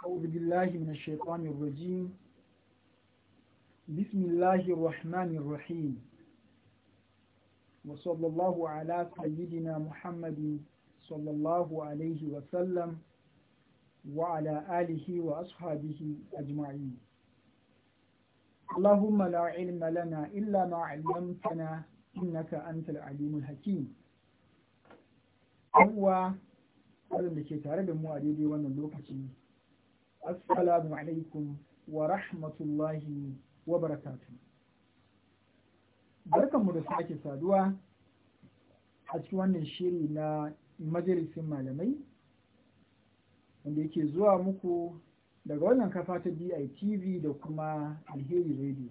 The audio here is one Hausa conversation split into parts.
أعوذ بالله من الشيطان الرجيم بسم الله الرحمن الرحيم وصلى الله على سيدنا محمد صلى الله عليه وسلم وعلى آله وأصحابه أجمعين اللهم لا علم لنا إلا ما علمتنا إنك أنت العليم الحكيم هو wadanda ke tare da mu a daidai wannan lokaci assalamu alaikum wa rahmatullahi wa barakatun. barkanmu da sake saduwa a cikin wannan shiri na majalisin malamai wanda yake zuwa muku daga wannan kafa ta BITV da kuma alheri radio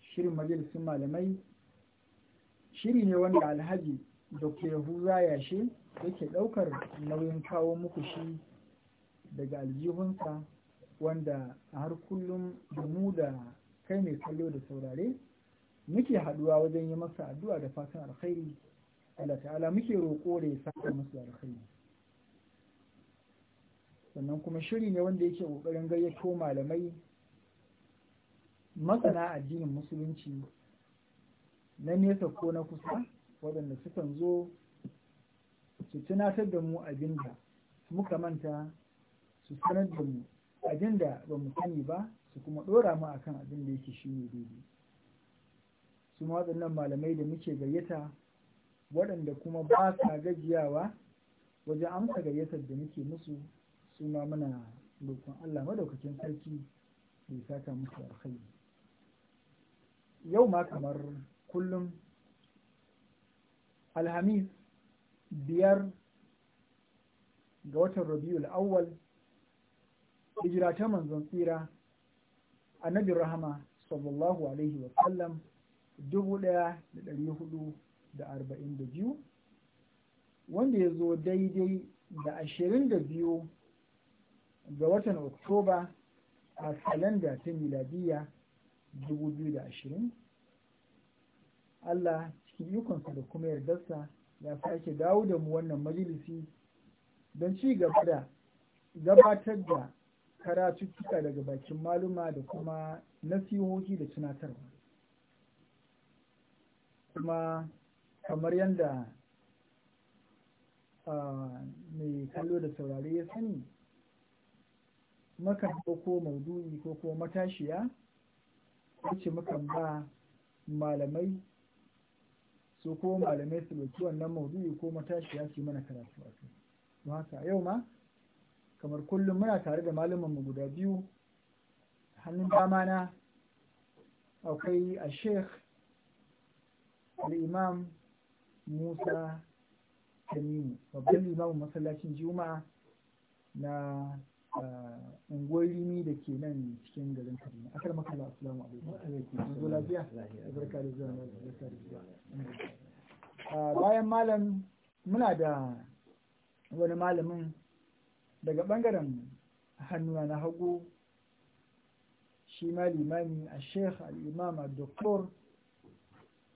shirin majalisin malamai shiri ne wanda alhaji dr yahuza yashe yake ɗaukar nauyin kawo muku shi daga aljihunsa wanda har kullum da mu da kai mai kallo da saurare muke haduwa wajen yi masa addu'a da fatan alkhairi Allah ta'ala muke roƙo da ya saka masa alkhairi sannan kuma shiri ne wanda yake ƙoƙarin gayyato malamai masana addinin musulunci na nesa ko na kusa waɗanda sukan zo su tunatar da mu abinda muka manta su sanar da mu abin da ba mu sani ba su kuma ɗora mu akan abin da yake shi ne daidai su ma waɗannan malamai da muke gayyata waɗanda kuma ba sa gajiyawa wajen amsa gayyatar da muke musu su ma muna roƙon Allah madaukakin sarki da ya saka musu alkhairi yau ma kamar kullum alhamis biyar ga watan rabiul awwal hijira ta manzon tsira Nabi rahama sallallahu alaihi wa sallam dubu ɗaya da dari hudu da arba'in da biyu wanda ya zo daidai da ashirin da biyu ga watan oktoba a kalanda ta miladiya dubu Allah cikin ikonsa da kuma yardarsa ya sake dawo da mu wannan majalisi don ci gaba da gabatar da karatuttuka daga bakin maluma da kuma nasihohi da tunatarwa kuma kamar yadda mai kallo da saurari ya sani makan ko maudu'i ko kuma matashiya wacce mukan ba malamai su ko malamai su wannan maudu'i ko matashiya su yi mana karatu a kai don haka yau ma kamar kullum muna tare da mu guda biyu hannun dama na akwai a sheikh al'imam musa tamimu babban limamin masallacin juma'a na unguwar da ke nan cikin garin kaduna akar makala asalamu alaikum lafiya da da zuwa bayan malam muna da wani malamin daga ɓangaren hannuna na hagu shi ma limani a sheikh al'imam a doktor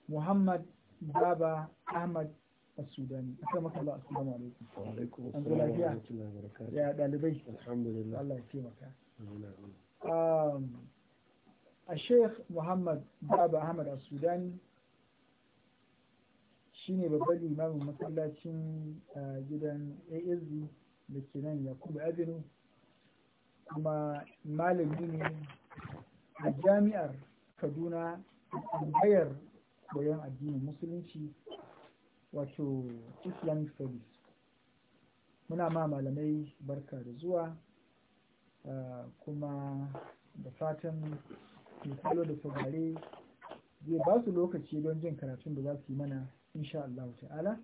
muhammad baba ahmad a sudani aka maka a sudan alaikun an zo lafiya ya ɗalibai Allah ya um, a sheikh muhammad baba ahmad a sudani shi ne babban limamin masallacin uh, gidan asd da nan yakubu abinu kuma malami ne a jami'ar kaduna tambayar koyon addinin musulunci wato islamic studies muna ma malamai barka da zuwa ah, kuma da fatan kalo da saurare zai ba su lokaci don jin karatun da za su yi mana insha Allah ta'ala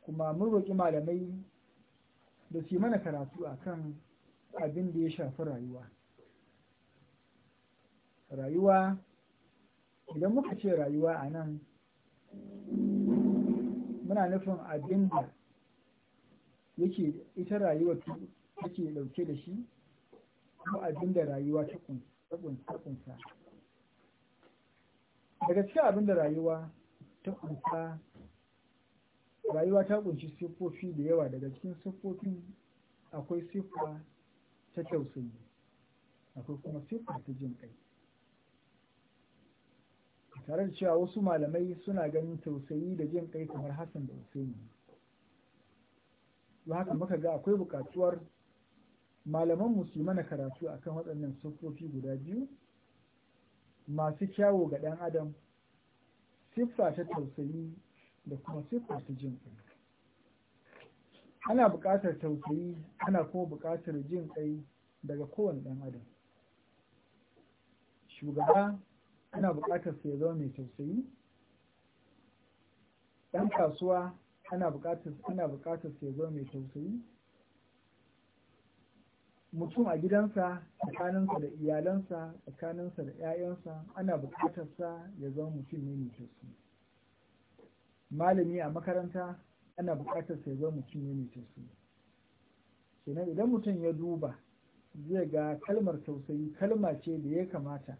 kuma mun roƙi malamai da su mana karatu a kan abin da ya shafi rayuwa rayuwa idan muka ce rayuwa a nan muna nufin abin da yake ita rayuwa take ɗauke da shi ko abin da rayuwa ta kunsa daga cikin abin da rayuwa ta kunsa rayuwa ta kunshi siffofi da yawa daga cikin siffofin akwai siffa ta tausayi akwai kuma siffa ta jin kai tare da cewa wasu malamai suna ganin tausayi da jin kai kamar hassan da husaini haka maka ga akwai bukatuwar malaman musulma mana karatu akan waɗannan siffofi guda biyu masu kyawo ga ɗan adam siffa ta tausayi da kuma siffar ta jin kai ana buƙatar tausayi ana kuma buƙatar jin kai daga kowane ɗan adam shugaba ana buƙatar su ya zama mai tausayi ɗan kasuwa ana buƙatar ana buƙatar su ya zama mai tausayi mutum a gidansa tsakaninsa da iyalansa tsakaninsa da 'ya'yansa ana buƙatar sa ya zama mutum ne mai tausayi malami a makaranta ana buƙatar sai zama mutum ne mai tausayi kenan idan mutum ya duba zai ga kalmar tausayi kalma ce da ya kamata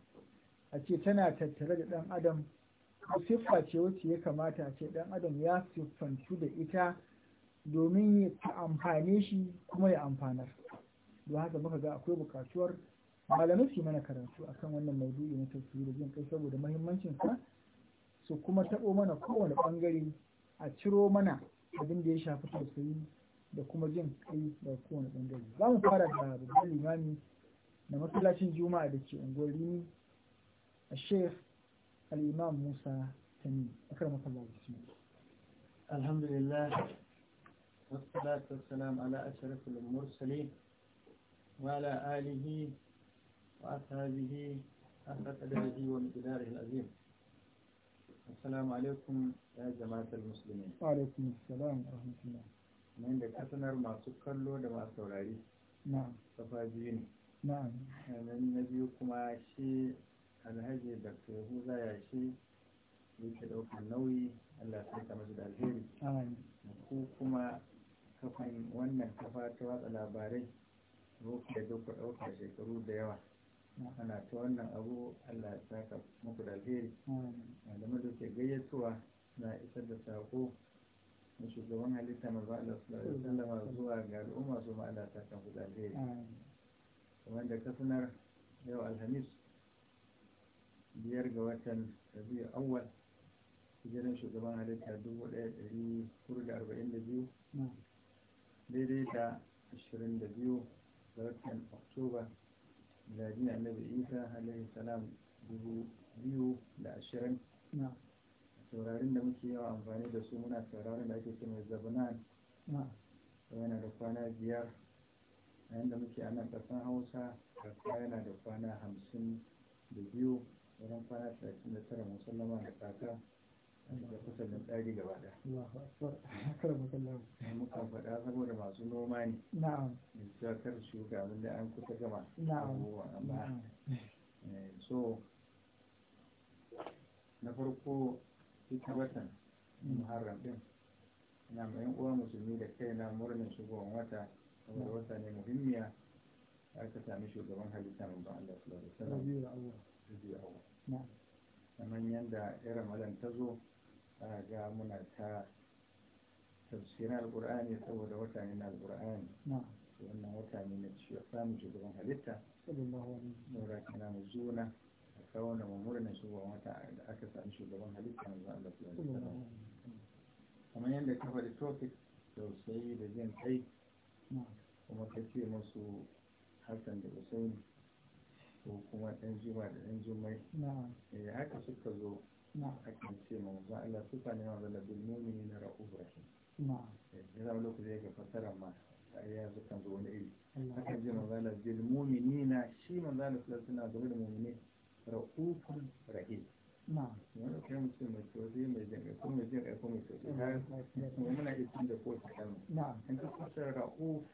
a ce tana tattare da ɗan adam siffa ce wacce ya kamata a ce ɗan adam ya siffantu da ita domin ya amfane shi kuma ya amfanar don haka muka ga akwai buƙatuwar malamai su mana karatu akan wannan maudu'i na tausayi da jin kai saboda muhimmancin sa su kuma taɓo mana kowane ɓangare a ciro mana abin da ya shafi tausayi da kuma jin kai da kowane ɓangare za mu fara da babban limami na masallacin juma'a da ke unguwar rini a sheikh al'imam musa tani a kan masallaci alhamdulillah wasu wassalam ala asharafil mursalin وعلى آله وأصحابه أخذ أدبه ومقداره العظيم Assalamu alaikum ya jama'atul musulmi. Wa alaikum assalam wa rahmatullah. Nan da kasanar masu kallo da masu saurari. Na'am. Safa biyu ne. Na'am. Nan na biyu kuma shi Alhaji Dr. Yahuza ya shi yake ɗaukar nauyi Allah sai ka masu da alheri. Amin. Ku kuma kafin wannan kafa ta watsa labarai. Ruka da duk ɗaukar shekaru da yawa. ana ta wannan abu allah ya saka muku da alheri malamai da ke gayyatuwa na isar da sako na shugaban halitta mai ba'ala sallama zuwa ga al'umma su ma'ala ta kan da alheri kamar da kasanar yau alhamis biyar ga watan rabi'u awwal hijiran shugaban halitta dubu ɗaya ɗari kuru da arba'in da biyu daidai da ashirin da biyu ga watan oktoba gaji annabi isa alaihi salam dubu biyu da ashirin saurarin da muke yawa amfani da su muna sauraron da ake ce mai zabanan yana da kwana biyar a yadda muke a nan ƙasan hausa kaka yana da kwana hamsin da biyu wajen kwana talatin da tara musallama da kaka da kusan da tsari gaba da muka faɗa saboda masu noma ne da kar shuka da an kusa gama so na farko ita watan muharram din na mayan uwa musulmi da kai na murnin shugaban wata saboda wata ne muhimmiya aka sami shugaban halitta mai ban Allah sallallahu alaihi wasallam kamar yanda irin malam ta zo ana ga muna ta tafsirin alkur'ani saboda wata ne na alkur'ani wannan wata ne na ciwo samun shugaban halitta saboda kana mu zuna a kawana da mu murna shugaban wata da aka sami shugaban halitta na Allah sallallahu kamar yadda ka faɗi topic sosai da jin kai kuma ka ce musu hassan da usaini ko kuma ɗan juma da ɗan jumai eh, haka suka zo نعم akan ce ma manzon Allah su ka nema da labin mumini na ra'uf rahim na'am yana wani lokaci ya ga fasara ma ya zo kan zo wani iri akan ce manzon Allah bil muminina shi manzon Allah sallallahu alaihi wasallam da mumini ra'ufun rahim na'am wannan kai mu ce mai tausayi mai jin ko mai jin ko mai tausayi kuma muna isin da ko ta kalma na'am in ka fasara ra'uf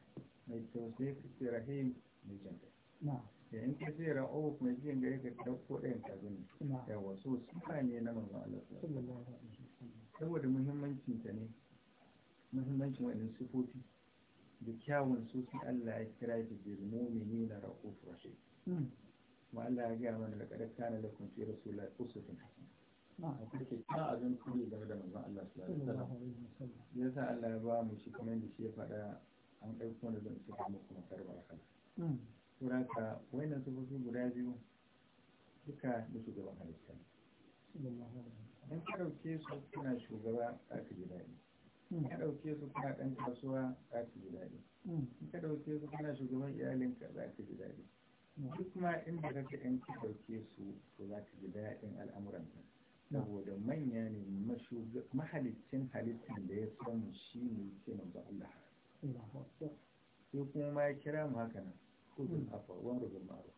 mai tausayi kace rahim mai jin na'am in ka sai ra'uf kuma jin gare yake dauko ɗayan ka gani yawa wasu sifa ne na manzon Allah saboda muhimmancin ta ne muhimmancin wannan sifofi da kyawun su sai Allah ya kira shi bil mu'minina ra'uf rashid hmm. kuma Allah ya gaya mana da laqad kana lakum fi rasulillahi uswatun hasana kake kan abin kuri game da manzon Allah sallallahu alaihi wasallam sa Allah ya ba mu shi kamar da shi ya faɗa an ɗauko da zan ci kuma kuma karbar kala hmm. suraka wannan sufofi guda biyu duka da shugaban halitta don ka ɗauke su kuna shugaba za ka ji daɗi ka ɗauke su kuna ɗan kasuwa za ka ji daɗi ka ɗauke su kuna shugaban iyalinka za ka ji daɗi duk ma inda ka ga ɗan ka ɗauke su to za ka ji daɗin al'amuranka saboda manya ne mahalicin halittar da ya samu shi ne ke manzo Allah sai kuma ma ya kira mu haka nan kudin afa wa rubin ma'ruf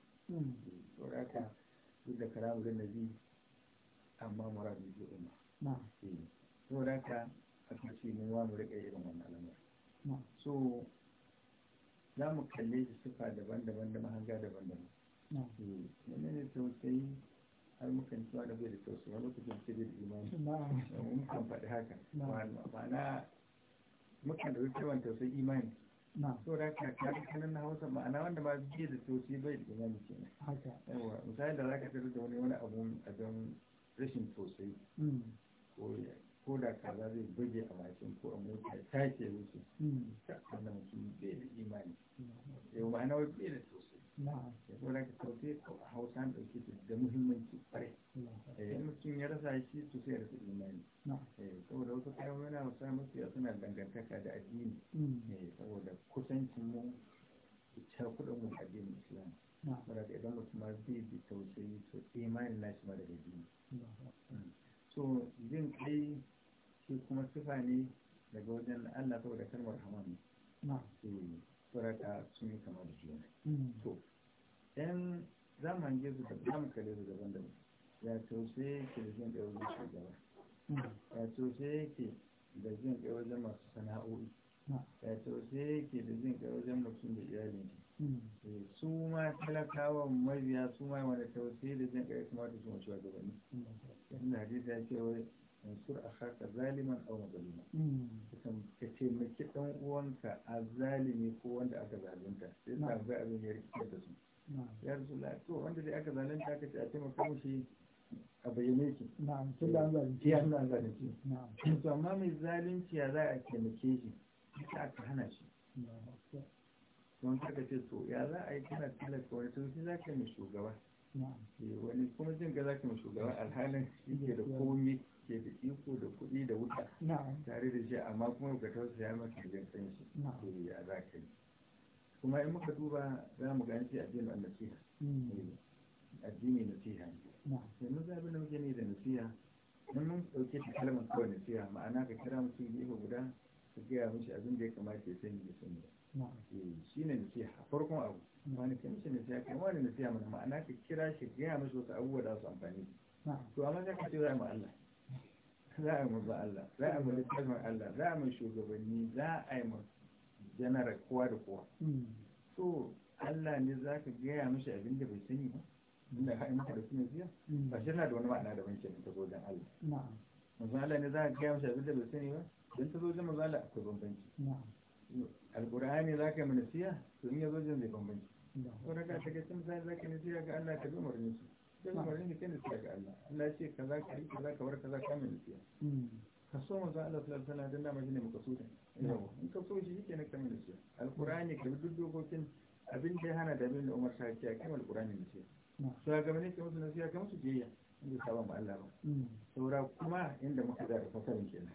saboda duk da kalamu da nabi amma murad bi ji umma saboda aka ce mu wa mu rika irin wannan al'amari so za mu kalle shi sufa daban-daban da mahanga daban-daban eh, wani ne tausayi har mukan cewa da bai da tausayi wani lokacin ce da imani eh, kan faɗi haka ma'ana mukan da rikewan tausayi imani so da ka kari kanin na hausa ma'ana wanda ba su da sosai bai da imani ke yawa misali da za ka tarar da wani wani a abin rashin sosai mm. ko da kaza zai buge a mashin ko a mota ta ke wuce mm. wannan mutum bai da imani mm. yau ma'ana wai bai da sosai. saboda ka sauke hausa da muhimmanci eh, mutum ya rasa shi to sai ya rasa imani eh, saboda wasu kalmomin mafiya suna dangantaka da addini mm. eh, saboda kusancin mu ta kuɗin mu addinin islam saboda idan mutum ma zai bi tausayi to imanin ma addini mm. so jin kai shi kuma sifa ne daga wajen allah saboda kalmar hamam surata sun yi kama da juna hmm. to dan zaman gizo da zamu kare su daban daban ya to sai ke da jin ɗaya wajen shugaba hmm. ya to sai ke da jin ɗaya wajen masu sana'o'i hmm. ya to sai ke da jin ɗaya wajen mutum da iyalin shi eh, su ma talakawa mabiya su ma wani tausayi da jin ɗaya kuma da su mashi wa gabani. Ina hadisi ya ce wai mansur a haka zaliman au mazalima mm. ka ce maki ɗan uwanka a zalimi ko wanda aka zalunta sai ta ga abin ya rikice da su ya rasu la to wanda dai aka zalunta aka ce a taimaka mushi a bayyane shi na'am da zalunci ya na zalunci na'am to amma mai zalunci ya za a taimake shi sai aka hana shi don ka ce to ya za a yi kana talaka wani to shi za ka yi shugaba eh, wani kuma jin ga za ka yi shugaba alhalin shi ke da komi ke da iko da kuɗi da wuta tare da shi amma kuma ka ya maka da jinsan shi to ya za ka yi kuma in muka duba za mu gani shi addini an nasiha hmm. addini nasiha yanzu za bi nauke ne da nasiha in mun ɗauke ta kalmar kawai nasiha ma'ana ka kira mutum gefe guda ka gaya mishi abin da ya kamata ya sani ya sani eh, shi ne nasiha a farkon abu wani kan shi nasiha kan wani nasiha mana ma'ana ka kira shi gaya mishi wasu abubuwa da su amfani to amma sai ka ce za mu Allah za a yi mu Allah za a yi littafin Allah za a yi shugabanni za a yi mu janarar kowa da kowa hmm. so Allah ne za ka gaya mishi abin da bai sani ba inda ka yi maka da sunan siya hmm. ba shi yana da wani ma'ana daban kenan ta gojan Allah Maza Allah ne za ka gaya mishi abin da bai sani ba don ta gojan manzon Allah akwai bambanci alƙur'ani za ka yi mana siya in ya zo zai bambanci saboda ka take sun za ka yi siya ga Allah ka bi umarnin su sai umarni ne kai na ga Allah Allah ce ka ka yi ka bar ka ka mai ka so manzo Allah sallallahu alaihi wasallam dan dama shine makasudin in ka so shi yake na kamar nasiya alqur'ani ka duk dokokin abin da ya hana da abin da Umar ta ce kai alqur'ani ne ce so ga bane ke musu nasiya ka musu biyayya inda sabon Allah ba mm. saura kuma inda muka da fasarin kenan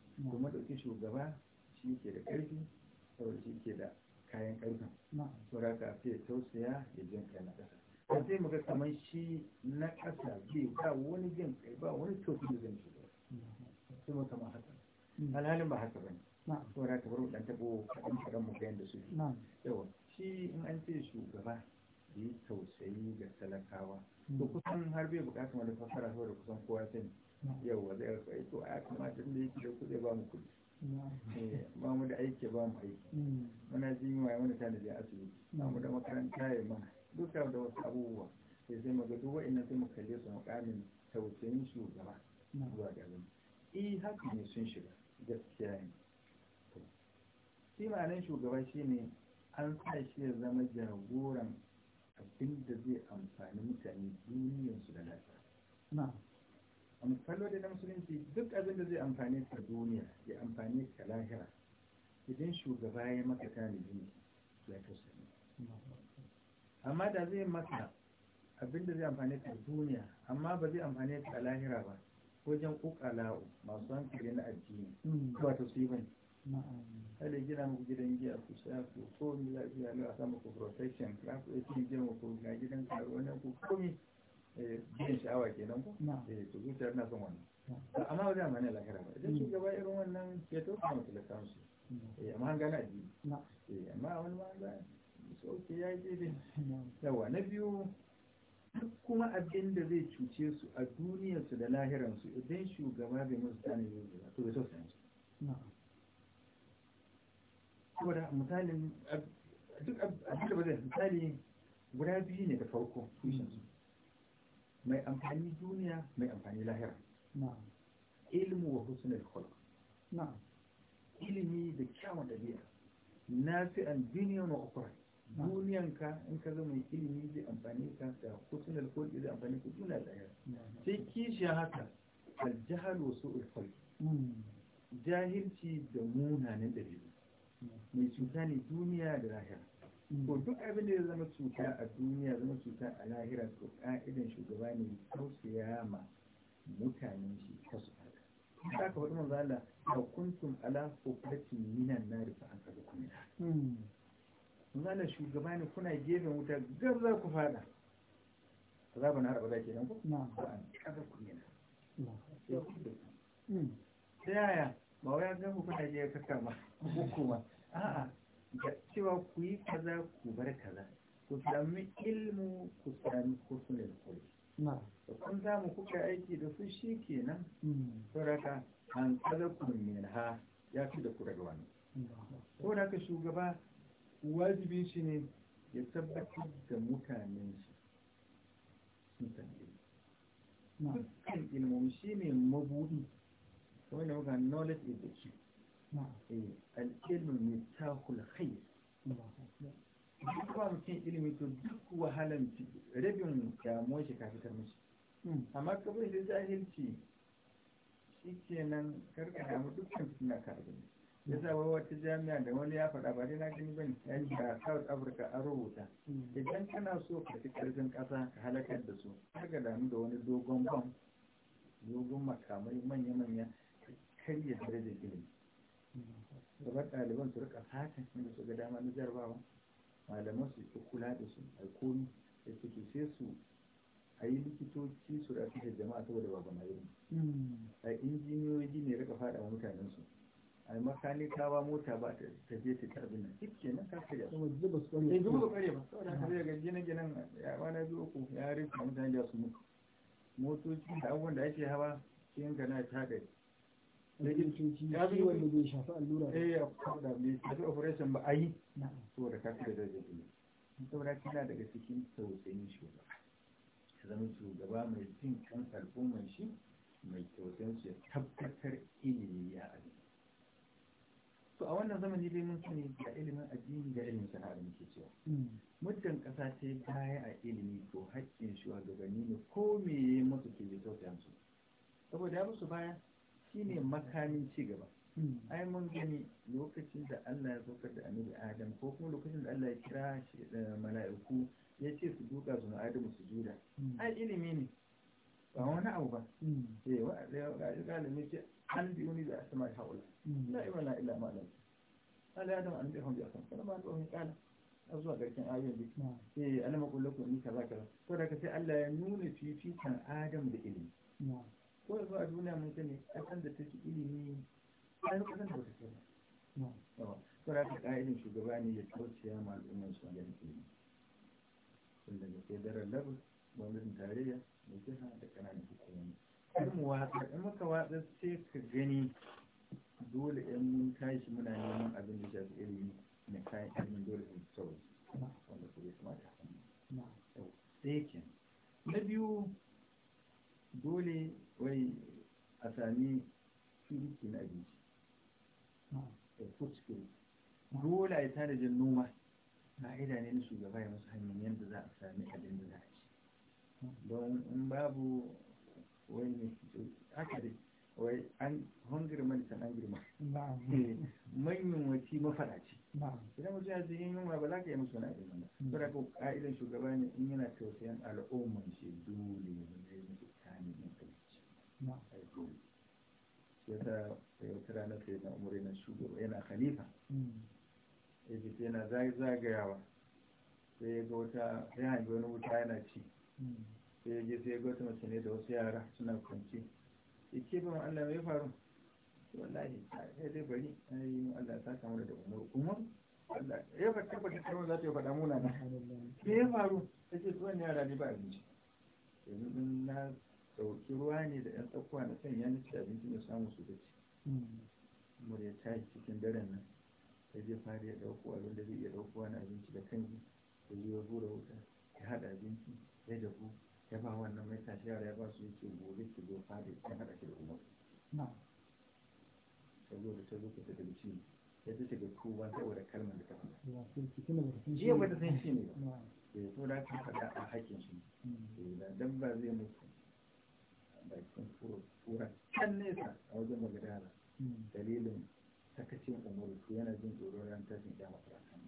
kuma madauki shugaba shi ke da ƙarfi saboda shi ke da kayan ƙarfin saboda ka sai tausaya ya jin kai na ƙasa a sai muka kamar shi na ƙasa bai ba wani jin kai ba wani tofi da zan shugaba sai muka kama haka mm. alhalin ba haka bane saboda ka bar wadanta taɓo kaɗan kaɗan mu kayan da su yawa shi in an ce shugaba da tausayi ga talakawa to mm. kusan har bai buƙatar wani fassara saboda kusan kowa sani yauwa zai rasa aiki a kamata da yake da kuɗi ba mu kuɗi eh, ba mu da aiki ba mu aiki muna jin yawa muna tana da asibiti ba mu da makaranta ya mana Duk da wasu abubuwa sai eh, sai mu ga duk wa'annan sai mu kalle su mukamin tausayin shugaba zuwa ga zama eh, haka ne sun shiga gaskiya ne shi ma'anar shugaba shi ne an sa shi ya zama jagoran abin da zai amfani mutane duniyarsu da lafiya musallo da musulunci duk abin da zai amfane ka duniya ya amfane ka lahira idan shugaba ya maka tanadi ya tausani amma da zai maka abin da zai amfane ka duniya amma ba zai amfane ka lahira ba wajen ukala'u masu hankali na addini wato su yi bane Hali gina muku gidan giya ku sha ku komi lafiya na a samu ku protection ku 18 gina muku ga gidan karuwa na ku komi Eh, biyan sha'awa kenan ko eh to zuciyar na son wannan amma ba zai lahira ba idan mm. gaba irin wannan mutu da kansu eh amma an gane addini eh amma wani ma ga sauke ya yi daidai yawa na biyu kuma abin da zai cuce su a duniyarsu da lahiransu idan shugaba bai musu zai to bai tausaya musu saboda misalin duk abin da ba zai misali guda biyu ne da farko tushensu mai amfani duniya mai amfani lahira ilmu wa husnul khuluq na'am ilimi da kyawun dabi'a nafi'an duniya wa ukhra duniyanka in ka zama ilimi zai amfani ka da husnul khuluq zai amfani ka duniya lahira sai kishi haka al-jahl wa su'ul khuluq hmm. jahilci da munanan dabi'u mai cuta ne duniya da lahira ko hmm. duk abin da ya zama cuta a duniya zama cuta a lahira to ka'idan shugaba ne tausaya ma mutanen shi ta su haka ka faɗi manzo Allah ka kuntum ala sufrati minan nar fa an kaza kuma Allah shugaba ne kuna gefe wuta gar za ku fada ba na harba ke nan ko na'am kaza kuma na'am hmm. ta yaya ba wai an ga ku kuna je ka kama hukuma a'a cewa ku yi kaza ku bar kaza ku sami ilmu ku sami kusurin kuri da kun samu kuka aiki da su shi kenan hmm. sauraka an kaza kurmin ha ya fi da ku daga wani ko da ka shugaba wajibi shi ne ya tabbatar da mutane shi sun san ilmu dukkan ilmomi shi ne mabudi wanda muka knowledge is the key al'ilmu ne ta hulhai duk ba mutum ilimi to duk wahalan rabin damuwar shi ka fitar mishi amma kabin da jahilci shi kenan karka damu dukkan suna karbin ya zaba wata jami'a da wani ya faɗa ba dai na gani bane ya yi a south africa an rubuta idan kana so ka fi ƙarfin ƙasa ka halakar da su har ga damu da wani dogon bam dogon makamai manya-manya karya darajar ilimi gabar ɗaliban su rika fatan inda su ga dama na jarabawa malaman su ki kula da su a komi da suke sai su a yi likitoci su da da jama'a saboda ba ba mai hmm. a injiniyoyi ne rika faɗa wa mutanen su a makanikawa mota ba ta tafiye ta karɓi nan duk kenan kafa kariya kuma zuba su kare ba zuba kare ba saboda ka zai ga gine-ginen ya kwana biyu uku ya rufe mutane da su mutu motoci da abubuwan da ake hawa cikin gana ta haɗari na girtoci ciwon da bai shafi allura eh ya kuma da A shafi operation ba a yi Na saboda ka fi da zazzabi ne saboda kina daga cikin tausayin shugaba Ta zama shugaba mai jin kan al'ummar shi mai tausayin shi ya tabbatar ilimi ya abin to a wannan zamani dai mun sani ga ilimin addini da ilimin sana'a da muke cewa hmm. muddin ƙasa ta yi baya a ilimi ko haƙƙin shugabanni ne ko me ya masa ke tausaya musu saboda ya musu baya shine makamin ci gaba hmm. ai mun gani lokacin da Allah ya saukar da annabi Adam ko kuma lokacin da Allah ya kira shi da mala'iku ya ce su duka su Adamu su juda hmm. ai ilimi ne ba wani abu ba hmm. eh wa galimi ce an bi uni da asma haula la ilaha illa ma lam ala adam an bi hum bi asma kana ma dohin kala zuwa garkin ayoyin da eh alama kullu ni kaza kaza da ka sai Allah ya nuna fifikan Adam da ilimi ko yanzu a duniya mun sani kasan da take ilimi an ƙasan da wata take ba Kuma da ka irin shugaba ne ya kauciya ma al'ummar su da ilimi sun daga federal level gwamnatin tarayya da jiha da ƙananan hukumomi kar mu watsa in muka watsa sai ka gani dole in mun tashi muna neman abin da shafi ilimi na kayan ilimin dole sun sauyi wanda ku ya kamata sai ke na biyu dole wai a sami security na abinci da food dole a yi tanajin noma ka'ida ne na shugaba ya masu hanyar yadda za a sami abin da za a ci don in babu wani haka dai wai an hungry man san an girma manyan eh, wati mafaraci idan mutum ya ce in yunwa ba za ka yi musu wani abin ba mm. ba ka ka'idan shugaba ne in yana tausayin al'ummar shi dole ne shi yasa wata rana sai na umar yana shugaba yana khalifa ya ji yana zagayawa sai ya ga wata ya hangi wani wuta yana ci sai ya je sai ya ga wata mace ne da wasu yara suna kwanci ya ce ba Allah mai faru wallahi ya dai bari ai Allah saka mana da umar umar Allah ya fa tabbata kamar za ta yi faɗa muna na me ya faru ta ce tsohon yara ne ba abinci yanzu na ɗauki ruwa ne da ‘yan tsakuwa na sanya ya ci abinci da samu su da ci mura hmm. ya tashi cikin daren nan sai zai fara ya ɗauko abin da zai iya ɗauko wani abinci da kanki da zai ya hura wuta ya haɗa abinci ya dafu ya ba wannan mai tashi yara ya ba su yake gobe ki zo fara ya haɗa shi da umar saboda ta zo ka ta daga ci ya ta shiga kowa saboda kalmar da ta faɗa jiya ba ta san shi ne ba ya so eh, da ka faɗa a haƙƙin shi hmm. eh, da ba zai mutu bakin fura can nesa a wajen magadana dalilin sakacin umaru yana jin tsoron ran tashin kyama farakan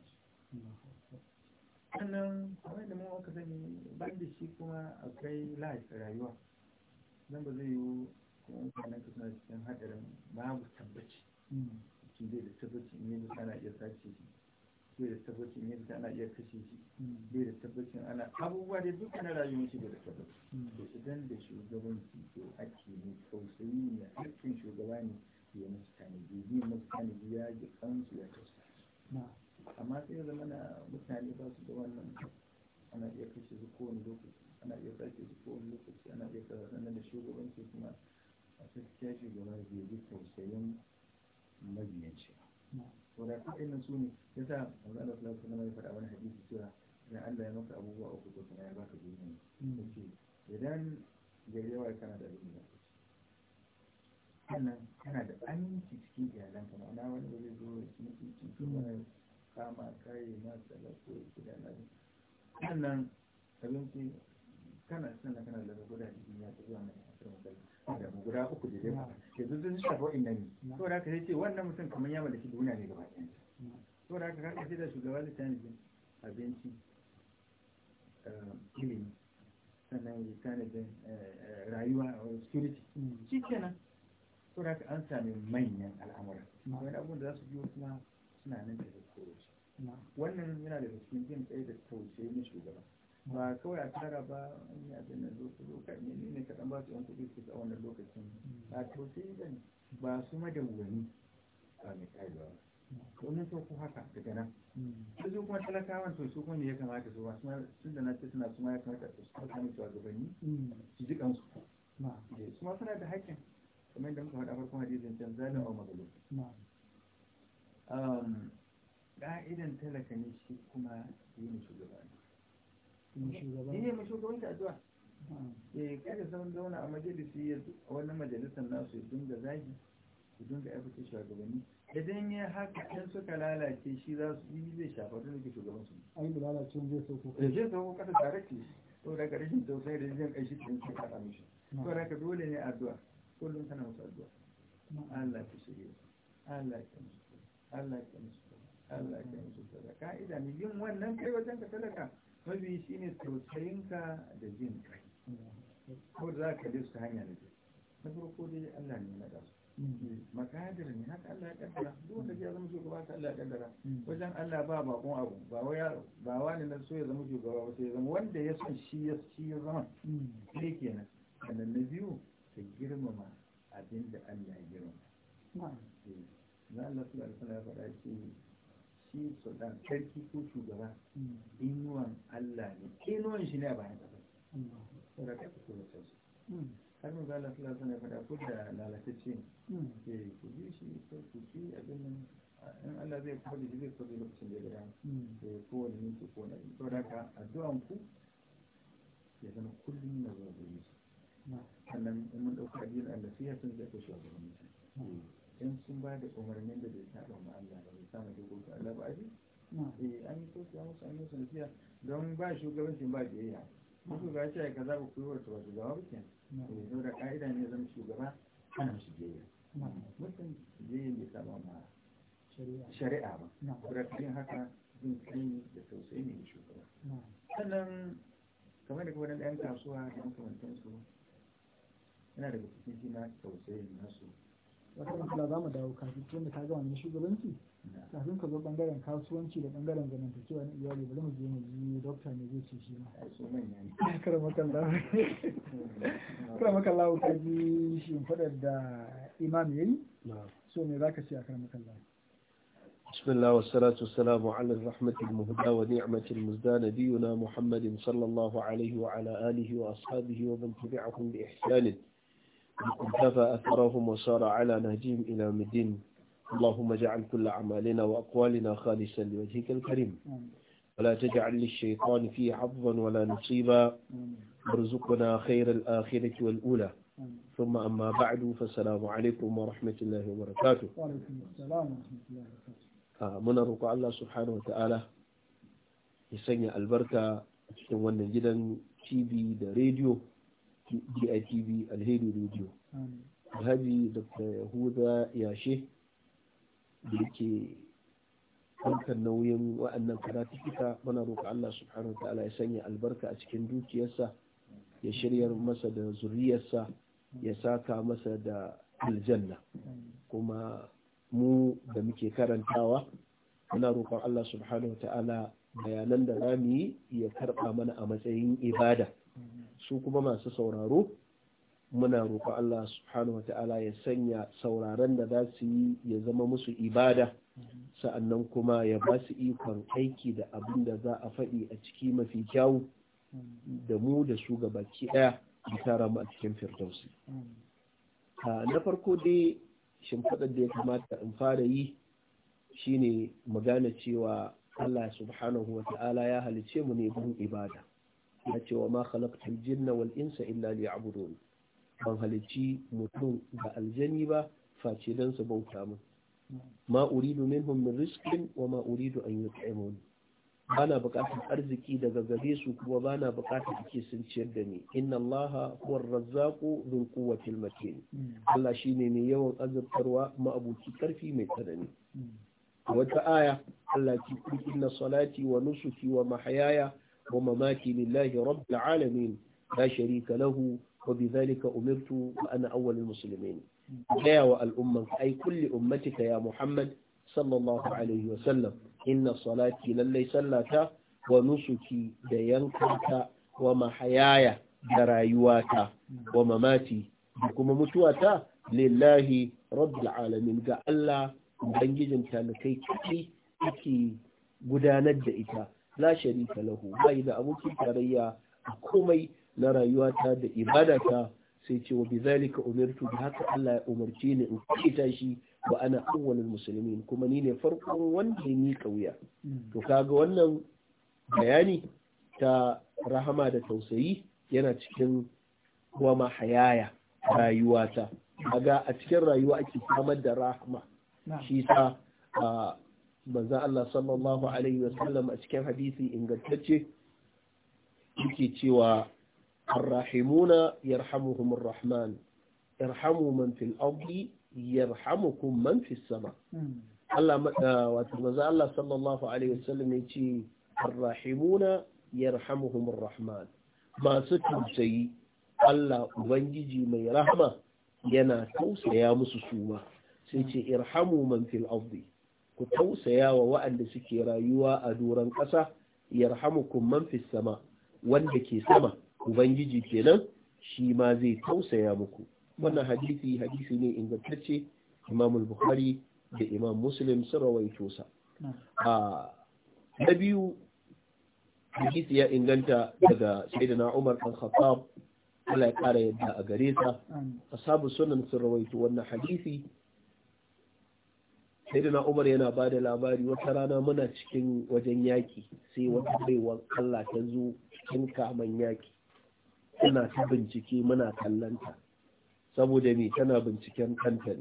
sannan kamar da mawa sani ban da shi kuma akwai lahaifin rayuwa nan ba zai yi kuma mutanen ka suna cikin haɗarin babu tabbaci hmm. mutum zai da tabbaci ne da sana iya sace shi bai da tabbacin yadda ana iya kashe shi mm. bai da tabbacin ana abubuwa da duka na rayuwar shi da tabbacin mm. to idan da shugabanci to ake ne tausayi ne hakkin shugaba ne ya musu tanadi ne musu tanadi ya ji kansu ya tausa amma sai zama na mutane ba su da wannan ana iya kashe su kowane lokaci ana iya sake su kowane lokaci ana iya kaza sannan da shugabanci kuma a cikin shugaba zai ji tausayin mabiyanci. wadda kuɗin nan su ne ya sa wanzu Allah sallallahu alaihi wasallam ya faɗa wani hadisi cewa idan Allah ya maka abubuwa uku ko kuma ya baka duniya ne yake idan gairewa kana da abin da sannan kana da aminci cikin iyalan ka ma'ana wani ba zai zo cikin cikin wani kama kai na salatu da nan sannan abinci kana sannan kana da gudanar a cikin ta zuwa mai asirin guda uku da ne to da ce wannan mutum kamar ya mallaki duniya ne gaba ɗaya to da ka kaka da shugaba da abinci eh, ilimi sannan ya tanadin eh, rayuwa eh, security mm. shi kenan to da an sami manyan wani abun da za su biyo kuma suna nan da koroci wannan yana da cikin jin tsaye da tausayi na shugaba ba kawai a tara ba wani abin da zo su zo ne ne kaɗan ba su yan kuɗi su a wannan lokacin a to sai zan ba su madawwani ba mai ba to ne so ko haka daga nan su zo kuma talakawan to su kuma ne ya kamata su ba su da na ce suna su ma ya kamata su su kama gabanni su ji kansu eh, su ma suna da haƙƙin kamar yadda muka faɗa farkon hadisin can zalin a magalu ƙa'idan talaka ne shi kuma yi ne shugaba ne shugaban? shugabanci addu'a hmm. eh kada sun zauna a majalisi ya wannan majalisar nasu ya dinga zagi su dinga aibata shugabanni idan ya haka can suka lalace shi za su yi zai shafa tun da shugaban su ai mu lalace zai sauko eh zai sauko kada tare ce to da karshen tausayi da jin kai shi tun ka fara mishi to da ka dole ne addu'a kullum kana musu addu'a hmm. Allah ya shirye Allah ya Allah ya musu Allah ya musu kaida ne yin wannan kai wajen ka talaka mabi shi ne tausayinka da jin kai ko za ka bi su hanya da na farko dai Allah ne na dasu makadir ne haka Allah ya kaddara duk da ya zama shugaba ta Allah ya kaddara wajen Allah ba bakon abu ba waya ba wani na so ya zama shugaba ba sai ya zama wanda ya son shi ya shi ya zama sai kenan sannan na biyu ka girmama abin da Allah ya girmama eh, na Allah sallallahu alaihi wasallam ya faɗa cewa shi sultan sarki ko shugaba inuwan Allah ne inuwan shi ne a bayan ƙasa saboda kai ku da su har mu zala fila suna fada ko da lalatacce ke ku ji shi ko ku ji abin nan in Allah zai kuma da shi zai kwazo lokacin da ya gada ke eh, kowane minti ko na biyu saboda haka addu'an ku ya zama kullum na zuwa gare su sannan in mun ɗauka addinin Allah sai ya san zai kai a gaban mutane in sun ba da umarnin da bai saba ma Allah ba bai duk dokokin Allah ba ai eh an yi sosai an musu an yi sanfiya don ba shugabancin ba biyayya muku ga shi ka za ku kuyi wasu wasu gaba ba kenan eh da ka'ida ne zama shugaba ana musu biyayya mutum biyayya bai saba ma shari'a ba saboda kayan haka jin kai da tausayi ne da shugaba sannan kamar da kuma na ɗayan kasuwa da makamantansu yana daga cikin shi na tausayi nasu wata matsala za mu dawo kafin tun da ka gama na shugabanci kafin ka zo bangaren kasuwanci da bangaren zamantakewa na iyali bari mu je mu ji dokta ne zai ce shi ma kar makalla kar makalla ka ji shi fadar da imam yayi so me zaka ce a kar makalla بسم الله والصلاة والسلام على الرحمة المهدى ونعمة المزدى نبينا محمد صلى الله عليه وعلى آله وأصحابه ومن تبعهم بإحسان وقتفى أثرهم وصار على نهجهم إلى مدين اللهم اجعل كل أعمالنا وأقوالنا خالصا لوجهك الكريم ولا تجعل للشيطان فيه حظا ولا نصيبا وارزقنا خير الآخرة والأولى ثم أما بعد فالسلام عليكم ورحمة الله وبركاته وعليكم السلام ورحمة الله وبركاته من رقع الله سبحانه وتعالى يسنى البركة cikin wannan gidan TV da rediyo DITV alheri radio alhaji dr yahuda yashe da yake ɗaukar nauyin wa'annan karatuka muna roƙa Allah subhanahu wa ta'ala ya sanya albarka a cikin dukiyarsa ya shiryar masa da zuriyarsa ya saka masa da aljanna kuma mu da muke karantawa muna roƙon Allah subhanahu wa ta'ala bayanan da za mu yi ya karɓa mana a matsayin ibada su kuma masu sauraro muna roƙo Allah subhanahu wata'ala ya sanya sauraron da za su yi ya zama musu ibada sa'annan kuma ya ba su ikon aiki da abin da za a faɗi a ciki mafi kyau, da mu da su ga baki ɗaya da tara mu a cikin firdausi na farko dai shimfiɗar da ya kamata in fara yi shine magana gane cewa Allah subhanahu wata'ala ya halice mu ne don ibada ya ce wa ma khalaqtul jinna wal insa illa liya'budun ban halicci mutum da aljani ba face dan su bauta min ma uridu minhum min rizqin wa ma uridu an yut'imun bana buƙatar arziki daga gare su kuma bana buƙatar ake sun ciyar da ni inna allaha huwa razzaqu dhul quwwati matin Allah shine mai yawan azabtarwa ma'abuci karfi mai tsanani wata aya Allah ki inna salati wa nusuki wa mahayaya ومماتي لله رب العالمين لا شريك له وبذلك أمرت وأنا أول المسلمين دعوة الأمة أي كل أمتك يا محمد صلى الله عليه وسلم إن صلاتي للي سلاتا ونسكي دينكتا ومحيايا درايواتا ومماتي كما متواتا lillahi rabbil alamin ga Allah ubangijin talakai kaɗai ake gudanar da ita la sharika lahu bai da abokin tarayya komai na rayuwata da ibada ta sai ce wa bizalika umirtu da haka Allah ya umarce ni in kike tashi wa ana awwalul muslimin kuma ni ne farkon wanda ni kauya. to kaga wannan bayani ta rahama da tausayi yana cikin wa ma hayaya rayuwata kaga a cikin rayuwa ake samar da rahama shi sa manzan Allah sallallahu Alaihi wasallam a cikin hadisi ingantacce yake cewa arrahimuna yarhamuhumur rahman irhamu man fil ardi yarhamukum man fis sama hmm. Allah ah, wato manzan Allah sallallahu Alaihi wasallam ya ce arrahimuna yarhamuhumur rahman masu tausayi Allah Ubangiji mai rahama yana tausaya musu suma sai ce irhamu man fil ardi ku tausaya wa wa'anda suke rayuwa a doron ƙasa yarhamukum man fis sama wanda ke sama ubangiji kenan shi ma zai tausaya muku wannan hadisi hadisi ne ingantacce Imam bukhari da Imam Muslim sun rawaito sa ah, na biyu hadisi ya inganta daga Sayyidina Umar bin Khattab Allah ya kara yadda a gare sa ashabu sunan sun rawaito wannan hadisi sayyidina umar yana ba da labari wata rana muna cikin wajen yaki sai wata baiwar kalla ta zo cikin kaman yaki tana ta bincike muna kallanta saboda me tana binciken kanta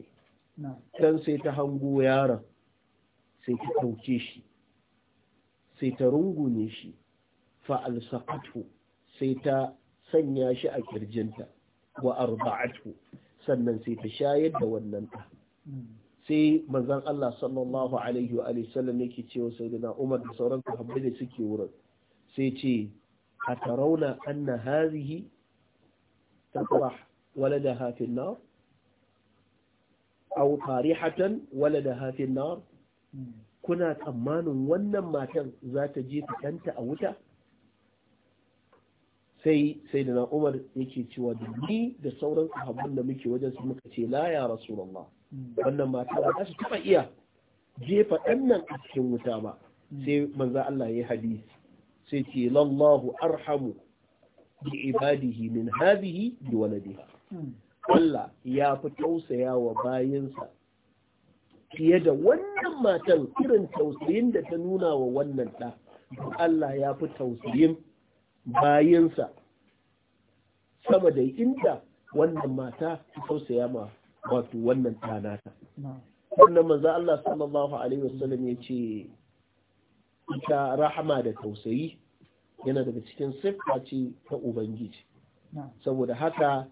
ne can sai ta hango yaron sai ta ɗauke shi sai ta rungume shi fa'alsafatu sai ta sanya shi a kirjinta wa arba'atu sannan sai ta shayar da wannan ɗan hmm. sai manzon Allah sallallahu alaihi wa sallam yake cewa sayyidina Umar da sauran sahabbai da suke wurin sai ce a tarauna anna hadhihi tatrah waladaha fi an-nar aw tarihatan waladaha fi an-nar kuna tsammanin wannan matan za ta je ta kanta a wuta sai sai da umar ke cewa da ni da sauran sahabban da muke wajen sun muka ce la ya rasulullah wannan mata ba za su taɓa iya jefa ɗan nan a cikin wuta ba sai manza Allah ya hadisi sai ce lallahu arhamu bi ibadihi min hadihi bi waladiha Allah ya fi tausaya wa bayansa fiye da wannan matan irin tausayin da ta nuna wa wannan ɗa Allah ya fi tausayin bayansa sama da inda wannan mata ta tausaya ma wato wannan ta. wannan maza Allah sallallahu alaihi wasallam ya ce ita rahama da tausayi yana daga cikin siffa ce ta ubangiji saboda haka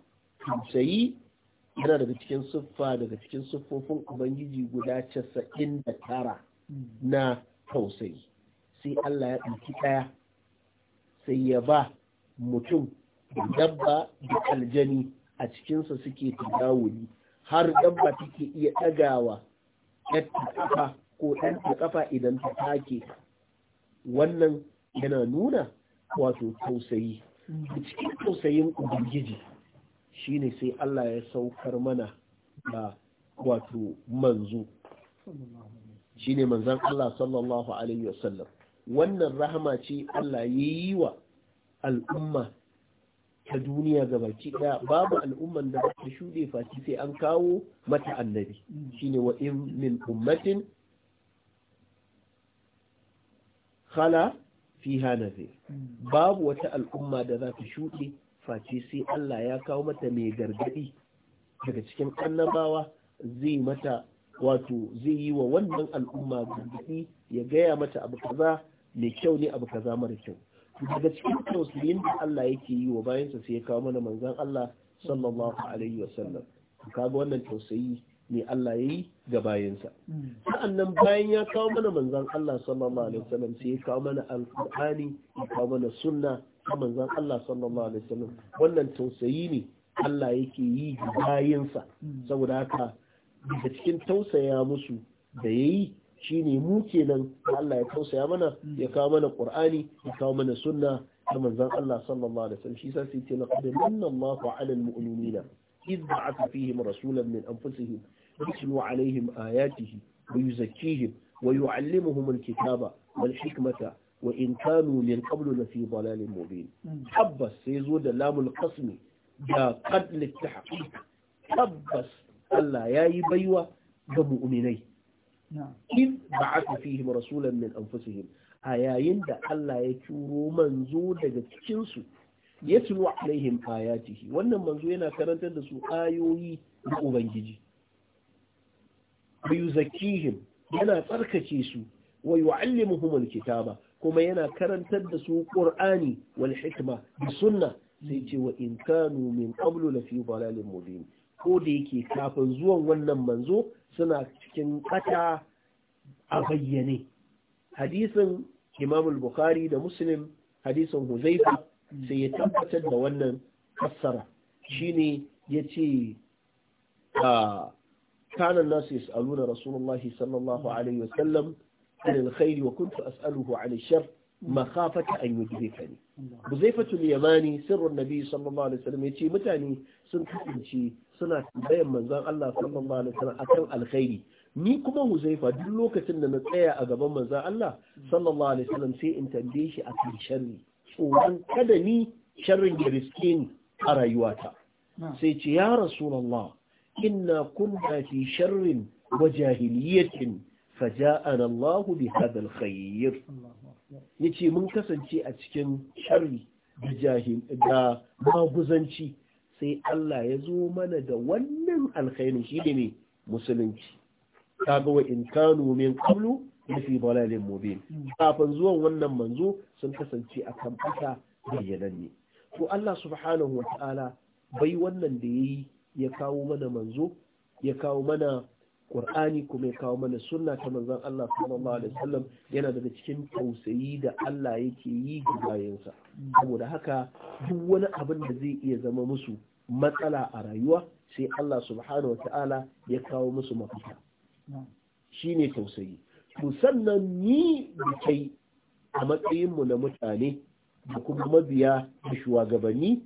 tausayi yana daga cikin siffa daga cikin siffofin ubangiji guda casa'in da tara hmm. na tausayi sai Allah ya ɗauki ɗaya sai ya ba mutum da dabba da aljani a cikinsa suke tadawuli har dabba take iya ɗagawa ɗanta kafa ko ɗanta kafa idan ta take wannan yana nuna wato tausayi cikin tausayin ubangiji shine sai Allah ya saukar mana da wato manzo shine manzan Allah sallallahu alaihi wasallam wannan rahama ce Allah ya yi wa al'umma ta duniya ga baki daya babu al'umman da ta shuɗe faci sai an kawo mata annabi shine wa in min ummatin khala fi. nazir babu wata al'umma da za ta shuɗe face sai Allah ya kawo mata mai gargadi daga cikin annabawa zai mata wato zai yi wa wannan al'umma gargadi ya gaya mata abu kaza mai kyau ne abu kaza mara kyau daga cikin tausayin da Allah yake yi wa bayansa sai ya kawo mana manzon Allah sallallahu alaihi sallam kaga wannan tausayi ne Allah ya yi ga bayansa. Sa'annan bayan ya kawo mana manzan Allah sallallahu Alaihi sallam sai ya kawo mana alqur'ani ya kawo mana sunna ta manzan Allah sallallahu Alaihi sallam wannan tausayi ne Allah yake yi ga bayansa saboda haka daga cikin tausaya musu da ya yi shine mu kenan Allah ya tausaya mana ya kawo mana Qur'ani ya kawo mana sunna ta manzon Allah sallallahu alaihi wasallam shi sa sai ce laqad manna Allahu 'ala al-mu'minina idh ba'atha fihim rasulan min anfusihim yatlu 'alayhim ayatihi wa yuzakkihim wa yu'allimuhum al-kitaba wal hikmata wa in kanu min qablu lafi dalalin mubin tabbas sai zo da lamul qasmi da qad lit tahaqqi tabbas Allah yayi baiwa ga mu'minai in ba ba'atha fihim rasulan min anfusihim a yayin da Allah ya turo manzo daga cikin su yatlu alaihim ayatihi wannan manzo yana karantar da su ayoyi na ubangiji bayu zakihim yana tsarkace su wa yu'allimuhum alkitaba kuma yana karantar da su qur'ani wal hikma da sunna sai ce wa in kanu min qablu fi dalalin mubin ko da yake kafin zuwan wannan manzo suna cikin kata a bayyane hadisin imam bukhari da muslim hadisin huzaifa sai ya tabbatar da wannan fassara shine yace a kanan nasu yas'aluna rasulullahi sallallahu alaihi wasallam عن الخير وكنت أسأله عن الشر مخافة أن يدركني بزيفة اليماني سر النبي صلى الله عليه ya ce mutane sun شي suna tambayan manzon Allah sallallahu alaihi wasallam akan alkhairi ni kuma Huzaifa duk lokacin da na tsaya a gaban manzon Allah sallallahu alaihi wasallam sai in tambaye shi akan sharri tsoron kada ni sharrin ya riske ni a rayuwata sai ce ya rasulullah inna kunna fi sharrin wa jahiliyatin faja'ana Allah bi hadha alkhair yace mun kasance a cikin sharri da jahil da maguzanci sai Allah ya zo mana da wannan alkhairin shi ne musulunci kaga wa in kanu min qablu fi dalalin mubin kafin zuwan wannan manzo sun kasance a kan fata bayyananne to Allah subhanahu wa ta'ala bai wannan da yayi ya kawo mana manzo ya kawo mana Qur'ani kuma ya kawo mana sunna ta manzon Allah sallallahu alaihi wasallam yana daga cikin tausayi da Allah yake yi ga bayansa saboda haka duk wani abin da zai iya zama musu matsala a rayuwa sai Allah subhanahu wata'ala ya kawo musu mafita Shi ne tausayi to sannan ni da kai a matsayinmu na mutane da kuma mabiya da shugabanni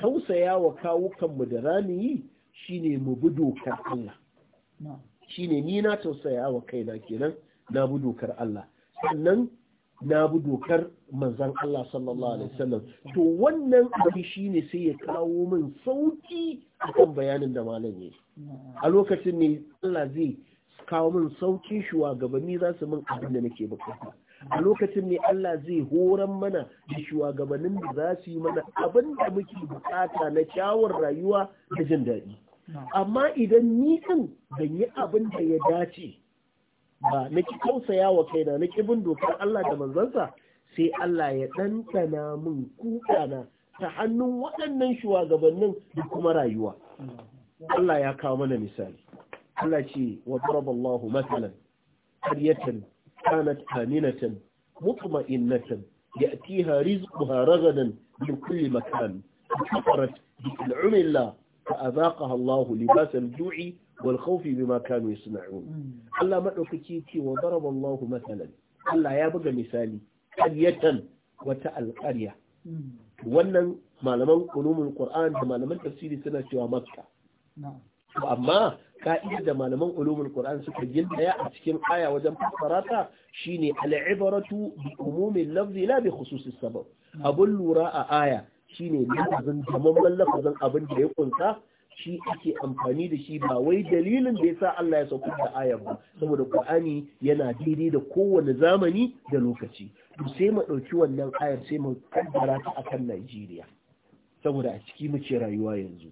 tausaya wa kawukanmu da raniyi ne mu bi dokar Allah Shi ne ni na tausaya wa kaina kenan na bi dokar Allah sannan na bi dokar manzan Allah sallallahu alaihi wasallam to wannan abu shine sai ya kawo min sauki kan bayanin da malam ya a lokacin ne Allah zai kawo min sauki shugabanni za su min abin da nake bukata a lokacin ne Allah zai horan mana da shugabannin da za su yi mana abin da muke bukata na kyawun rayuwa da jin daɗi amma idan ni din ban yi abin da ya dace ba na ki tausaya wa kaina na ki bin dokar Allah da manzansa sai Allah ya ɗantana min kukana ta hannun waɗannan shugabannin da kuma rayuwa Allah ya kawo mana misali Allah ce wa daraballahu matalan qaryatan kanat aminatan mutma'innatan ya'tiha rizquha ragadan min kulli makan kafarat bi al'umilla fa azaqaha Allahu libas al-ju'i wal bi ma kanu yasna'un Allah madaukaki ce wa daraba Allahu masalan Allah ya buga misali qaryatan wata alqarya wannan malaman ulumul qur'an da malaman tafsiri suna cewa makka to amma da malaman ulumul qur'an suka gindaya a cikin aya wajen fassara ta shine al bi umumin lafzi la bi khususis sabab abun lura a aya shine lafazin tamamman lafazin abin da ya kunsa shi ake amfani da shi ba wai dalilin da yasa Allah ya sauko da ayar ba saboda Qur'ani yana daidai da kowane zamani da lokaci to sai mu dauki wannan ayar sai mu kaddara ta akan Najeriya saboda a ciki muke rayuwa yanzu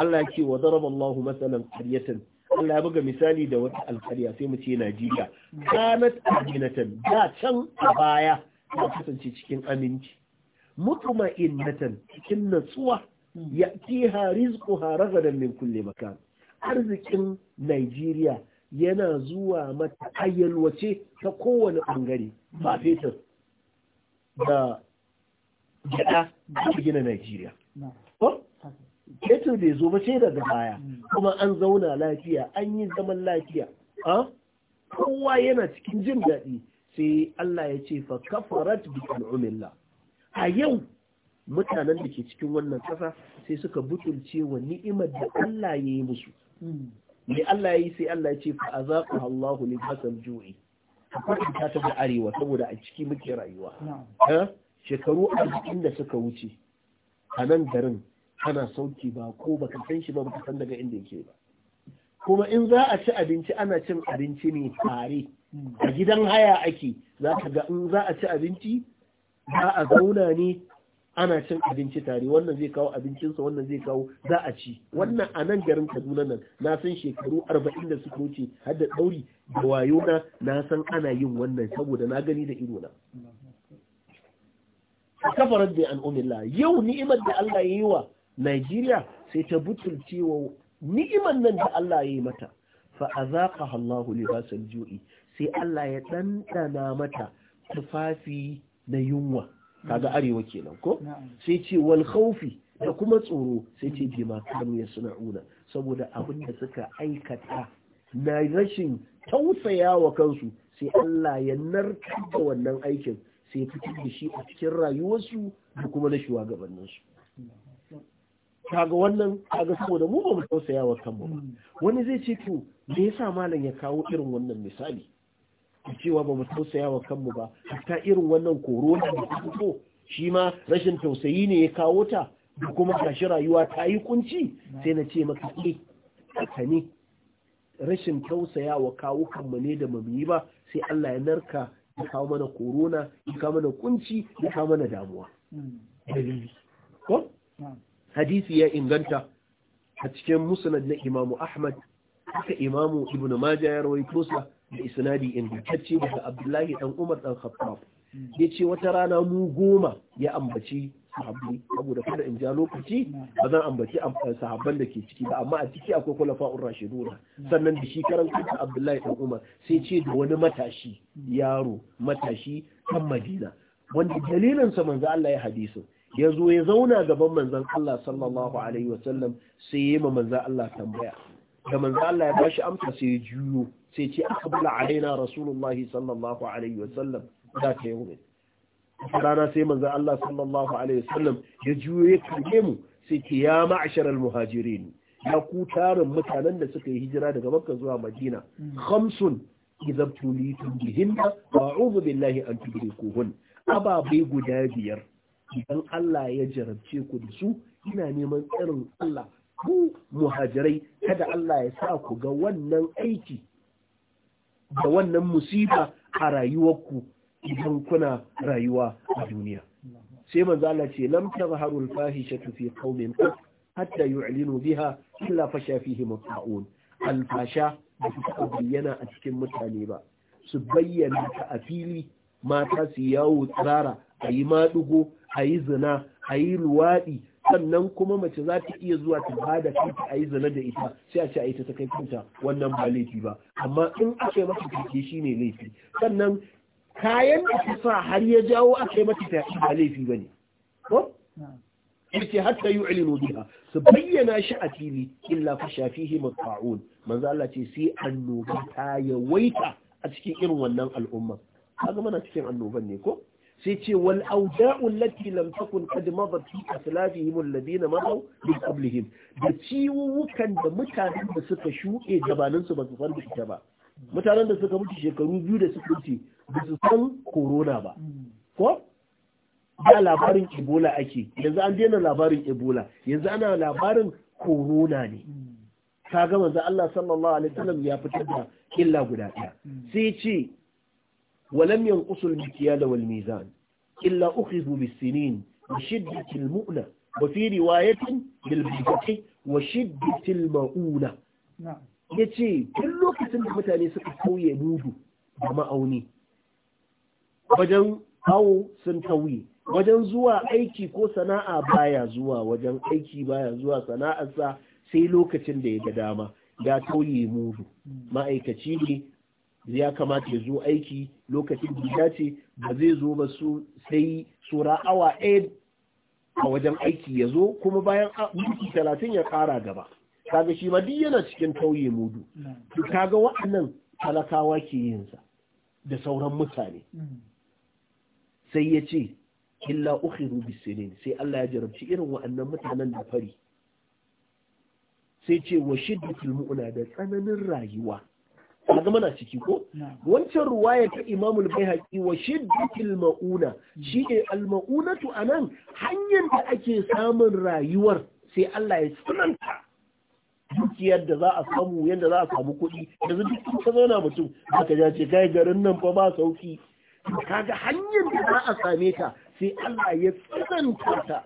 Allah ya ce wa daraballahu masalan qaryatan Allah ya buga misali da wata alƙarya sai mu ce Najeriya kanat aminatan da can a baya ta kasance cikin aminci mutuma'innatan cikin natsuwa ya'tiha rizquha ragadan min kulli makan arzikin Najeriya yana zuwa mata ayyalwace ta kowane bangare ba fetur da gyada da gina Najeriya fetur bai zo ba sai daga baya kuma an zauna lafiya an yi zaman lafiya kowa yana cikin jin daɗi sai Allah ya ce fa kafarat bi al'umillah a yau mutanen da ke cikin wannan ƙasa sai suka butulce wa ni'imar da Allah ya yi musu hmm. Me Allah ya yi sai Allah ya ce fa azaqa Allahu lil ne ju'i ta ta da arewa saboda a ciki muke rayuwa shekaru arzikin da suka wuce a nan garin ana sauki ba ko ka san shi ba baka san daga inda yake ba kuma in za a ci abinci ana cin abinci ne tare hmm. a gidan haya ake za ka ga in za a ci abinci za a zauna ne ana cin abinci tare wannan zai kawo abincinsa wannan zai kawo za a ci wannan a nan garin kaduna nan na san shekaru arba'in da suka wuce har da ɗauri da wayona na san ana yin wannan saboda na gani da idona kafarar da an umilla yau ni'imar da Allah ya yi wa Najeriya sai ta butulce wa ni'imar nan da Allah ya yi mata fa azaqaha Allahu libasal ju'i sai Allah ya dandana mata tufafi na yunwa kaga arewa kenan ko sai ce wal khawfi da kuma tsoro sai ce bi ma suna una saboda abin da suka aikata na rashin tausayawa kansu sai Allah ya narkar da wannan aikin sai fitar da shi a cikin rayuwarsu da kuma na shugabanninsu kaga wannan kaga saboda mu ba mu tausaya wa kanmu ba mm. wani zai ce to me yasa malam ya kawo irin wannan misali ku cewa ba mu tausaya wa kanmu ba hatta irin wannan korona da ta shi ma rashin tausayi ne ya kawo ta da kuma gashi rayuwa ta yi kunci sai na ce maka ke, eh, haka ne rashin tausaya wa kawukanmu ne da mu yi ba sai Allah ya narka ya kawo mana korona ya kawo mana kunci ya kawo mana damuwa dalili ko hadisi ya inganta a cikin musnad na Imam Ahmad haka Imam Ibn Majah ya rawaito sa da isnadi ingantacce daga Abdullahi dan Umar dan Khattab yace wata rana mu goma ya ambaci sahabbai saboda kada in ja lokaci ba zan ambaci sahabban da ke ciki ba amma a ciki akwai kulafa'ur rashiduna sannan da shi karan kanta Abdullahi dan Umar sai ce da wani matashi yaro matashi kan Madina wanda dalilin sa manzo Allah ya hadisin ya zo ya zauna gaban manzon Allah sallallahu alaihi wasallam sai ya yi ma manzon Allah tambaya da manzo Allah ya shi amsa sai ya juyo sai ce aqbala alaina rasulullahi sallallahu alaihi wasallam da ta yi rana sai manzo Allah sallallahu alaihi wasallam ya juyo ya kalle mu sai ce ya ma'sharal muhajirin ya ku tarin mutanen da suka yi hijira daga Makka zuwa Madina khamsun idan tulitum bihinna wa'udhu billahi an tudrikuhun ababai guda biyar idan Allah ya jarabce ku da su ina neman tsarin Allah ku muhajirai kada Allah ya sa ku ga wannan aiki da wannan musiba a rayuwarku idan kuna rayuwa a duniya sai manzo Allah ce lam al fahishatu fi qawmin hatta yu'linu biha illa fasha fihi muta'un alfasha ba ta bayyana a cikin mutane ba su bayyana ta a fili mata su yawo tsirara a yi maɗugo a yi zina a yi luwaɗi sannan kuma mace za ta iya zuwa ta ba da kanta a yi zana da ita sai a ce a ita ta kai kanta wannan ba laifi ba amma in aka yi mata kirki shi ne laifi sannan kayan da ta sa har ya jawo aka yi mata yi ba laifi ba ne ko yace hatta yu'linu biha su bayyana shi a fili illa fa shafihi mutfa'un manzo Allah ce sai annoba ta yawaita a cikin irin wannan al'umma kaga mana cikin annoban ne ko sai ce wal auda'u lati lam takun qad madat fi aslafihim alladina madaw bi qablihim da ciwukan da mutanen da suka shuke gabanin su ba su san ta ba mutanen da suka mutu shekaru biyu da suka mutu ba su san corona ba ko da labarin ebola ake yanzu an daina labarin ebola yanzu ana labarin corona ne ka ga manzo Allah sallallahu alaihi wasallam ya fitar da illa guda ɗaya sai ce ولم ينقص المكيال والميزان إلا أخذوا بالسنين بشدة المؤنة وفي رواية بالبيضة وشدة المؤونة نعم يتي كل وقت المتاني سكتوا ينودوا بمعوني wajen hawo sun tauye wajen zuwa aiki ko sana'a baya zuwa wajen aiki baya zuwa sa sai lokacin da ya ga dama ya tauye mudu ma'aikaci ne ya kamata ya zo aiki lokacin da ya ce ba zai zo ba su sai tsora awa ɗaya a wajen aiki ya zo kuma bayan minti talatin ya ƙara gaba kaga shi ma duk yana cikin tauye mudu to kaga waɗannan talakawa ke yin sa da sauran mutane sai ya ce illa ukhiru bisinin sai Allah ya jarabci irin waɗannan mutanen da fari sai ce wa shiddatul mu'una da tsananin rayuwa kaga mana ciki ko wancan ruwaya ta Imam al-Baihaqi wa shiddatil mauna hmm. shi ne al-maunatu anan hanyar da ake samun rayuwar sai Allah ya tsananta dukiyar da za a samu yadda za a samu kuɗi yanzu duk ka zauna mutum aka ka ce kai garin nan fa ba sauki kaga hanyar da za a same ta sai Allah ya tsananta ta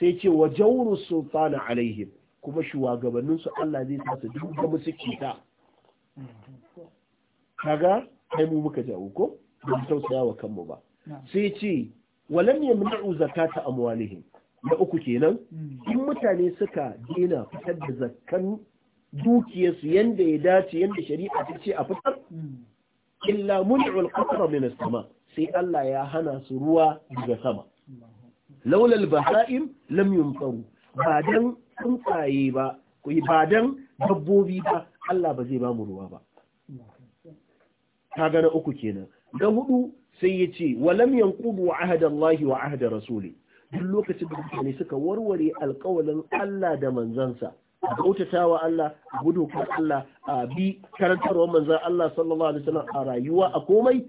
sai ce wa jawru sultana alaihim kuma shugabanninsu Allah zai sa su duka musu kita kaga kai mu muka jawo ko ba mu tausaya wa kanmu ba sai ce walam yamna'u zakata amwalihim na uku kenan hmm. in mutane suka dena fitar da zakkan dukiyarsu yanda ya dace yanda shari'a ta ce a fitar hmm. illa mun'ul qatra min as-sama sai Allah ya hana su ruwa daga sama laula al-baha'im lam yumtaru ba dan tsuntsaye ba ba dan dabbobi ba Allah ba zai ba mu ruwa ba kaga na uku kenan na hudu sai ya ce walam yanqudu ahada Allah wa ahada rasuli duk lokacin da mutane suka warware alƙawalin Allah da manzansa a bautatawa Allah gudu kan Allah a bi karantarwa manzan Allah sallallahu alaihi wasallam a rayuwa a komai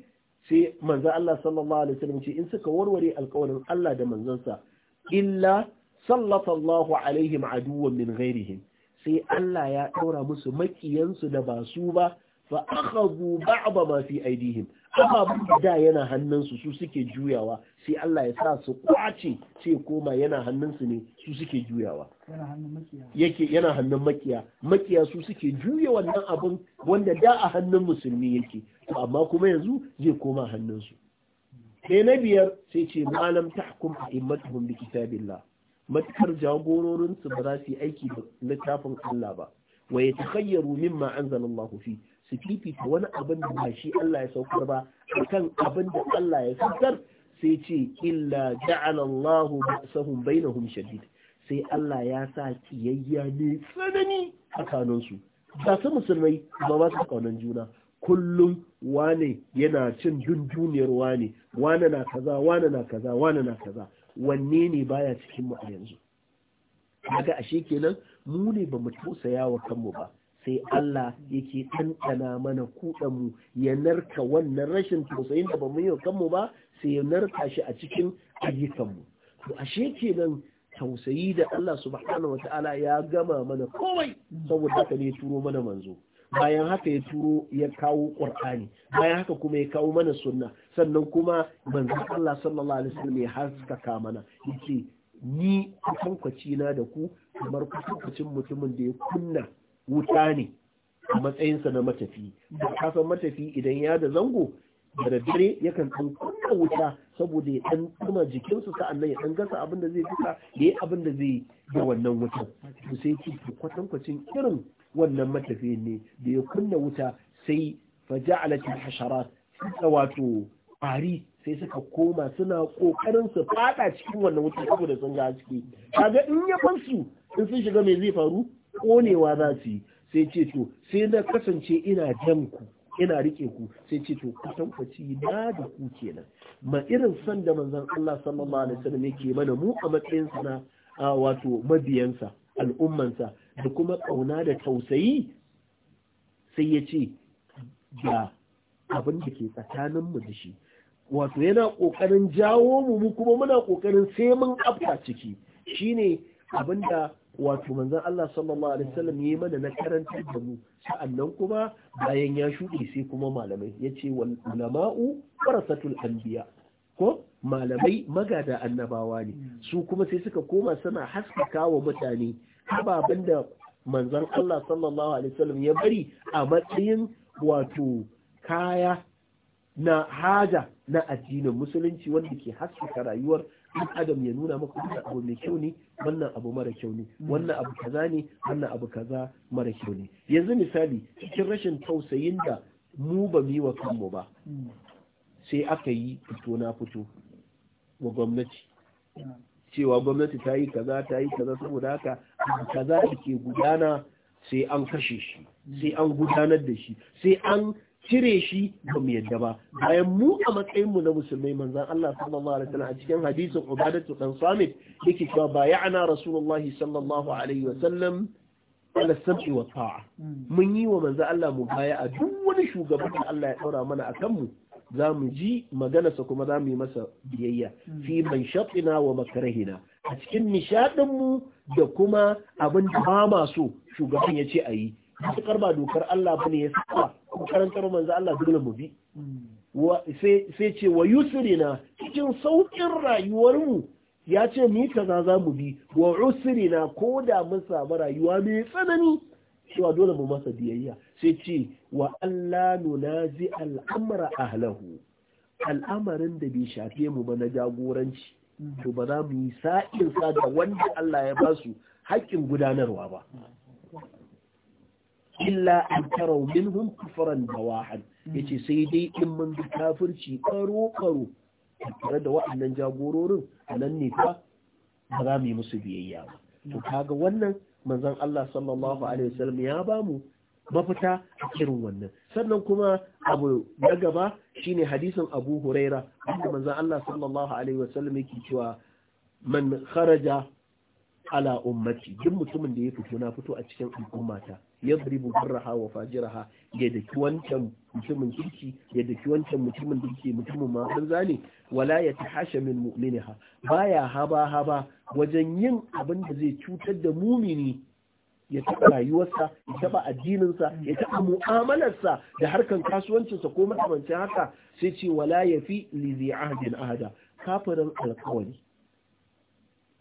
sai manzan Allah sallallahu alaihi wasallam ce in suka warware alƙawalin Allah da manzansa illa Allahu alaihim aduwwan min ghairihim sai Allah ya ɗaura musu makiyansu da ba su ba fa ba a ba fi aidihim amma da yana hannunsu su suke juyawa sai Allah ya sa su kwace sai koma yana hannunsu ne su suke juyawa yana hannun makiya makiya su suke juya wannan abin wanda da a hannun musulmi yake to amma kuma yanzu zai koma hannunsu hmm. sai na biyar sai ce malam tahkum a immatuhum bi kitabillah matukar jagororinsu ba za su yi aiki da littafin Allah ba wa ya takhayyaru mimma anzalallahu fi su fifita wani abin da ba shi Allah ya saukar ba a kan abin da Allah ya saukar sai ce illa ja'ala Allahu ba'sahum bainahum shadid sai Allah ya sa kiyayya ne tsanani tsakaninsu ba su musulmai ba ba su kaunan juna kullum wane yana cin dunduniyar wane wane na kaza wane na kaza wane na kaza wanne ne baya cikin mu a yanzu kaga ashe kenan mu ne bamu tausaya wa kanmu ba sai Allah yake tantana mana mu ya narka wannan rashin tausayin da bamu yi wa kanmu ba sai ya narka shi a cikin mu to ashe kenan tausayi da Allah subhanahu wataala ya gama mana komai saboda haka ne turo mana manzo bayan haka ya turo ya kawo ƙur'ani bayan haka kuma ya kawo mana sunna sannan kuma manzo Allah sallallahu alaihi wasallam ya haskaka mana yace ni kusankwaci na da ku kamar kusankwacin mutumin da ya kunna wuta ne a matsayinsa na matafi ka san matafi idan ya da zango da daddare yakan ɗan kunna wuta saboda ya ɗan tsuma jikinsa sa'annan ya dan gasa abin da zai fita ya yi abin da zai da wannan wutan to sai ki kwatankwacin irin wannan matafiyin ne da ya kunna wuta sai faja faja'alat hasharat suka wato ƙwari sai suka koma suna ƙoƙarin su fada cikin wannan wuta saboda sun ga haske kaga in ya fansu in sun shiga mai zai faru ƙonewa za su yi sai ce to sai na kasance ina jan ku ina rike ku sai ce to kwaci na da ku kenan ma irin san da manzon Allah sallallahu alaihi wasallam yake mana mu a matsayin sa na wato mabiyansa al'ummansa da kuma ƙauna da tausayi sai ya ce ga abin da ke tsakaninmu da shi wato yana ƙoƙarin jawo mu mu kuma muna ƙoƙarin sai mun ƙafa ciki Shi ne abin da wato manzan Allah sallallahu alaihi wasallam yi mana na karantar da mu sa'annan kuma bayan ya shuɗe sai kuma malamai yace wal ulama'u warasatul anbiya ko malamai magada annabawa ne su kuma sai suka koma suna haskaka wa mutane ababen da manzon Allah sallallahu alaihi wasallam ya bari a matsayin wato kaya na haja na addinin musulunci wanda ke haskaka rayuwar in adam ya nuna maka wannan abu mai kyau ne wannan abu mara kyau ne hmm. wannan abu kaza ne wannan abu kaza mara kyau ne yanzu misali cikin rashin tausayin da mu ba mu wa kanmu ba hmm. sai aka yi fito na fito wa gwamnati hmm. cewa gwamnati ta yi kaza ta yi kaza saboda haka kaza da ke gudana sai an kashe shi sai an gudanar da shi sai an cire shi ba mu yadda ba bayan mu a matsayinmu na musulmai manzan Allah sallallahu alaihi wasallam a cikin hadisin ubadatu dan samit yake cewa bayana rasulullahi sallallahu alaihi wasallam ala wa ta'a hmm. mun yi wa manzan Allah mu baya a duk wani shugaban da Allah ya daura mana akan mu za mu ji maganarsa kuma za mu yi masa biyayya fi man shaɗina wa makarahina a cikin nishaɗinmu da kuma abin da ba ma so shugaban ya ce a yi matuƙar ba dokar Allah bane ya saba ko karantar manzo Allah dole mu bi sai ce wa yusrina cikin sauƙin rayuwarmu ya ce ni kaza za mu bi wa usrina ko da mun samu rayuwa mai tsanani cewa dole mu masa biyayya sai ce wa Allah nunazi al'amara ahlahu al'amarin da bai shafe mu ba na jagoranci to ba za mu yi sa'in sa da wanda Allah ya basu haƙƙin gudanarwa ba illa an tarau da kufran dawahan yace sai dai in mun ga kafirci karo karo tare da waɗannan jagororin anan ne fa ba za mu yi musu biyayya ba to kaga wannan manzon Allah sallallahu alaihi wasallam ya bamu mafita a irin wannan sannan kuma abu na gaba shine hadisin Abu Huraira wanda manzon Allah sallallahu alaihi wasallam yake cewa man kharaja ala ummati duk mutumin da ya fito na fito a cikin al'ummata yadribu barraha wa fajiraha ya daki wancan mutumin kirki ya daki wancan mutumin dinki mutumin ma banza ne wala ya tahasha min mu'miniha baya haba haba wajen yin abin da zai cutar da mumini ya taɓa rayuwarsa ya taɓa addininsa ya taɓa mu'amalarsa da harkan kasuwancinsa ko makamancin haka sai ce wala ya fi lizi ahadin ahada kafirin alkawari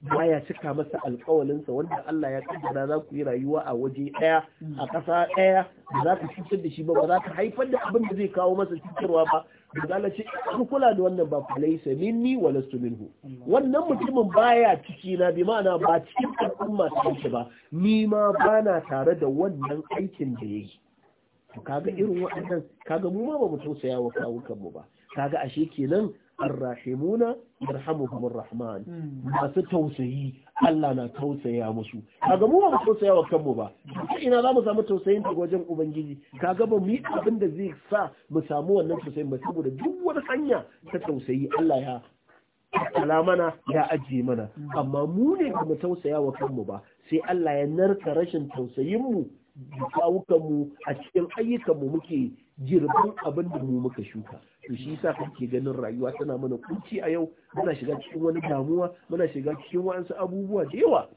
baya cika masa alkawalinsa wanda Allah ya kaddara za ku yi rayuwa a waje ɗaya a ƙasa ɗaya da za ku cutar da shi ba ba za ka haifar da abin da zai kawo masa cutarwa ba da zala ce an kula da wannan ba laisa minni wa lasu minhu wannan mutumin baya ciki na bi ma'ana ba cikin al'umma ta ba ni ma ba na tare da wannan aikin da yayi to kaga irin waɗannan kaga mu ma ba mu tausaya wa kawukanmu mu ba kaga ashe kenan arrahimuna yarhamuhumur rahman masu tausayi Allah na tausaya musu kaga mu ba mu tausaya wa kanmu ba ta ina za mu samu tausayin daga wajen ubangiji kaga ba mu yi abin da zai sa mu samu wannan tausayin ba saboda duk wani hanya ta tausayi Allah ya kala mana ya ajiye mana mm. amma mu ne ba mu tausaya wa kanmu ba sai Allah ya narka rashin tausayin mu da mu a cikin ayyukan mu muke girbin abin da mu muka shuka to shi yasa kake ganin rayuwa tana mana kunci a yau muna shiga cikin wani damuwa muna shiga cikin wa'ansu abubuwa da yawa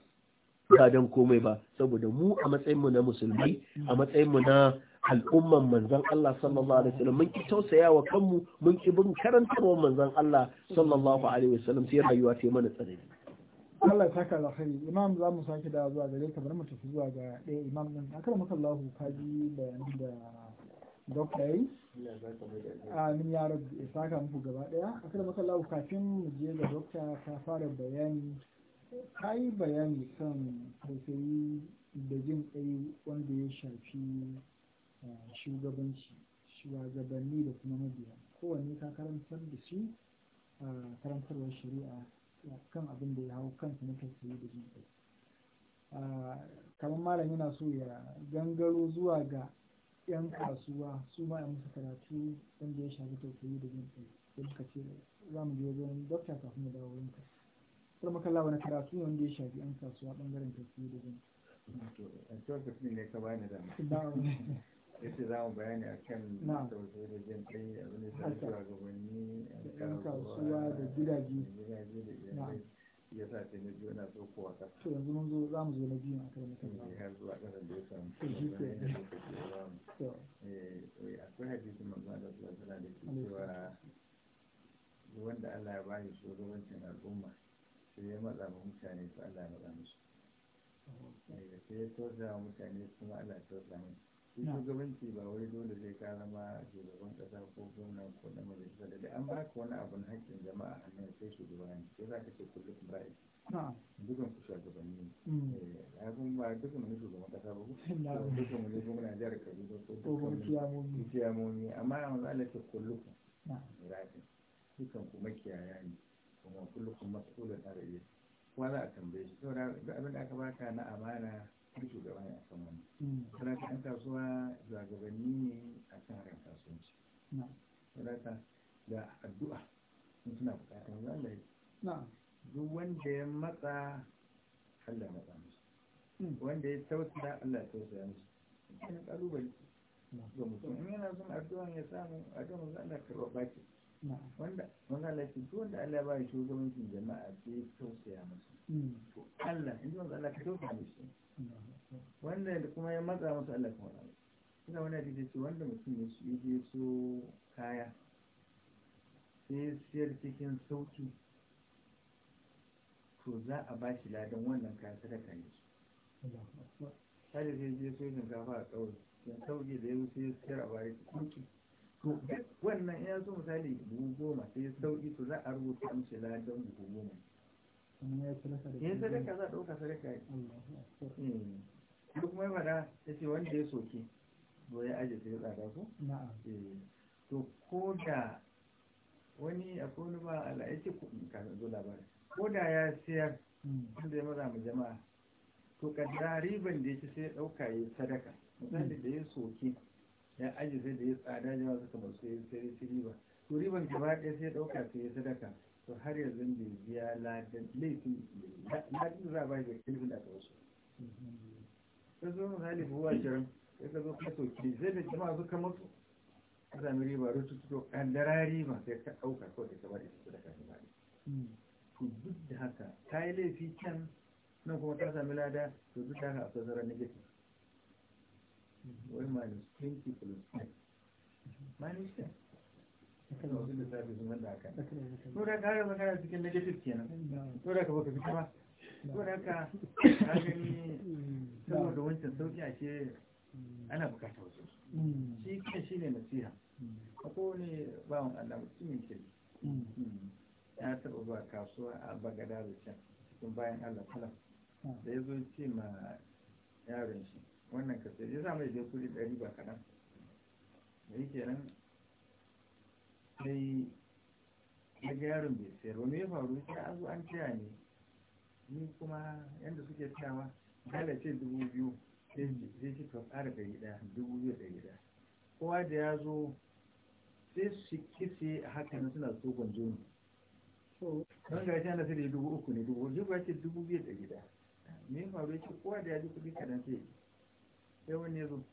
ba dan komai ba saboda mu a matsayin mu na musulmi a matsayin mu na al'umman manzon Allah sallallahu alaihi wasallam mun ki tausaya wa kanmu mun ki bin karantarwar manzon Allah sallallahu alaihi wasallam sai rayuwa ta mana tsanani Allah ya saka alkhairi imam za mu sake da zuwa gare ka bari mu tafi zuwa ga ɗaya imam din akalla makallahu kaji bayanin da dokta amin ya rabu ya saka muku gaba daya a kada makallahu kafin mu je ga dokta ta fara bayani ka yi bayani kan tausayi da jin tsaye wanda ya shafi eh, shugabanci shugabanni da kuma mabiya kowanne ka karantar da su a karantarwar shari'a kan abin da ya hau kansa na tausayi da jin tsaye kamar malam yana so ya gangaro zuwa ga 'yan kasuwa su ma a musu karatu wanda ya shafi tausayi da jin kai da suka ce za mu je wajen dokta kafin mu dawo wurinka sai makalla wani karatu ne wanda ya shafi 'yan kasuwa bangaren tausayi da jin kai to kafin ne ka bani da ya ce za mu bayani a kan tausayi da jin kai abin da ya shafi shugabanni 'yan kasuwa da gidaje da iyalai shi yasa sai na biyu yana so kowa ka to yanzu mun zo za mu zo na biyu a kan mutum ba eh, har zuwa kasan da ya samu to shi ke da lokaci ya ba mu to eh, eh akwai hadisin manzo Allah sallallahu alaihi wasallam da cewa wanda Allah ya ba shi wancan al'umma sai ya matsa ma mutane su Allah ya matsa musu oh, eh, sai ya tausa mutane kuma Allah ya tausa musu shugabanci ba wai dole zai ka zama shugaban kasa ko gwamna ko na majalisa da an baka wani abun haƙƙin jama'a a hannun sai shugabanci sai za ka ce kullum ba ya dukan ku shugabanni Ya mm. eh, kun ba dukan wani shugaban kasa ba ku dukan wani gwamna jihar kaduna ko dukan wani ciyamomi amma a manzo Allah ce kullum mirafin dukan ku makiyaya ne kuma kullum mas'ulun arabi kuma za a tambaye shi saboda abin da aka baka na amana sai shugaba ne a kan wani saboda hmm. ɗan kasuwa zagabanni ne a kan harkar kasuwanci saboda da addu'a in suna bukatar Allah duk wanda ya matsa Allah matsa musu hmm. wanda ya tausaya Allah ya tausaya musu ina kalubale ga mutum in yana son addu'a ya samu addu'a musu Allah karɓar baki wanda wanda Allah ce duk wanda Allah ba shi shugabancin jama'a sai tausaya musu hmm. to Allah in ji wanda Allah ka tausaya musu wannan da kuma ya matsa masa Allah kuma ina wani hadisi ce wanda mutum ya shi ya so kaya sai siyar cikin sauki to za a ba shi ladan wannan kaya sadaka ne kada sai je so shinkafa a tsawon yan sauki da ya wuce ya siyar a bari sauki to wannan ya so misali buhu goma sai sauki to za a rubuta amshi ladan buhu goma Eh, in sadaka za a ɗauka sadaka ya hmm. duk mai fada ya ce wanda ya soke to ya aje sai ya tsada ku. Eh, to ko da wani akwai wani ba ala ya ce kuɗi kafin zo labarin ko da ya siyar wanda hmm. ya maza mu jama'a to kadda riban da ya ci sai ya ɗauka ya sadaka misali da ya soke ya aje sai da ya tsada jama'a suka masu sai ya sai riba to riban gaba ɗaya sai ya ɗauka sai ya sadaka to har yanzu bai biya ladan laifin ladan za ba da kilifin da kawai wasu ta zo mun hali buwa jiran ya ka zo ka soke zai da jama'a su kama su a sami riba rutu tuto kandara riba sai ka ɗauka ko ta kama da su da kashi ba to duk da haka ta yi laifi can nan kuma ta sami lada to duk da haka a tsazarar negative wai minus 20 plus 10 minus 10 kana wasu da aka da cikin negative kenan da ka baka fita ba da wancan ana bukata wasu mm. shi kan ne nasiha a kowane bawan Allah mm. Mm. ya taɓa zuwa kasuwa a bagada da can cikin bayan Allah kalam ah. da ya zo ce ma yaron shi wannan kasar ya mai da kuri ɗari ba kaɗan da yake nan sai ya ga yaron bai sayar ba me ya faru sai an zo an taya ne ni kuma yadda suke ma dala ce dubu biyu sai ce ka tsara ɗari ɗaya dubu biyu ɗari ɗaya kowa da ya zo sai su a haka nan suna tsogon joni don ga shi ana sai da dubu uku ne dubu biyu ba ce dubu biyu ɗari ɗaya me ya faru ya ce kowa da ya ji kuɗi kaɗan sai sai wani ya zo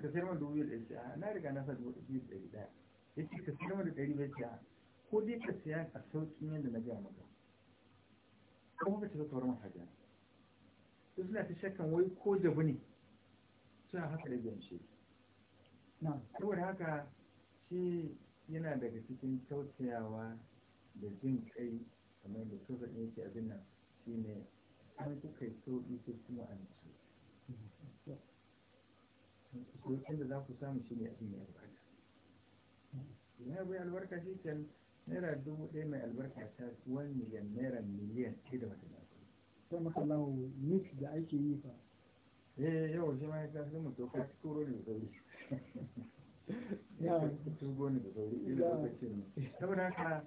ka sayar ma dubu biyu ɗari ɗaya na riga na sa dubu biyu ɗari ɗaya ya ce ka siya da ɗari bai siya ko dai ka siya a sauƙin yadda na gaya maka kuma ka ta kawar mahaja su suna ta shakkan wai ko jabu ne suna haka da biyan shi na saboda haka shi yana daga cikin tausayawa da jin kai kamar da sosa ɗin yake abin nan shi ne an kuka yi sauƙi ko kuma an ci mm-hmm. sauƙin da za ku samu shi ne abin ya bukata na bai albarka shi ke naira dubu ɗaya mai albarka ta wani miliyan naira miliyan ɗaya da wata lafi Ta maka lawo mix da ake yi fa eh yau shi ma ya kasu mutu ka turo ne da sauri ya turo ne da sauri ila lokacin ne saboda haka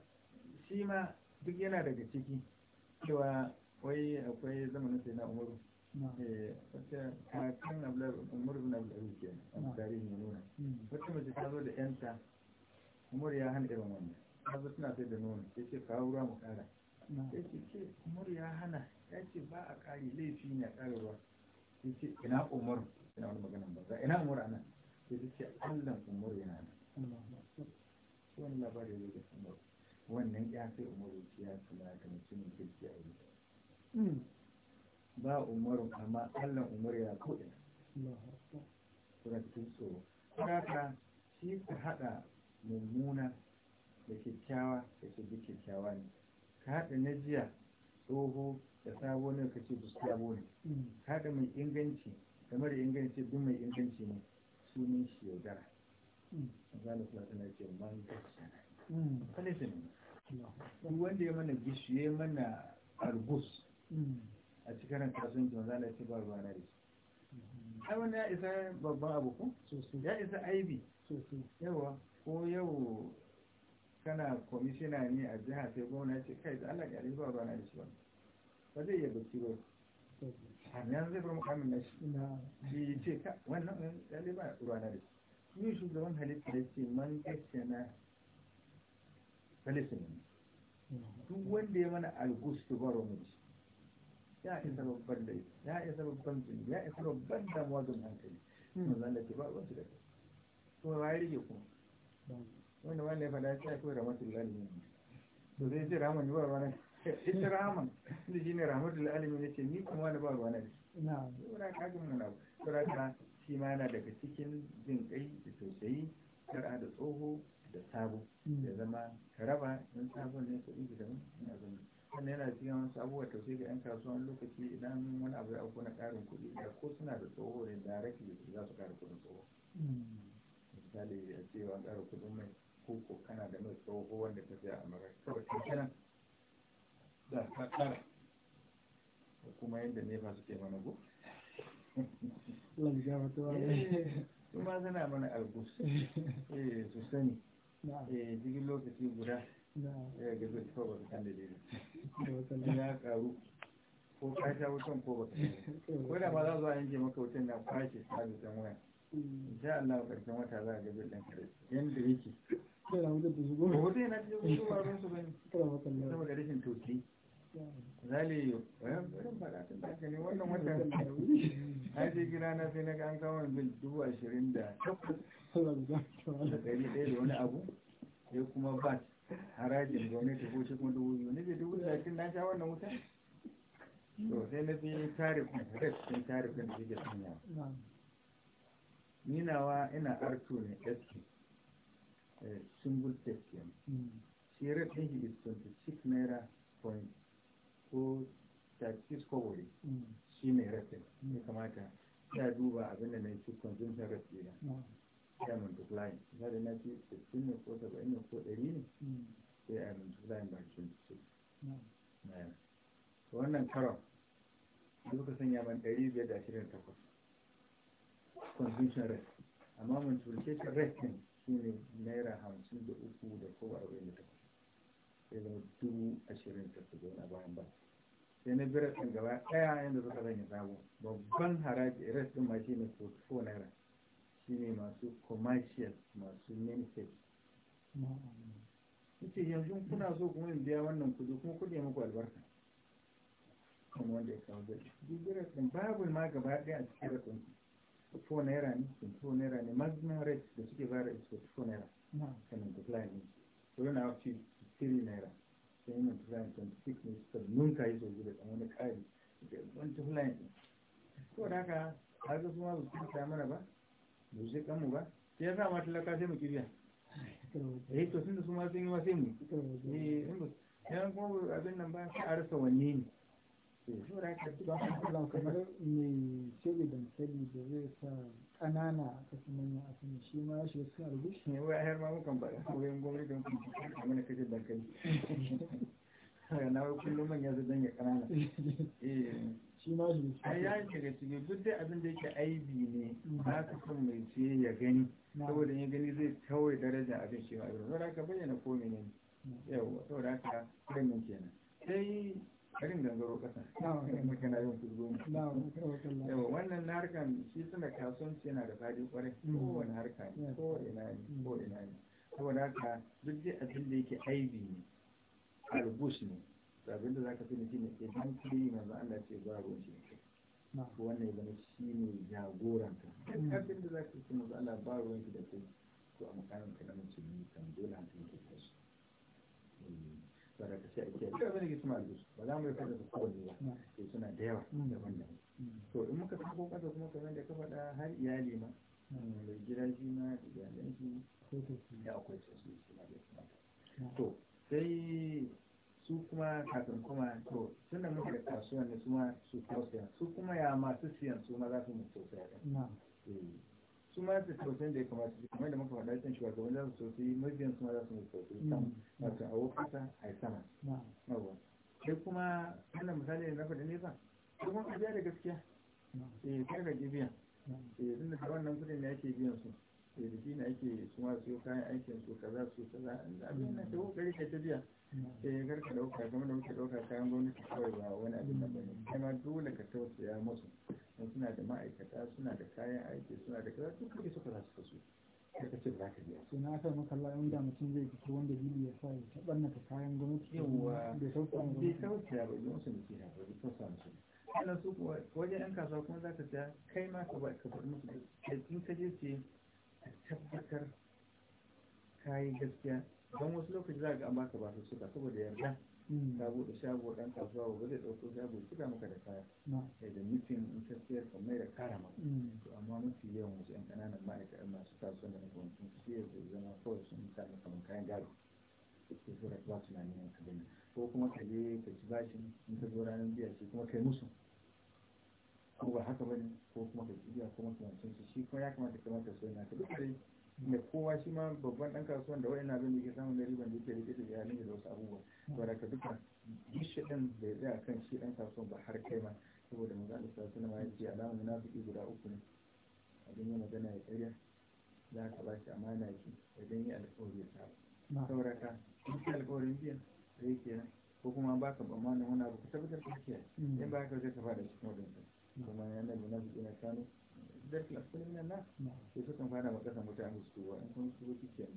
shi ma duk yana daga ciki cewa wai akwai zamanin sai na umaru eh, wata kakan abu umaru na abu da ke a tarihin nuna hmm. wata mace ta zo da yanta umar ya hana irin wannan kazo suna sai da nono sai ce kawo ruwa mu kara sai ce ce umar ya hana ya ce ba a kari laifi ne a kara ruwa sai ce ina umar ina wani maganan ba ina umar anan sai ta ce allan umar yana nan sai wani labari ya da umar wannan ya sai umar ya kula da mutumin kirki a wuri hmm. ba umar amma allan umar ya ko'ina suna cikin tsoro haka shi ka haɗa mummuna da kyakkyawa da ce kyakkyawa ne ka haɗa na jiya tsoho da sabo ne ka ce duk sabo ne ka haɗa mai inganci da mara inganci duk mai inganci ne su ne shi yaudara zanu kuma tana ce man gaskana kalitin duk wanda ya mana gishu ya mana argus a cikin kasuwan wanda na ce ba ruwa na rishi ai wani ya isa babban abu ko ya isa aibi yawa ko yau kana kwamishina ne a jiha sai gwamna ce kai da Allah ya riba ba na shi ba ba zai iya bacci ba hanyar zai bar mukamin na shi yi ce ka wannan ya riba ruwa na da shi yi shugaban halitta ya ce man gaske na palestinian duk wanda ya mana algustu baro mu ci ya isa babban da ya isa babban zuni ya isa babban damuwa don hankali mun zan da ke ba wasu da ke kuma ba ya rige kuma wani wani ya faɗa sai kawai rahmatul alamin to zai ce ne ba ruwa na ita rahman inda shine rahmatul ne, ce ni kuma wani ba ruwa na na ina kagin mun abu saboda shi ma yana daga cikin jin kai da tausayi kara da tsoho da sabo da mm. zama raba in sabon ne kuɗi da mu ina zama wannan yana cikin wasu abubuwa tausayi ga 'yan kasuwan lokaci idan wani abu ya auku na ƙarin kuɗi da ko suna da tsoho ne da rafi za su ƙara kuɗin tsoho mm. misali a ce an ƙara kuɗin mai koko kana da mai tsoho wanda ta a mara kawai ta da kuma yadda eh, su ma mana algus ya eh, eh, ga zai ko ka sha wutan ko ba ko da ba za yanke maka wutan na kwashe da waya insha Allah karshen wata za a ga bil din kare yanda yake sai da mutum su goma hoto yana cikin su ba ruwan su bane saboda rashin toki zali wayan barin fada tun da aka ne wannan wata na je gida na sai na ga an kawo bil dubu ashirin da da ɗari ɗaya da wani abu sai kuma bat harajin gwamnati ko shi kuma dubu biyu ne dubu da ashirin na sha wannan wuta to sai na fi tarifin tarifin da suke sanyawa ninawa ina arto ne eski eh, single test yan hmm. shi ɗin is 26 naira point ko 36 kowai shi ne rafin hmm. ya kamata ya duba abin da na yi consumption rate ɗina ya hmm. multiply na da na ce 60 ne ko 70 ne ko 100 ne sai a multiply by 26 eh. wannan karon duka sanya man constitution rate amma multiplication rate din shi ne naira hamsin da uku da ko arba'in da takwas sai zama dubu ashirin da su zauna bayan ba sai na biyar ɗin gaba ɗaya yadda suka zanya sabo babban haraji rate ɗin ma shi ne ko naira shi ne masu commercial masu manifest ce yanzu kuna so kuma in biya wannan kudi kuma kudi muku albarka kuma wanda ya kawo zai duk babu ma gaba ɗaya a cikin rakunku 44 naira ne 44 naira ne maximum rate da suke bayar is 44 naira sai multiply ne so yana up to 53 naira sai yi multiply 26 ne suka nunka yi sau guda ɗan wani ƙari da multiply ne so da haka har su ma su kuta mana ba ba su kan mu ba sai ya sa ma talaka sai mu eh to sun da su ma sun yi ma sai mu eh in ba kuma abin nan ba sai a rasa wanne ne ba su kula kamar mai shiri da misali da zai sa ƙanana a kasu manyan a sani shi ma shi su a rubuce ne wai a yar ma mukan ba wurin gwamnati don kuma a mana kashe dankali na wai kullum manya zai danya ƙanana eh. shi ma shi a ya shiga cikin duk dai abin da yake aibi ne ba ka son mai siye ya gani saboda ya gani zai kawai daraja abin shi ma a wurin saboda ka bayyana ko a yau saboda haka kan kenan sai karin gangaro kasa in kana yin kuzo yawa wannan na harkan shi suna kasuwanci yana da fadi kwarai mm. kowane harka ne ko ina ne mm. ko ina ne saboda haka duk dai abin da yake aibi ne albus ne abin da zaka tuna shine idan kai manzo Allah ce ba ruwan shi ko wannan zama shi ne jagoran ka mm. abin da za ka tuna manzo Allah ba ruwan shi da kai to a makamin ka na musulmi kan dole hankali sadaka sai a ce duka zai rage dusu ba za mu yi kada da kowane ba ke suna da yawa mm. daban daban to in muka sako kasa kuma kamar da ka faɗa har iyali ma da mm. gida shi ma da iyalan shi ya akwai sosai suna da suna to sai su kuma kafin kuma to tunda muka da kasuwan ne su ma su tausaya su kuma ya masu siyan su ma za su mu tausaya su ma su tausayin da ya kamata kuma kamar da muka faɗa cikin shugaban za su tausayi mabiyan su ma za su yi tausayi sama mm. wato a kasa a sama mm. yawa sai kuma wannan misali ne na faɗi nesa sai kuma ka biya da gaskiya mm. eh kai ga ki biya eh tun da wannan kudin ne ake biyan su eh da shi ne ake su ma su kayan aikin su kaza su kaza abin nan da kokari ka ta biya sai eh, kar ka dauka game da muke dauka kayan gwamnati kawai ba wani abin da bane kana dole ka tausaya musu don suna da ma'aikata suna da kayan aiki suna da kaza duk kake suka zasu kasu ka ce za ka biya su na sa maka Allah inda mutum zai fito wanda bibi ya sa ya tabarna ka kayan gwamnati yawa bai tausaya ba bai tausaya ba don su ne ke ba bai tausaya musu ana su wajen yan kasuwa kuma za ka ta kai ma ka ba ka faɗi musu da in ka je ce tabbatar kayi gaskiya don wasu lokaci za ga an baka ba su suka saboda yarda hmm. ka buɗe shago dan kasuwa ba zai ɗauko shago suka maka da kaya da mutum in ka siyar ka mai da kara ma hmm. to amma mafi yawan wasu 'yan kananan ma'aikata masu kasuwa da mutum sun siyar da zama kawai sun sa kamar kayan gado ke so da kuma tunani ne ka gani ko kuma ka je ka ci bashin in ka zo ranar biya shi kuma kai musu ko ba haka bane ko kuma ka ci biya kuma kuma su shi kuma ya kamata ka mata so yana ka duk ne kowa shi ma babban ɗan kasuwan da wa'in abin da ke samun dari riban da yake rike da iyalin da wasu abubuwa to da ka duka gishi ɗin da ya tsaya kan shi ɗan kasuwan ba har kai ma saboda manzo Allah sallallahu alaihi wasallam ya ce na munafiki guda uku ne abin yi magana ya tsaya za ka ba shi amana ki idan yi alƙawari ya saba saboda ka duk alƙawarin biya da yake nan ko kuma ba ka amana wani abu ka tabbatar da kiyaye hmm. in ba ka zai ka fada cikin wadannan kuma yana mu na kano dafi a na sai fara makasar mutane su tuwa in sun tuwa su ke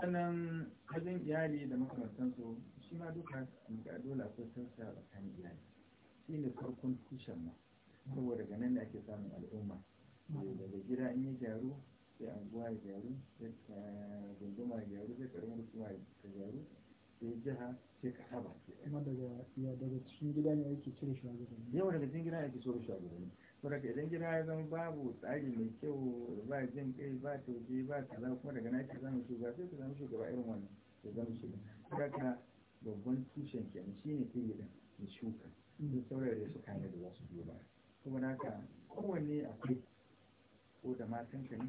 sannan hajjin iyali da makamantansu shi ma duka ga dole akwai tausa a tsakanin iyali shi ne farkon tushen mu. saboda daga nan ake samun al'umma daga gida in ya sai anguwa ya gyaru sai eh, gunduma ya gyaru sai karin hukuma ta gyaru sai jiha sai kasa ba kuma daga cikin gida ne ake cire saboda idan gida ya zama babu tsari mai kyau ba jin kai ba toje ba kaza kuma daga naki zama shugaba sai su zama shugaba irin wannan ya zama shugaba ka babban tushen kenan shine yi da da shuka da saurare su kayan da za su biyo ba kuma haka kowanne akwai ko da matanka ne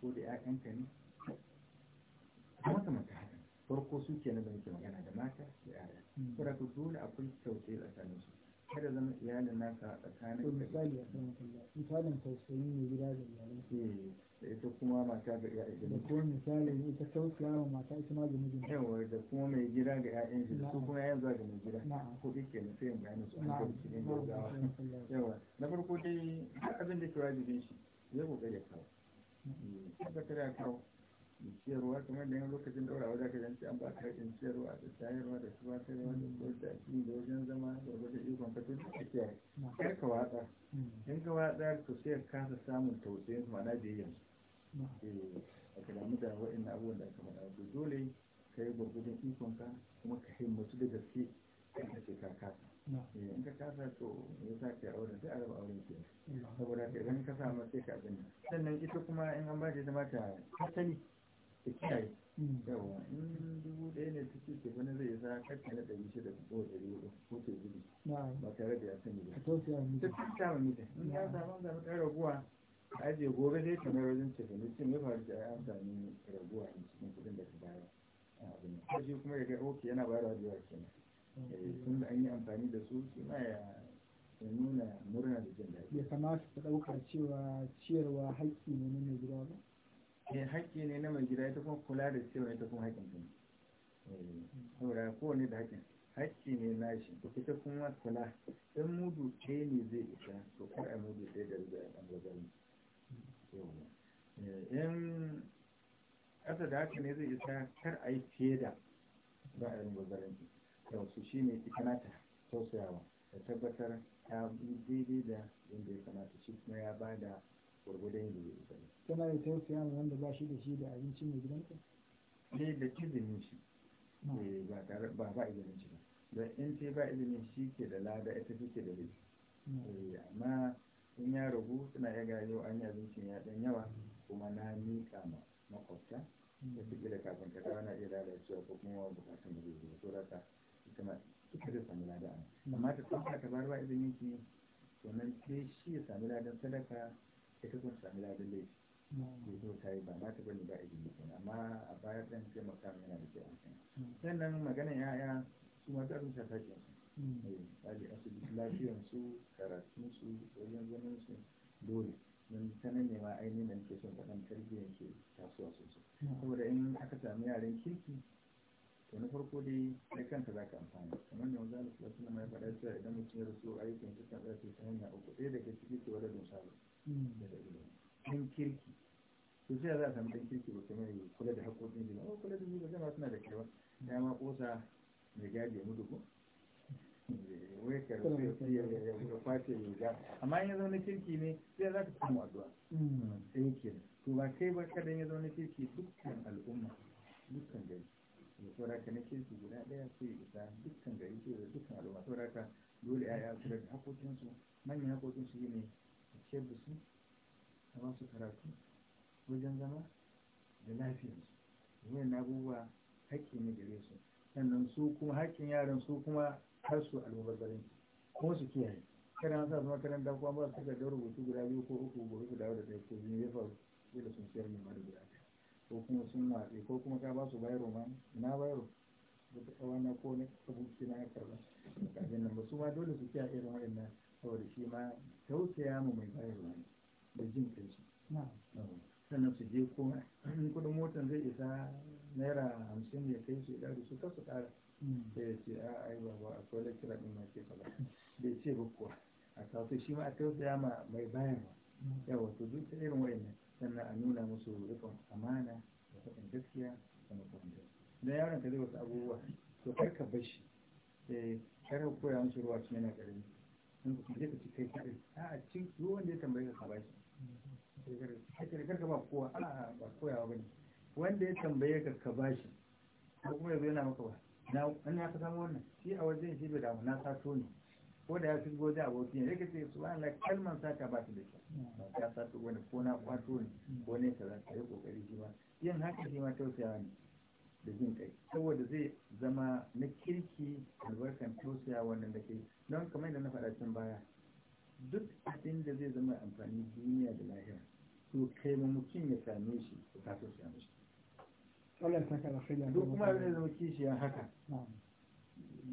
ko da ka ne makamata haka farko su ke na zama ke magana da mata da yara hmm. saboda dole akwai kyautai su. kada zama iyalin naka a tsakanin misali a kan misalin tausayi ne gida da iyalin eh, da ita kuma mata ga iyalin da kuma misalin ita tausaya wa mata ita ma ga mijin yawa da kuma mai gida ga iyalin shi su kuma yayin zuwa ga mai gida ko dike ne sai su an kai cikin gaggawa yawa na farko dai duk abin da ke wajibin shi zai kokari ya kawo eh, ya kawo ciyarwa kamar da yan lokacin daurawa za ka zance an ba ka haƙin ciyarwa da tayarwa da tubatarwa da koyar da addini da wajen zama da wajen ikon ka tun da kiyaye kar ka watsa hmm. in ka watsa to sai ka kasa samun tausayin mana eh, da biyayyan a kalamu da wa'in abubuwan da aka faɗa to dole ka yi gwargwadon ikon ka kuma ka himmatu da gaske ka ce ka kasa eh, in ka kasa to ya sa ka aure sai araba auren ke saboda ka idan ka samu sai ka abin sannan ita kuma in an ba ta mata ma ta kiyaye mm. yawa in dubu ɗaya ne take ce wani zai sa karka na ɗari shida ko ɗari hudu ko ke gudu ba tare da ya sani ba ta fi kama mita in ya samu an samu ɗan raguwa a ajiye gobe dai kamar wajen ce kamar cin ya faru da an samu raguwa ne cikin kuɗin da ta bayar abin da kuma ya ga ok yana bayar da yawa kenan eh, tun da an yi amfani da su shi ma ya nuna murna da jin daɗi ya kamata ta ɗauka cewa ciyarwa haƙƙi ne na mai gida ba ne eh, haƙƙi ne na mai gida ita kuma kula da cewa ita kuma haƙƙin ta ne eh, saboda kowane da haƙƙin haƙƙi ne na shi ita kuma kula in mudu ɗaya ne zai isa to kar a mudu ɗaya da rubuta a ɓangaren eh, in ƙasa da haka ne zai isa kar a yi fiye da ba a yi ɓangaren to su shi ne ita ta tausayawa ta tabbatar ta daidai da yadda ya kamata shi kuma ya ba da gwargwadon yadda zai isa kana da tausaya ma wanda ba shi da shi da abinci mai gidanka ne eh, da izinin shi hmm. eh, ba tare ba ba izinin shi don in ce ba izinin shi ke da lada ita take da laifi hmm. eh, amma in ya ragu suna iya gayo an yi abincin ya dan yawa kuma na miƙa ma makwabta da hmm. suke da kafin ka na iya lalacewa ko kuma wani bukatun da zai zo raka ita ma ita zai sami lada amma ta tsaka ta bar ba izinin shi to nan sai shi ya sami ladan sadaka ita kun sami ladin laifi ke zo ta yi ba na ta ni ba izini kenan amma a baya ɗan mafi yana da kyau sannan ya ya'ya su ma za su misali asibiti lafiyar su karatun su wajen su dole don ta nan ne ma ainihin da nake son faɗan tarbiyyar ke tasowa sosai saboda in aka sami yaren kirki to na farko dai kai kanka za ka amfani kamar da wanzu mu sallallahu alaihi faɗa cewa idan mutum ya rasu ayyukan su kan tsaya ta hanya uku ɗaya daga ciki ke wadda don ɗan kirki to sai za a samu ɗan kirki ba kamar yau kula da haƙoƙin jima ba oh, kula da ba jama suna da kewa ya ma ƙosa mai gadi ya mutu ko wai karfi ya kwace ya ga amma in ya zaune kirki ne sai za ka samu addu'a sai yake to ba kai ba kadan ya zaune kirki dukkan al'umma dukkan gari da sauraka na kirki guda ɗaya sai isa dukkan gari sai dukkan al'umma sauraka dole ya yi da haƙoƙinsu manyan haƙoƙinsu ne ciyar da su a ba su karatu wajen zama da lafiyarsu na abubuwa haƙƙi ne gare su sannan su kuma haƙƙin yaran su kuma har su almubazzarin kuma su kiyaye kada an sa su makaranta kuma ba su takardar rubutu guda biyu ko uku gobe su dawo da ɗaya ko biyu ya faru dole sun ciyar da mara guda ɗaya ko kuma sun matse ko kuma ka ba su bayro ma na bayro wata na ko wani abu na ya karɓa kafin nan ba su ma dole su kiyaye irin waɗannan saboda shi ma tausaya mu mai bayarwa da jin kai shi sannan su je ko kudin motan zai isa naira hamsin ya kai shi ɗari su kasu ƙara da mm. ya ce a ai ba ba a kwallo kira ɗin ma ke da ya ce ba kuwa a kasu shi ma a tausaya ma mai bayarwa mm. yawa to duk irin wa'annan sannan a nuna musu rikon amana da faɗin gaskiya da makarantar da yaron ka zai wasu abubuwa to kar ka bashi shi eh, kar ka koya musu ruwa cikin yana ƙarami in ku je ka kai kare a cin su wanda ya tambaye ka ba shi kare karka ba kowa a ba koyawa bane wanda ya tambaye ka ka ba ko kuma yanzu yana maka ba na an ya ka samu wannan shi a wajen shi bai damu na sato ne ko da ya fi goje aboki ne yake ce su ana kalman sata ba su da kyau ya sato wani ko na kwato ne ko ne ka za ka yi kokari shi ma yin haka shi ma tausayawa ne da jin kai saboda zai zama na kirki albarkan tosiya wannan da ke don kamar da na faɗa can baya duk abin da zai zama amfani duniya da lahira to kai ma mutum ya same shi ka tausaya mishi Allah ta kala khayya duk kuma abin da zama ya haka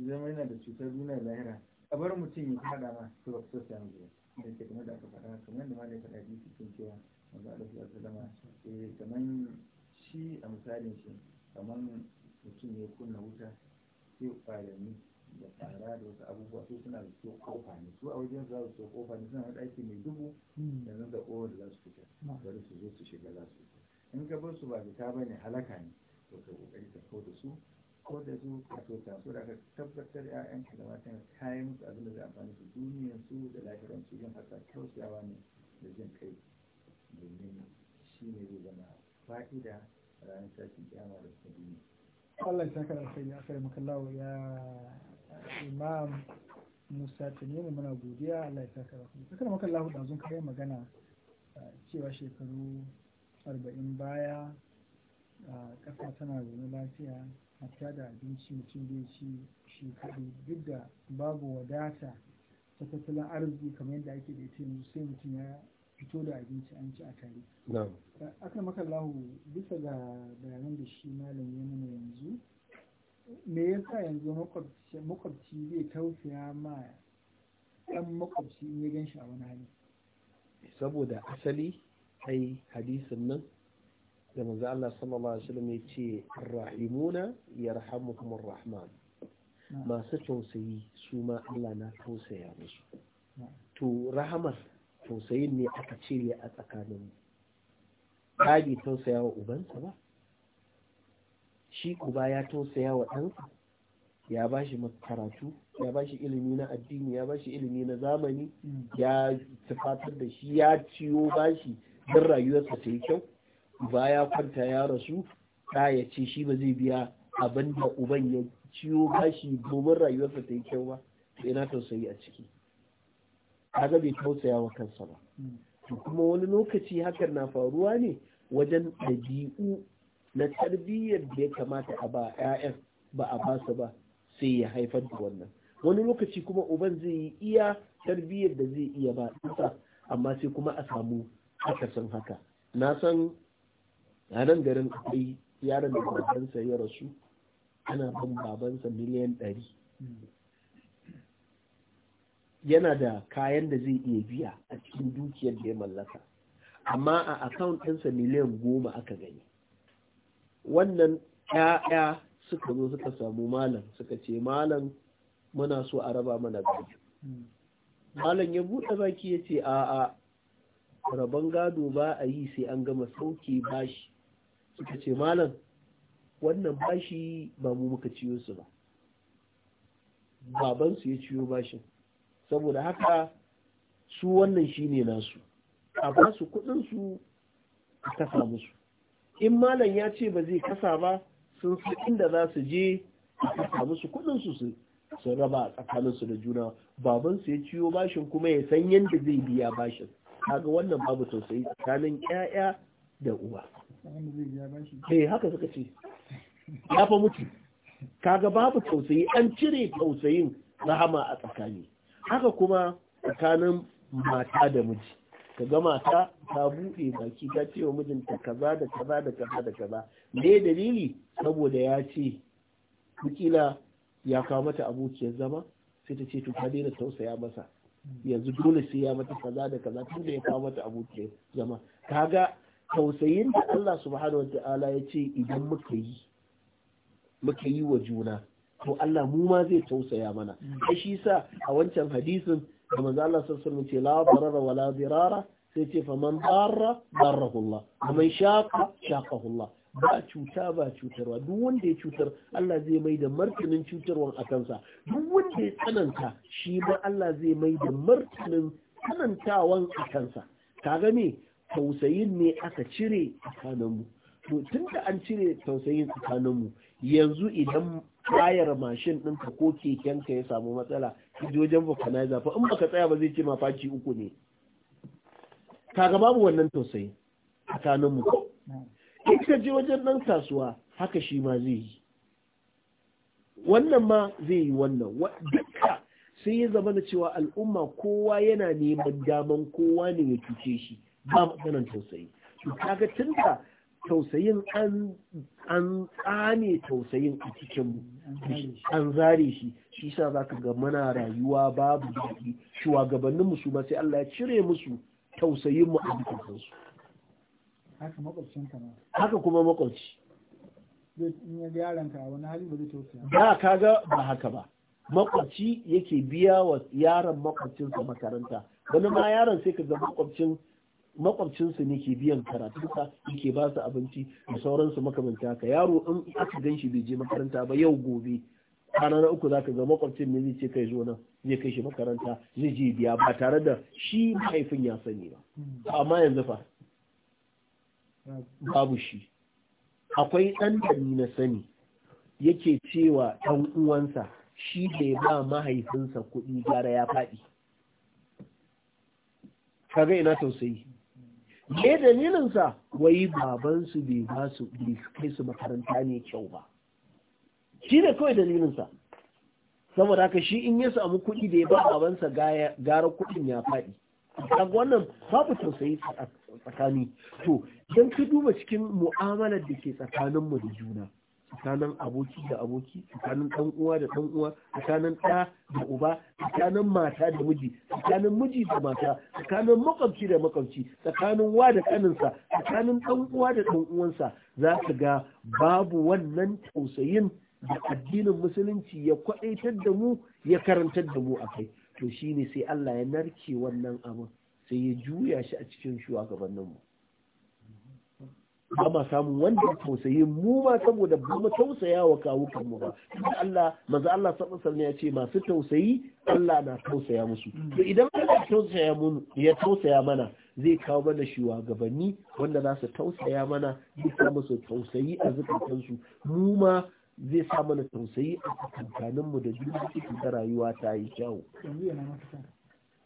zama yana da cutar duniya da lahira a bar mutum ya faɗa ma to ba ka tausaya mishi da ke kamar da aka faɗa kamar yadda ma da faɗa biyu cikin cewa wanda su ya salama eh kamar shi a misalin shi kamar mutum ya kunna wuta sai ƙwararri da tsara da wasu abubuwa su suna da so kofa ne su a wajen za su so kofa ne suna da ɗaki mai dubu da nan da kowa da za su fita bari su zo su shiga za su fita in ka bar su ba da ta ne halaka ne to ka kokari ka kau su ko da su ka so ta so da ka tabbatar ƴaƴan ka da matan yi musu abin da zai amfani su duniyar su da lafiyar su yin haka kyautawa ne da jin kai domin shi ne zai zama fa'ida ranar tashin kiyama da suka duniya Allah ya saka alkhairi aka yi makallawa ya imam musa ta nemi muna godiya Allah ya saka alkhairi saka makallawa da zun kai magana cewa shekaru 40 baya ƙasa tana zaune lafiya a hatta da abinci mutum da ci shekaru duk da babu wadata ta tattalin arziki kamar yadda ake da ita yanzu sai mutum ya fito da abinci an ci a tare. Akan makallahu bisa ga bayanan da shi malam ya nuna yanzu, me yasa yanzu makwabci zai tausaya ma ɗan makwabci in ya gan shi a wani hali? Saboda asali ai hadisin nan da manzo Allah sallallahu alaihi wasallam ya ce rahimuna yarhamukumur rahman masu tausayi su ma Allah na tausaya musu to rahamar tausayin ne aka cire a tsakanin ba tausaya wa ubansa ba shi ba ya tausaya wa ɗansa ya ba shi karatu ya ba shi ilimi na addini ya ba shi ilimi na zamani ya tufatar da shi ya ciyo ba shi don rayuwarsa ta yi kyau ba ya kwanta ya rasu ta ya ce shi ba zai biya abin da uban ya ciwo ba shi domin rayuwarsa ta yi kyau ba sai na tausayi a ciki kaga bai tausaya wa kansa ba hmm. kuma wani lokaci hakan na faruwa ne wajen ɗabi'u na tarbiyyar da ya kamata a ba 'ya'yan ba a basa ba sai ya haifar da wannan wani lokaci kuma uban zai yi iya tarbiyyar da zai iya ba ɗansa amma sai kuma a samu akasin haka na san a nan garin akwai yaran da babansa ya rasu ana ban babansa miliyan ɗari hmm. yana da kayan da zai iya biya a cikin dukiyar da ya mallaka amma a akaunt ɗinsa miliyan goma aka gani wannan 'ya'ya suka zo suka samu malam suka ce malam muna so a raba mana gado malam ya buɗe baki ya ce a'a rabon gado ba a yi sai an gama sauke bashi suka ce malam wannan bashi ba mu muka ciyo su ba babansu ya ciyo bashin saboda haka su wannan shi ne nasu a ba su kudinsu a kasa musu in malam ya ce ba zai kasa ba sun su inda za su je a kasa musu kudinsu su sun raba a tsakaninsu da juna Babansu ya ciyo bashin kuma ya san yadda zai biya bashin kaga wannan babu tausayi tsakanin ƴaƴa da uba eh haka suka ce ya fa mutu kaga babu tausayi an cire tausayin rahama a tsakani haka kuma tsakanin mata da miji kaga mata ta buɗe baki ta ce wa mijinta kaza da kaza da kaza da kaza me dalili saboda ya ce kila ya kawo mata abokiyar zama sai ta ce to ka daina tausaya masa yanzu dole sai ya mata kaza da kaza tun da ya kawo mata abokiyar zama kaga tausayin da Allah subhanahu wa ta'ala ya ce idan muka yi muka yi wa juna to Allah mu ma zai tausaya mana ai shi sa a wancan hadisin da manzo Allah sallallahu alaihi wasallam ce la darara wala dirara sai ce faman darra darahu Allah man shaqa shaqahu ba cuta ba cutarwa duk wanda ya cutar Allah zai mai da martinin cutarwan a kansa duk wanda ya tsananta shi ma Allah zai mai da martinin tsanantawan a kansa kaga me tausayin ne aka cire tsakaninmu to tunda an cire tausayin tsakaninmu yanzu idan tayar mashin ɗinka ko keken ka ya samu matsala ji wajen vulcanizer fa in baka tsaya ba zai ce ma faci uku ne kaga babu wannan tausayi tsakanin mu in ka je wajen nan kasuwa haka shi ma zai yi wannan ma zai yi wannan Dukka sai ya zama na cewa al'umma kowa yana neman daman kowa ne ya cuce shi ba maganan tausayi kaga tunda tausayin an tsane tausayin a cikin an zare shi shi sa za ka ga mana rayuwa babu daɗi shugabannin musu ba sai Allah ya cire musu tausayin mu a kansu haka kuma makwabci ba ka ga ba haka ba makwabci yake biya wa yaron makwabcinsa makaranta wani ma yaron sai ka ga makwabcin makwabcinsu ne ke biyan karatunsa ke ba su abinci da sauransu makamanta ka. yaro in aka gan shi bai je makaranta ba yau gobe Kana na uku zaka ga makwabcin ne zai ce kai zo nan zai kai shi makaranta zai je biya ba tare da shi mahaifin ya sani ba amma yanzu fa babu shi akwai ɗan da na sani yake cewa ɗan uwansa shi da ba mahaifinsa kuɗi gara ya faɗi kaga ina tausayi me dalilinsa wai babansu bai ba su kai su makaranta ne kyau ba shi ne kawai dalilinsa saboda haka shi in ya samu kuɗi da ya ba babansa gara kuɗin ya faɗi kaga wannan babu tausayi tsakani to don ka duba cikin mu'amalar da ke tsakaninmu da juna tsakanin aboki da aboki tsakanin ɗan uwa da ɗan uwa tsakanin ɗa da uba tsakanin mata da miji tsakanin miji da mata tsakanin makwabci da makwabci tsakanin wa da kaninsa tsakanin ɗan uwa da ɗan uwansa za ka ga babu wannan tausayin da addinin musulunci ya kwaɗaitar da mu ya karantar da mu a kai to shine sai Allah ya narke wannan abin sai ya juya shi a cikin shugabanninmu ba ma samun wanda ya tausaye mu ma saboda ba mu tausaya wa kawukan mu ba Allah manzo Allah sallallahu ya ce masu tausayi Allah na tausaya musu to idan Allah tausaya mu ya tausaya mana zai kawo mana shugabanni wanda za su tausaya mana duka musu tausayi a su mu ma zai sa mana tausayi a mu da duniya cikin ta rayuwa ta yi kyau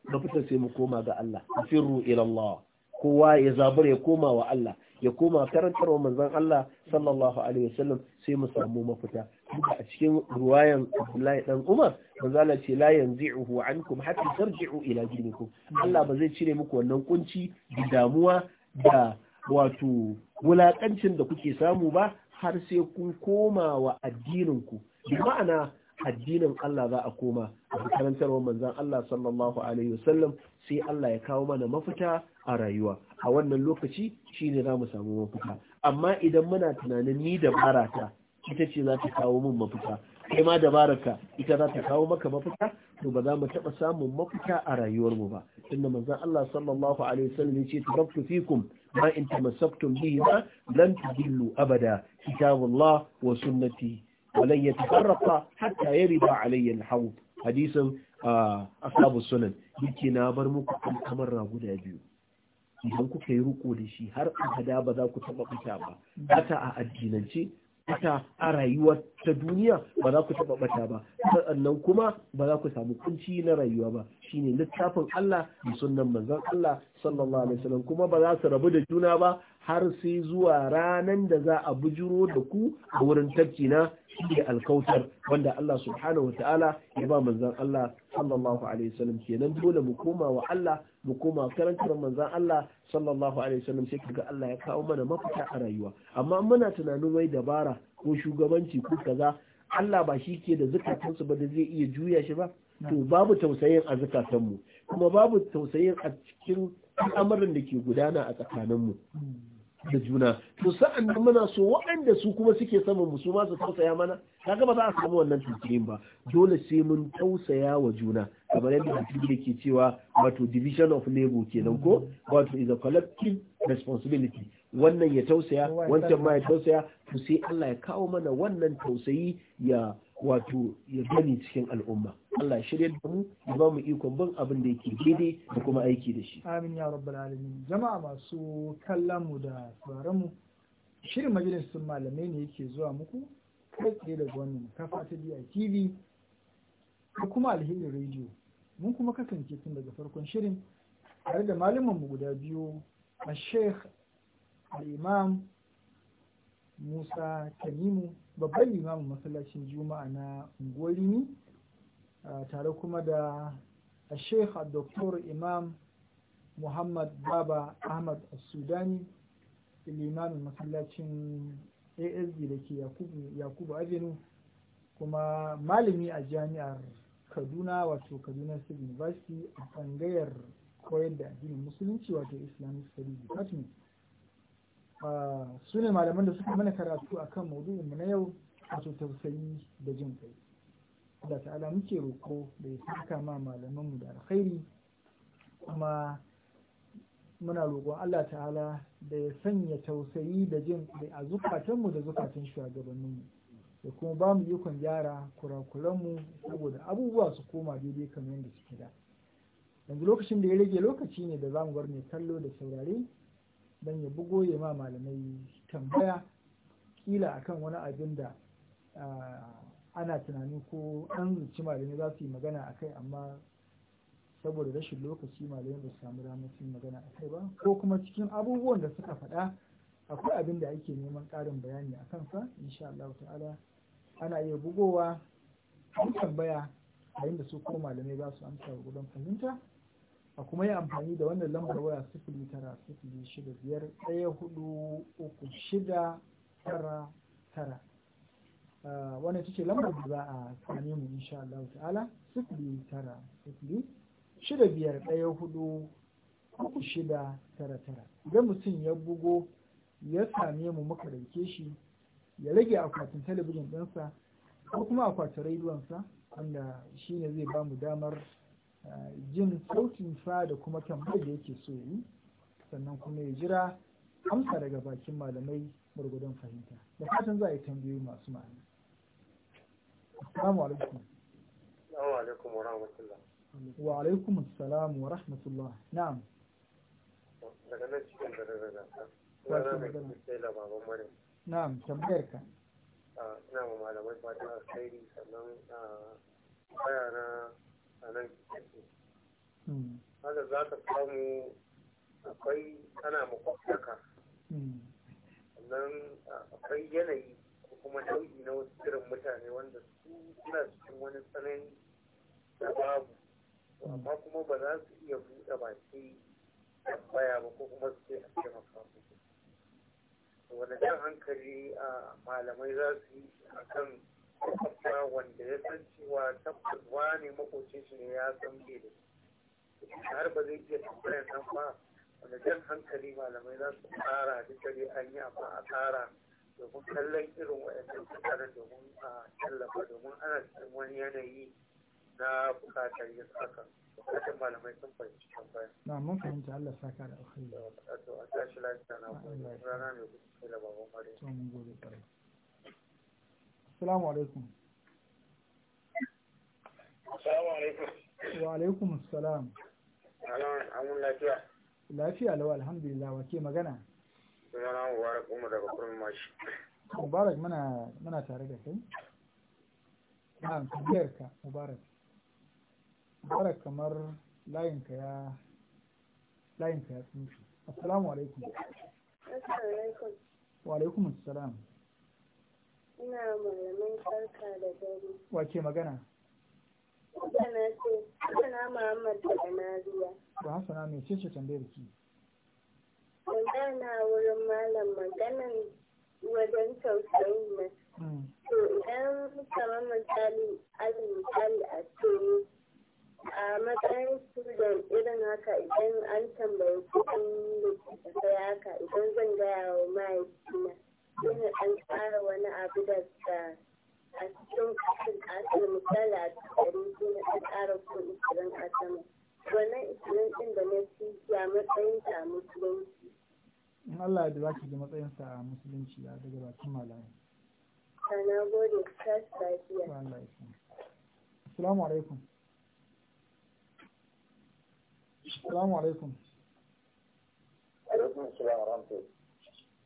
mafitar sai mu koma ga Allah sirru ila Allah kowa ya zabar ya koma wa Allah ya koma karantar wa manzon Allah sallallahu alaihi wasallam sai mu samu mafita duka a cikin ruwayan Abdullahi dan Umar manzon Allah ce la yanzi'uhu ankum hatta tarji'u ila ku. Allah ba zai cire muku wannan kunci da damuwa da wato wulakancin da kuke samu ba har sai kun koma wa addininku duk ma'ana addinin Allah za a koma a karantarwar manzon Allah sallallahu alaihi wasallam sai Allah ya kawo mana mafita a rayuwa a wannan lokaci shine za mu samu mafita amma idan muna tunanin ni dabara ta ita ce za ta kawo min mafita kai ma dabararka ita za ta kawo maka mafita to ba za mu taɓa samun mafita a rayuwarmu ba tunda manzon Allah sallallahu alaihi wasallam ya ce taraktu fikum ma in tamassaktum bihi ma lan tudillu abada kitabullah wa sunnati ولن ya حتى يرد علي الحوض حديث أصحاب السنن yake na bar muku al'amarra guda biyu idan kuka yi riko da shi har abada ba za ku taɓa fita ba Hata a addinance bata a rayuwa ta duniya ba za ku taɓa bata ba sannan kuma ba za ku samu kunci na rayuwa ba shine littafin Allah da sunnan manzon Allah sallallahu alaihi wasallam kuma ba za su rabu da juna ba har sai zuwa ranan da za a bujuro da ku a wurin tafki na shine alkautar wanda Allah subhanahu ta'ala ya ba manzon Allah sallallahu alaihi wasallam kenan dole mu koma wa Allah mu koma karantar manzan Allah sallallahu alaihi wasallam sai kaga Allah ya kawo mana mafita a rayuwa amma muna tunanin wai dabara ko shugabanci ko kaza Allah ba shi ke da su ba da zai iya juya shi ba to babu tausayin a mu kuma babu tausayin a cikin al'amarin da ke gudana a tsakanin mu da juna to sa'an nan muna so waɗanda su kuma suke saman mu su ma su tausaya mana kaga ba za a samu wannan tunkirin ba dole sai mun tausaya wa juna kamar yadda mutum yake cewa wato division of labor kenan ko wato is a collective responsibility wannan ya tausaya wancan ma ya tausaya to sai Allah ya kawo mana wannan tausayi ya wato ya gani cikin al'umma Allah shirya da mu ya ba mu ikon ban abin da yake daidai da kuma aiki da shi amin ya rabbal alamin jama'a masu kallon mu da tsaron mu shirin majalisun malamai ne yake zuwa muku kai tsaye daga wannan kafa ta biya tv ko kuma alherin radio mun kuma kasance tun daga farkon shirin tare da malaman mu guda biyu a sheikh al-imam musa tanimu babban limamin masallacin juma'a na unguwarini tare kuma da sheikh dr imam muhammad baba ahmad sudani limamin masallacin ASD da ke yakubu avenue kuma malami a jami'ar kaduna wato kaduna state university a tsangayar koyar da addinin musulunci wato islamic studies department Ah, su ne malaman da suka mana karatu a kan maudu'in na yau wato tausayi da jin kai da ta'ala muke roko da ya saka ma malamanmu da alkhairi kuma muna roƙon Allah ta'ala da ya sanya tausayi da jin kai a zukatanmu da zukatan shugabanninmu da kuma ba mu ikon gyara kurakuranmu saboda abubuwa su koma daidai kamar yadda suke da yanzu lokacin da ya rage lokaci ne da za mu bar mai kallo da saurare don ya bugo ya ma malamai tambaya kila akan wani abin da ana tunani ko an zuci malamai za su yi magana a kai amma saboda rashin lokaci malamai ba su samu damar su magana a kai ba ko kuma cikin abubuwan da suka faɗa akwai abin da ake neman ƙarin bayani a kansa insha Allah ta'ala ana iya bugowa tambaya yayin da su ko malamai za su amsa wa gudan fahimta a kuma yi amfani da wannan lambar waya sifili tara sifili shida biyar ɗaya hudu uku shida tara tara wannan ita ce lambar da za a sami mu insha Allah ta'ala sifili tara sifili shida biyar ɗaya hudu uku shida tara tara idan mutum ya bugo ya same mu muka ɗauke shi ya rage akwatin talabijin ɗinsa ko kuma akwatin rediyonsa wanda shi ne zai ba mu damar Eh, jin sautinsa da kuma tambayar da yake so yi sannan kuma ya jira amsa daga bakin malamai gwargwadon fahimta da fatan za a yi tambayoyi masu ma'ana assalamu alaikum wa alaikum wa rahmatullah wa alaikum assalam wa rahmatullah na'am daga nan cikin da daga gasa na'am tambayar ka ah, ina ma malamai fatan alkhairi sannan ah, bayana a nan mm. haka za ka samu akwai ana makwabtaka mm. sannan akwai yanayi ko kuma nau'i na wasu irin mutane wanda su suna cikin wani tsanani da babu mm. amma kuma ba za su iya buɗe baki tambaya ba ko kuma su ce a taimaka wani jan hankali a malamai za su yi a kan makwabta wanda ya san cewa tabbas wani makocin shi ne ya san bai da har ba zai iya tambayar nan ba wanda jan hankali malamai za su tsara duk da an yi amma a tsara domin kallon irin waɗannan tsakanin domin a tallafa domin ana cikin wani yanayi na bukatar yin haka bukatun malamai sun fahimci tambaya. na mun fahimci Allah saka da alkhairi. a tashi lafiya na kuma rana ne kuma da baban mare. Salamu alaikum. Salamu alaikum. Wa alaikum assalam. Amun lafiya. Lafiya lawa alhamdulillah wa ke magana? Suna Sunana Mubarak kuma daga Kurmi Mashi. Mubarak mana tare da kai? Na tafiyar ka Mubarak. Mubarak kamar layinka ya layinka ya tsinci. Assalamu alaikum. Assalamu alaikum. Wa alaikum assalam. Ina malamin farka da dare. Wace magana? Hasana ce, Hasana Muhammad daga Nariya. Ba Hassana mai ce ce tambayar ki? Tambaya wurin malam maganan wajen tausayi na. Hmm. To idan kamar misali, ali misali a ce a matsayin student irin haka idan an tambayi kuɗin da haka idan zan gaya wa mahaifina. dole an tsara wani abu da a cikin kasin kasar misali a cikin dole tsara isirin isirin ɗin da na ci ya matsayin musulunci in Allah da za ki matsayin musulunci daga bakin gode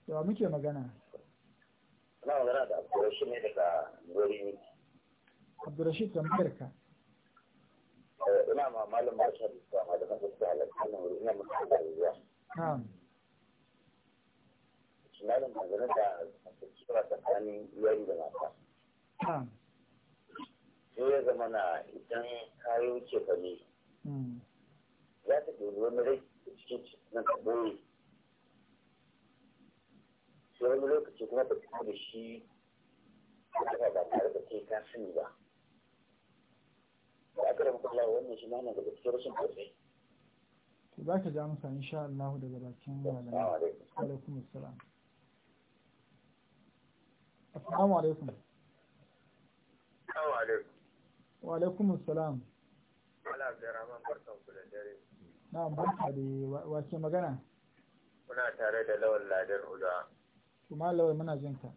lafiya muke magana? Ana magana da Abdurrashid ne daga Gwari. tambayar ka. Eh, ina ma malam ba shi da da suka halarta na wuri ina mutum da ruwa. Malam magana da kasuwa tsakanin iyali da mata. Sai ya zama na idan kayo ce fane. Hmm. Za ta ɗori wani rai cikin cikin na kaɓoye sai wani lokaci kuma ta da shi ba ba tare da kai ka sani ba ba aka rabu Allah wannan shi mana daga cikin rashin tausayi to za ka ja masa insha Allah daga bakin malamai alaikum assalam assalamu alaikum assalamu alaikum wa alaikum assalam wala abdurrahman barkan ku da dare na barka da wace magana kuna tare da lawan ladan ulwa to malamai muna jin ka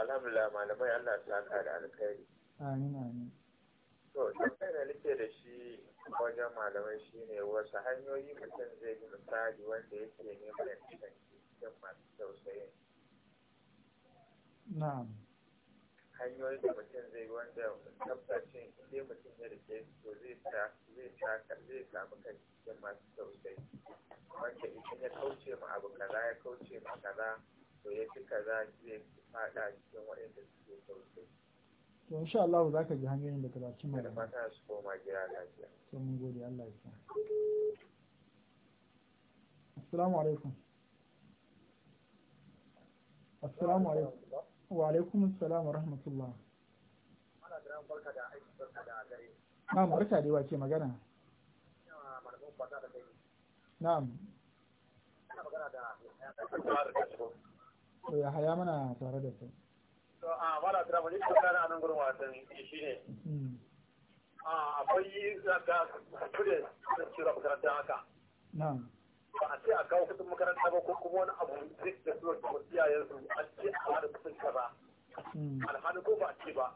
alhamdulillah malamai Allah ya saka da alkhairi amin amin to sai da nake da shi wajen malamai shine wasu hanyoyi mutum zai yi misali wanda yake neman ya kasance cikin masu tausayin na'am hanyoyin da mutum zai yi wanda tabbacin inda mutum ya rike su zai sa zai sa zai samu kan cikin masu tausayi wanda idan ya kauce ma abu kaza ya kauce ma kaza to ya fi kaza zai fada cikin waɗanda suke to insha Allah za ka ji hanyoyin da ka mai su koma gida lafiya mun ya sa assalamu alaikum wa alaikum assalam rahmatullah da barka da aiki barka da gare na barka to ya haya mana tare da su to a wala tara mu ne kana anan gurin wasan shi ne. Hmm. a akwai zaka kure da cira karanta haka na'am ba a ce a kawo kudin makaranta ba ko kuma wani abu duk da su wasu iyayen su an ce a wani kusan kaza hmm. alhali ko ba a ce ba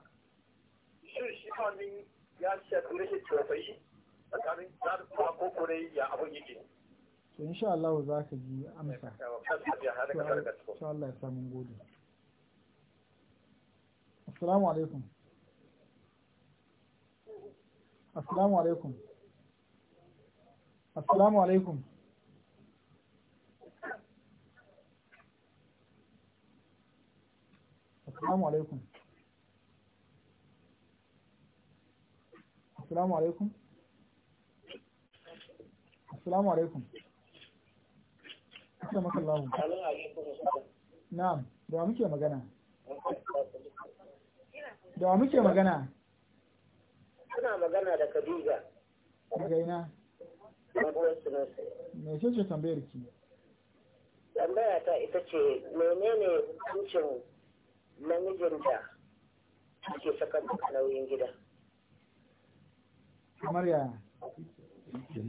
shin shi kamin ya shafi rashin tausayi tsakanin zaɓuɓɓuka ko kore ya abin yake to insha Allah za ka ji amsa to Allah ya samu gode assalamu alaikum assalamu alaikum assalamu alaikum assalamu alaikum assalamu alaikum assalamu alaikum Aka maka Na'am, da muke magana. Da muke magana. Kuna magana da Khadija. Daga ina? Me ce ce tambayar ki? Tambaya ta ita ce menene hukuncin namijin da ake saka nauyin gida? Kamar ya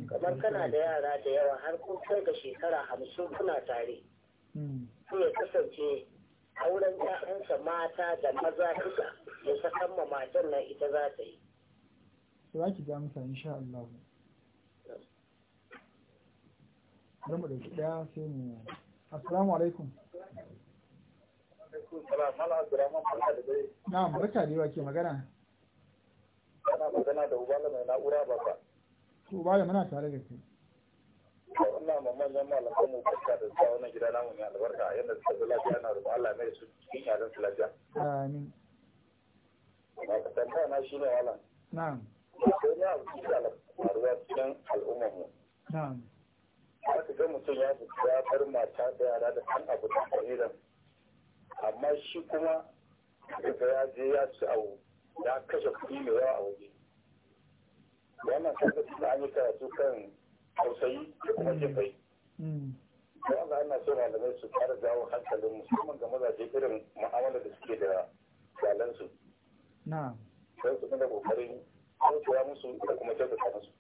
kamar kana da yara da yawa har kun kai ga shekara hamsin kuna tare hmm. sai ya kasance auren ya'yansa mata da maza duka ya sakan ma matan nan ita za ta yi za ki ga masa insha Allah bari da ki daya sai mu assalamu alaikum na'am barka da yawa ke magana ana magana da ubala mai na'ura ba ba to ba da muna tare da kai wannan mamman zan malamin mu fuska da zuwa wannan gida namu mai albarka yadda suka zo lafiya na rubu Allah mai su cikin yaren su lafiya amin amma ka tambaya na shi ne wannan na'am ko ne abu cikin al'aruwa cikin al'ummar mu na'am haka ga mutum ya fita ya bar mata da yara da kan abu da kalilan amma shi kuma daga ya je ya ci abu ya kashe kuɗi mai yawa a waje wannan kaga suna an yi karatu kan tausayi da kuma jin bai don Allah ana so malamai su fara jawo hankalin musamman ga mazaje irin mu'amala da suke da iyalansu na'am sai su dinga kokarin kaucewa musu da kuma kyautata musu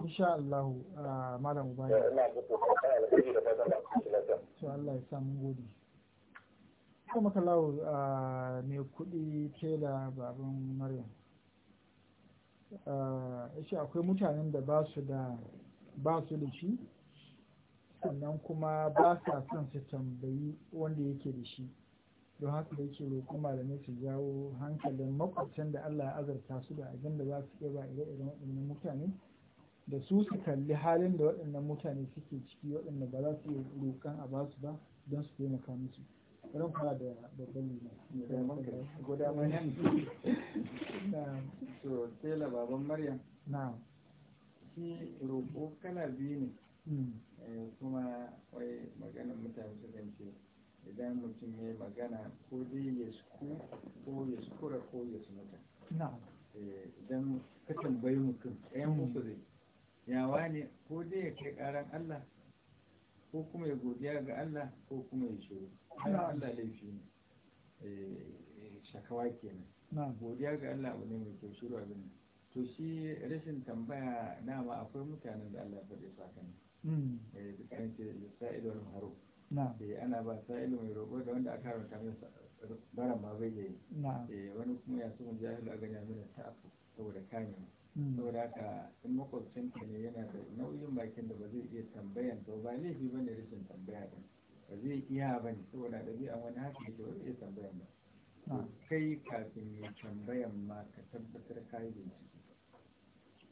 insha Allah ah, malam ubani ina da kokari alheri da fatan da ku lafiya to Allah ya samu gode kuma kalawo ne ah, kudi tela baban Maryam Eh, yace akwai mutanen da ba su da ba su da shi sannan kuma ba sa son su tambayi wanda yake da shi don haka da yake roƙon malamai su jawo hankalin makwabtan da Allah ya azarta su da abin da za su iya ba ire-iren waɗannan mutane da su su kalli halin da waɗannan mutane suke ciki waɗanda ba za su iya roƙon a ba su ba don su taimaka musu. ran fara da babban liman to tela baban maryam na shi roƙo kana biyu ne hmm. eh, kuma wai maganar mutane su ce idan mutum ya magana ko dai ya suku ko ya sukura ko ya sunuta eh, idan ka tambayi mutum ɗayan musu zai yawa ne ko dai ya kai ƙaran allah ko kuma ya godiya ga Allah ko kuma ya shiru Allah laifi ne eh, shakawa kenan godiya ga Allah abu ne mai kyau shiru abin nan to shi rashin tambaya ma akwai mutanen da Allah ya faɗi sa hmm. eh da kan ce sa'il wal mahruf eh, ana ba Sa'idu mai roƙo da wanda aka haramta masa baran ma bai yi eh, wani kuma ya so mun jahil a ganya mina ta'afu saboda kamewa Mm. saboda haka in ka ne yana da nauyin bakin da ba zai iya tambayan to ba ne ba ne rashin tambaya ba ba zai iya ba ne saboda ɗabi'a wani haka yake ba zai iya tambayan ba ah. kai kafin ya tambayan ma ka tabbatar ka yi bincike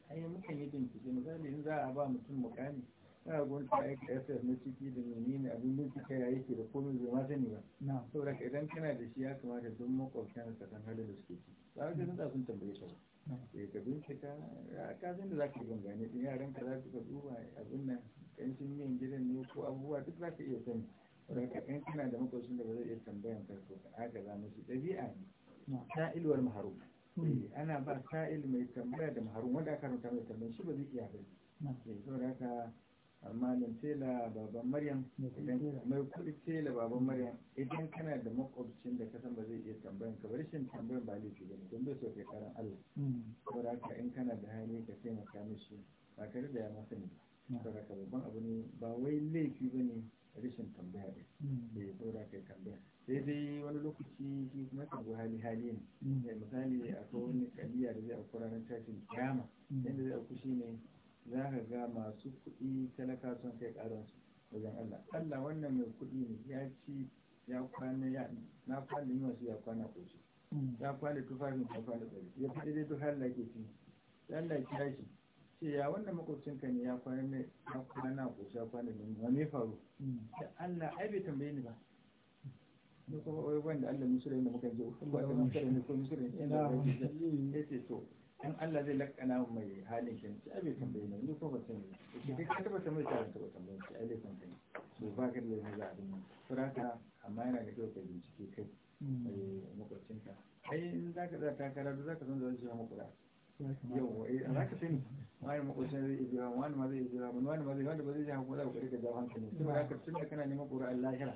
ai mukan yi bincike misali in za a ba mutum mukami za a gwanta a da yasa na ciki da menene abin bincike ya yake da komai zai ma sani ba saboda idan kana da shi ya kamata don makwabtan ka san halin da suke ciki ba a ga sun tambaye ka ba Eh, ka bincika eh, ka san da za ka gangane ɗin yaran ka za su ka duba eh, abin nan ƙanshin miyan gidan ne ko abubuwa duk za ka iya sani wadda ka kana da makwasin da ba zai iya tambayan ka ko haka za musu ɗabi'a ne sa'il wal maharum hmm. ana ba sa'il mai tambaya da maharum wanda aka rubuta mai tambayan shi ba zai iya ba sai saboda haka malam tela baban maryam mai kudi tela baban maryam idan kana da makwabcin da kasan ba zai iya tambayan ka bari shin tambayan ba laifi ba don bai so kai karan allah saboda haka in kana da hali ka taimaka mishi ba tare da ya masa ne saboda haka babban abu ne ba wai laifi ba ne rashin tambaya ne eh, da saboda yi tambaya sai dai wani lokaci shi kuma kan go hali hali ne eh, misali akwai wani kaliya da zai auku ranar tashin kiyama yadda zai auku shi ne za ka ga masu kuɗi talaka sun kai ƙaransu wajen Allah Allah wannan mai kuɗi ne ya ci ya kwana ya na kwana yi wasu ya kwana ƙoshi ya kwana tufafin ya kwana ɗari ya fi daidai to har ke ci Allah ya kira shi ce ya wannan ka ne ya kwana ne ya kwana ƙoshi ya kwana ne ma me faru Ya Allah ai bai tambaye ni ba ni kuma wai wanda Allah musulmi da muka je ko musulmi ko musulmi ya ce to in Allah zai lakana mai halin shi ci abin tambaye ne ni ko ba sani shi kai ka taba tambayi ta taba tambayi shi ai zai tambayi to ba ka da zai abin nan saboda amma yana da kyau ka bincike kai hmm. eh, ka ai in za ka za ka kara za ka san da mu makura yau a eh, za ka sani wani makocin zai iya wani ma zai iya wani ma zai wani ba zai ji hakuri za ka ka jawo hankali kuma haka tun da kana neman ya lahira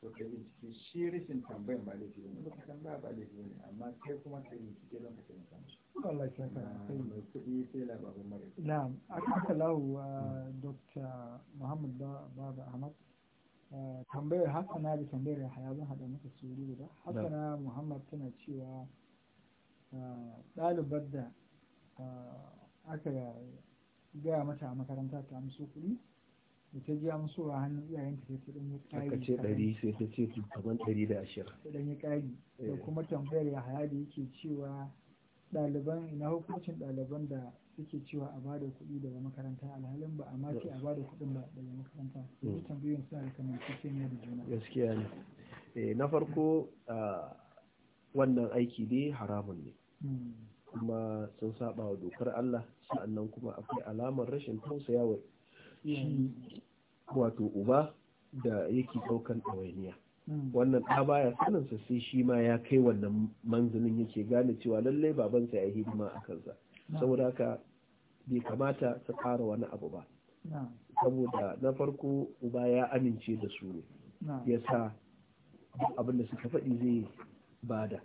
to ka bincike shi rashin tambayan ba laifi ne ba tambaya ba laifi ne amma kai kuma ka bincike don ka taimaka musu Allah ya saka ah, mai kuɗi sai labarin mara na'am aka lawo ah, Dr. Muhammad Baba Ahmad ah, tambayar Hassana da tambayar Yahaya zan haɗa maka su da. Hassana Muhammad tana cewa ɗalibar da aka gaya mata a makaranta ta amso kuɗi da ta biya musu a hannun ta sai ta ɗanyi ƙari ta ce sai ta ce kamar dari da ashirin ta ɗanyi ƙari da eh. kuma tambayar ya haya da yake cewa ɗaliban ina hukuncin ɗaliban da suke cewa a ba da kuɗi daga makaranta alhalin ba ma ce a ba da kuɗin ba daga makaranta su mm. tambayoyin suna da kamar cikin yadda juna gaskiya ne eh, na farko wannan aiki dai haramun ne mm. kuma sun saba wa dokar Allah sa'annan kuma akwai alamar rashin tausayawa wato uba da yake daukan ɗawainiya hmm. wannan ɗa baya saninsa sai shi ma ya kai wannan manzilin yake gane cewa lallai babansa ya yi hidima a kansa hmm. saboda haka bai kamata ta ƙara wani abu ba hmm. saboda na farko uba ya amince da su ne ya sa abin da suka faɗi zai bada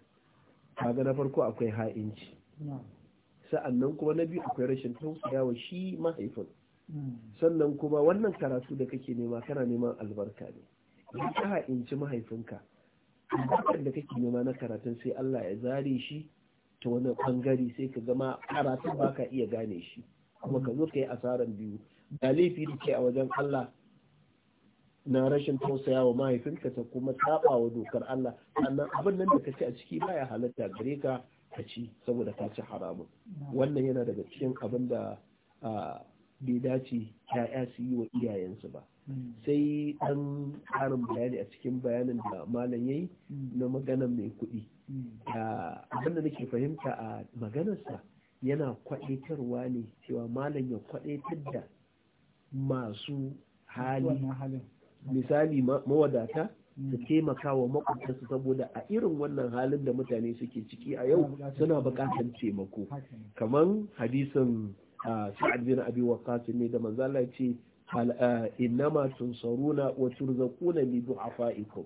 kaga na farko akwai ha'inci sa'annan kuma na biyu akwai rashin tausayawa shi mahaifin Hmm. sannan kuma wannan karatu da kake nema kana neman albarka ne idan ka ha'inci mahaifinka albarkar da kake nema na karatun sai Allah ya zare shi ta wani bangare sai ka gama karatun ba ka iya gane shi kuma ka zo ka yi asaran biyu da laifi da ke a wajen Allah na rashin tausaya wa mahaifinka ta kuma taɓa wa dokar Allah sannan abin nan da ka ci a ciki baya halatta gare ka ka ci saboda ka ci haramun hmm. wannan yana daga cikin abin da ah, bai dace ya'ya su yi wa iyayensu ba hmm. sai ɗan ƙarin bayani a cikin bayanin da malam yayi hmm. na maganar mai kuɗi hmm. abinda nake fahimta a maganarsa yana kwaɗaitarwa ne cewa malam ya kwaɗaitar da masu hali misali mawadata su taimaka wa makwabtansu saboda a irin wannan halin da mutane suke ciki a yau suna bukatar taimako kamar hadisin sa'ad bin abi waqas ne da tun Allah na innama tunsaruna wa turzaquna a fa'iko.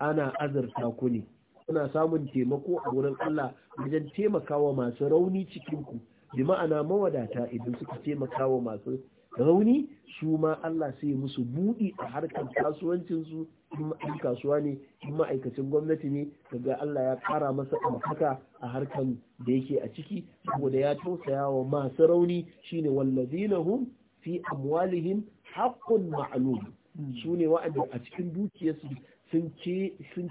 ana azarta ku ne kuna samun taimako a wurin Allah wajen taimakawa masu rauni cikinku. ku bi mawadata idan suka taimakawa masu rauni su ma Allah sai musu buɗi a harkar kasuwancinsu in ma'aikacin kasuwa ne in ma'aikacin gwamnati ne daga Allah ya ƙara masa ɗaukaka a harkar da yake a ciki saboda ya tausaya wa masu rauni shine wallazina hum fi amwalihim haqqun ma'lum su ne wa'anda a cikin dukiyarsu sun ce sun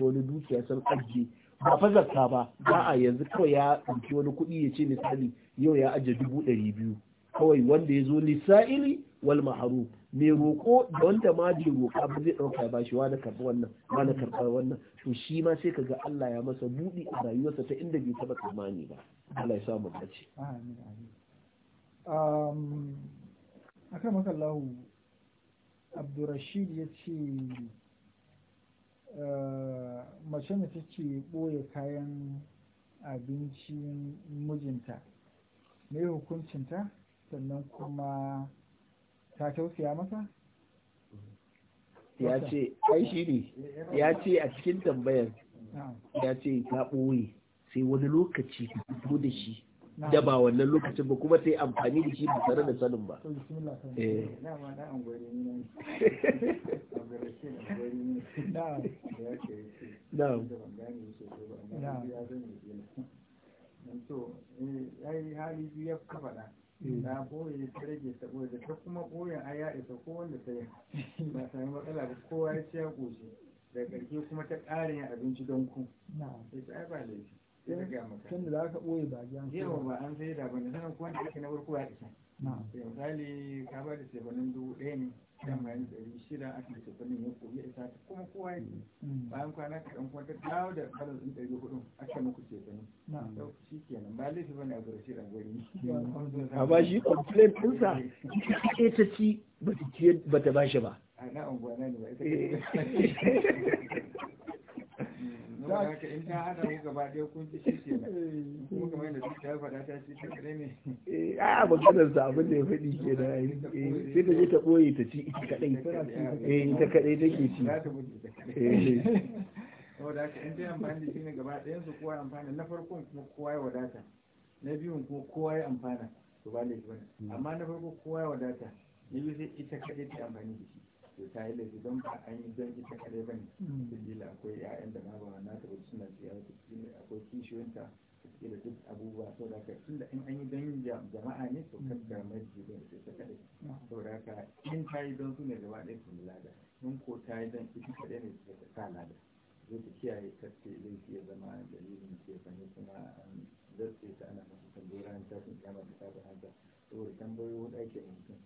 wani dukiya sun ajiye ba fa ba ba a yanzu kawai ya ɗauki wani kuɗi ya ce misali yau ya ajiye dubu ɗari biyu kawai wanda ya zo lisa'ili wal maharu mai roƙo da wanda ma bai roƙa ba zai ɗauka ba shi wani karɓi wannan wani karɓar wannan to shi ma sai kaga Allah ya masa buɗi a rayuwarsa ta inda bai taɓa tsammani ba Allah ya samu dace um, akan maka lahu abdurrashid ya ce uh, mace da take ɓoye kayan abincin mijinta me hukuncinta sannan kuma ta tausaya masa ya ce ai shi ne ya ce a cikin tambayar ya ce ta ɓoye sai wani lokaci ta fito da shi da ba wannan lokacin ba kuma ta yi amfani da shi ba tare da sanin ba. ya yi eh, hali biyu kafa Eh. na boye ta rage saboda ta kuma boye a ya isa ko wanda ta yi ba sami matsala ba kowa ya ci ya goshi da ƙarfi kuma ta ƙara yin abinci don ku sai eh, ta aiba laifi sai ta gaya maka tun da za ka boye ba gyan yawa ba an sai da bane sanin kuwan da ake na farko ya isa eh, misali ka ba da shebanin dubu ɗaya ne kan ɗari shida aka ya koyi kuma kowa mm. bayan kwana kaɗan kuma ta dawo da kalar ɗari hudu aka muku tafanin shi kenan ba laifi a gurshi da gari a ba shi ɗinsa eh. ta ci ba ta ba shi ba a ne ba ita eh. saboda haka in ta hada ku gaba ɗaya kun ci shi ke nan eh, kuma kamar yadda eh. ta faɗa ta ci ne eh, a maganar sa abin da ya faɗi ke da sai ta je ta ɓoye ta ci ita kaɗai ita kaɗai take ci saboda haka in ta yi amfani da shi ne gaba ɗayan su kowa amfana na farkon kuma kowa ya wadata na biyun kuma kowa ya amfana ba hmm. amma na farko kowa ya wadata na biyu sai ita kaɗai ta amfani da shi to ta yi laifi ba an yi don ita kare ba ne mm. sabila akwai 'ya'yan da ma na ta suna siya ne akwai kishiyonta da duk abubuwa sau da ka in an yi don jama'a ne to kan ga maji da ta kare mm. sau da ka in ta yi don su ne gaba ɗaya su lada in ko ta yi don ita kare ne su ta sa lada zai ta kiyaye kacce laifi ya zama dalilin ke fahimta kuma an zarce ta ana masu tambayoyi ranar tashin kyamar da ta haka saboda tambayoyi wadda ake mutum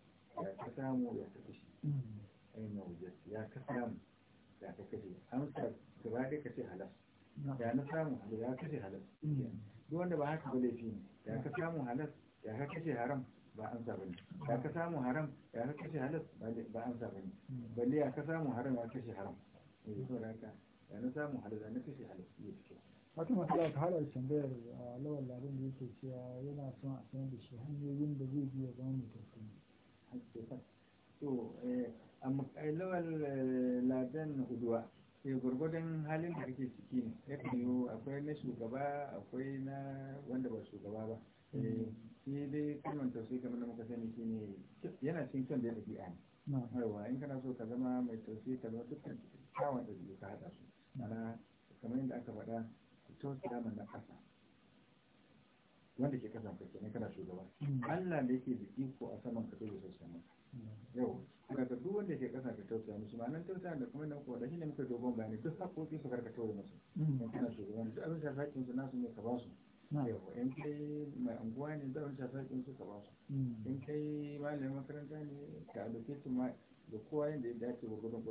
ya ta samu ya ta kashe mm. aina wujatti ya ka samu ya ka kashe an ka gaba kashe halas ya na kashe halas duk wanda ba haka ba laifi samu halas ya ka kashe haram ba an sa bane ya ka samu haram ya ka kashe halas ba an sa bane samu haram kashe haram eh, samu kashe wata matsala ta halar tambayar a lawan labarin da yake cewa yana son a sanar da shi hanyoyin da zai biya gane tafiya. a lawal eh, ladan huduwa ke gwargwadon halin da kake ciki ne ya kanyo akwai na shugaba akwai na wanda ba shugaba ba eh, shi dai kalmar tausayi kamar da muka sani shine yana cin kyan da ya ɗabi'a ne yawa in kana so ka zama mai tausayi ka zama dukkan kyawun ɗabi'u ka haɗa su mana kamar yadda aka faɗa tausaya mana na ƙasa wanda ke kasan ka ne kana shugaba mm. Allah da yake da iko a saman ka dole sai saman yau daga duk wanda ke kasa ka tausaya musu ma nan tausaya da kuma nan ko da shine muka dogon bayani duk haƙoƙi su karka tauri musu in mm. kana shugaban duk abin shafi haƙƙin su nasu ne ka ba su yawa in kai mai anguwa ne duk abin shafi haƙƙin su ka ba su mm. in kai malamin makaranta ne ka ɗauke su ma da kowa yadda ya dace ba gudun su.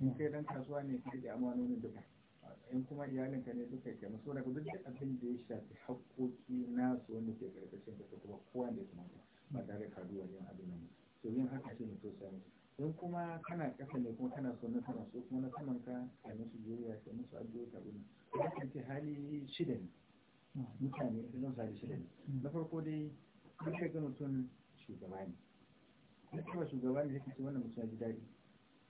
in mm. kai dan kasuwa ne ka da amanonin duka in kuma iyalinka ne duka ke masu daga duk abin da ya shafi haƙoƙi nasu wanda ke ƙarƙashin ka kuma kowa da ya kamata ba tare da kaduwa yin abin nan to yin haka shi ne to don kuma kana kasa ne kuma kana so na saman kuma na saman ka kai musu juriya kai musu addu'o ka gudu ya kanci hali shida ne mutane zan sa shida ne hmm. na farko dai duk kai ga tun shugaba ne duk kuma shugaba ne yake ce wannan mutum ya ji daɗi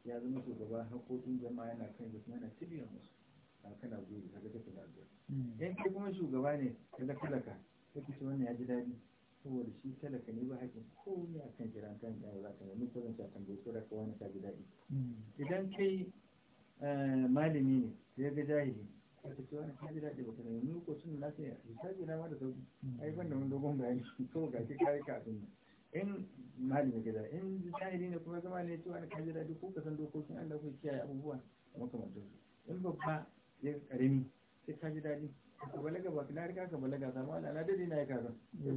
ya zama shugaba haƙoƙin jama'a yana kan yi yana cibiyar musu a kana gobe kaga ta da addu'a yan hmm. kai kuma shugaba ne kaga talaka yake ce wannan ya ji daɗi saboda shi talaka ne ba haƙin komai a kan kiran kan ɗaya ba ka nemi kurin a kan bai ka wani ka ji daɗi idan kai eh, malami ne sai ga jahili ka ce wani ka ji daɗi ba ka nemi ko sun na ya hisabi na ma da sauki ai ban da wani dogon bayani ko ga shi kayi kafin in malami ka da in jahili ne kuma zama ne cewa ka ji daɗi ko ka san dokokin Allah ko kiyaye abubuwa makamantar in babba ya karimi sai ka ji daɗi ka balaga ba ka riga ka balaga sama ala na dade na ya kaza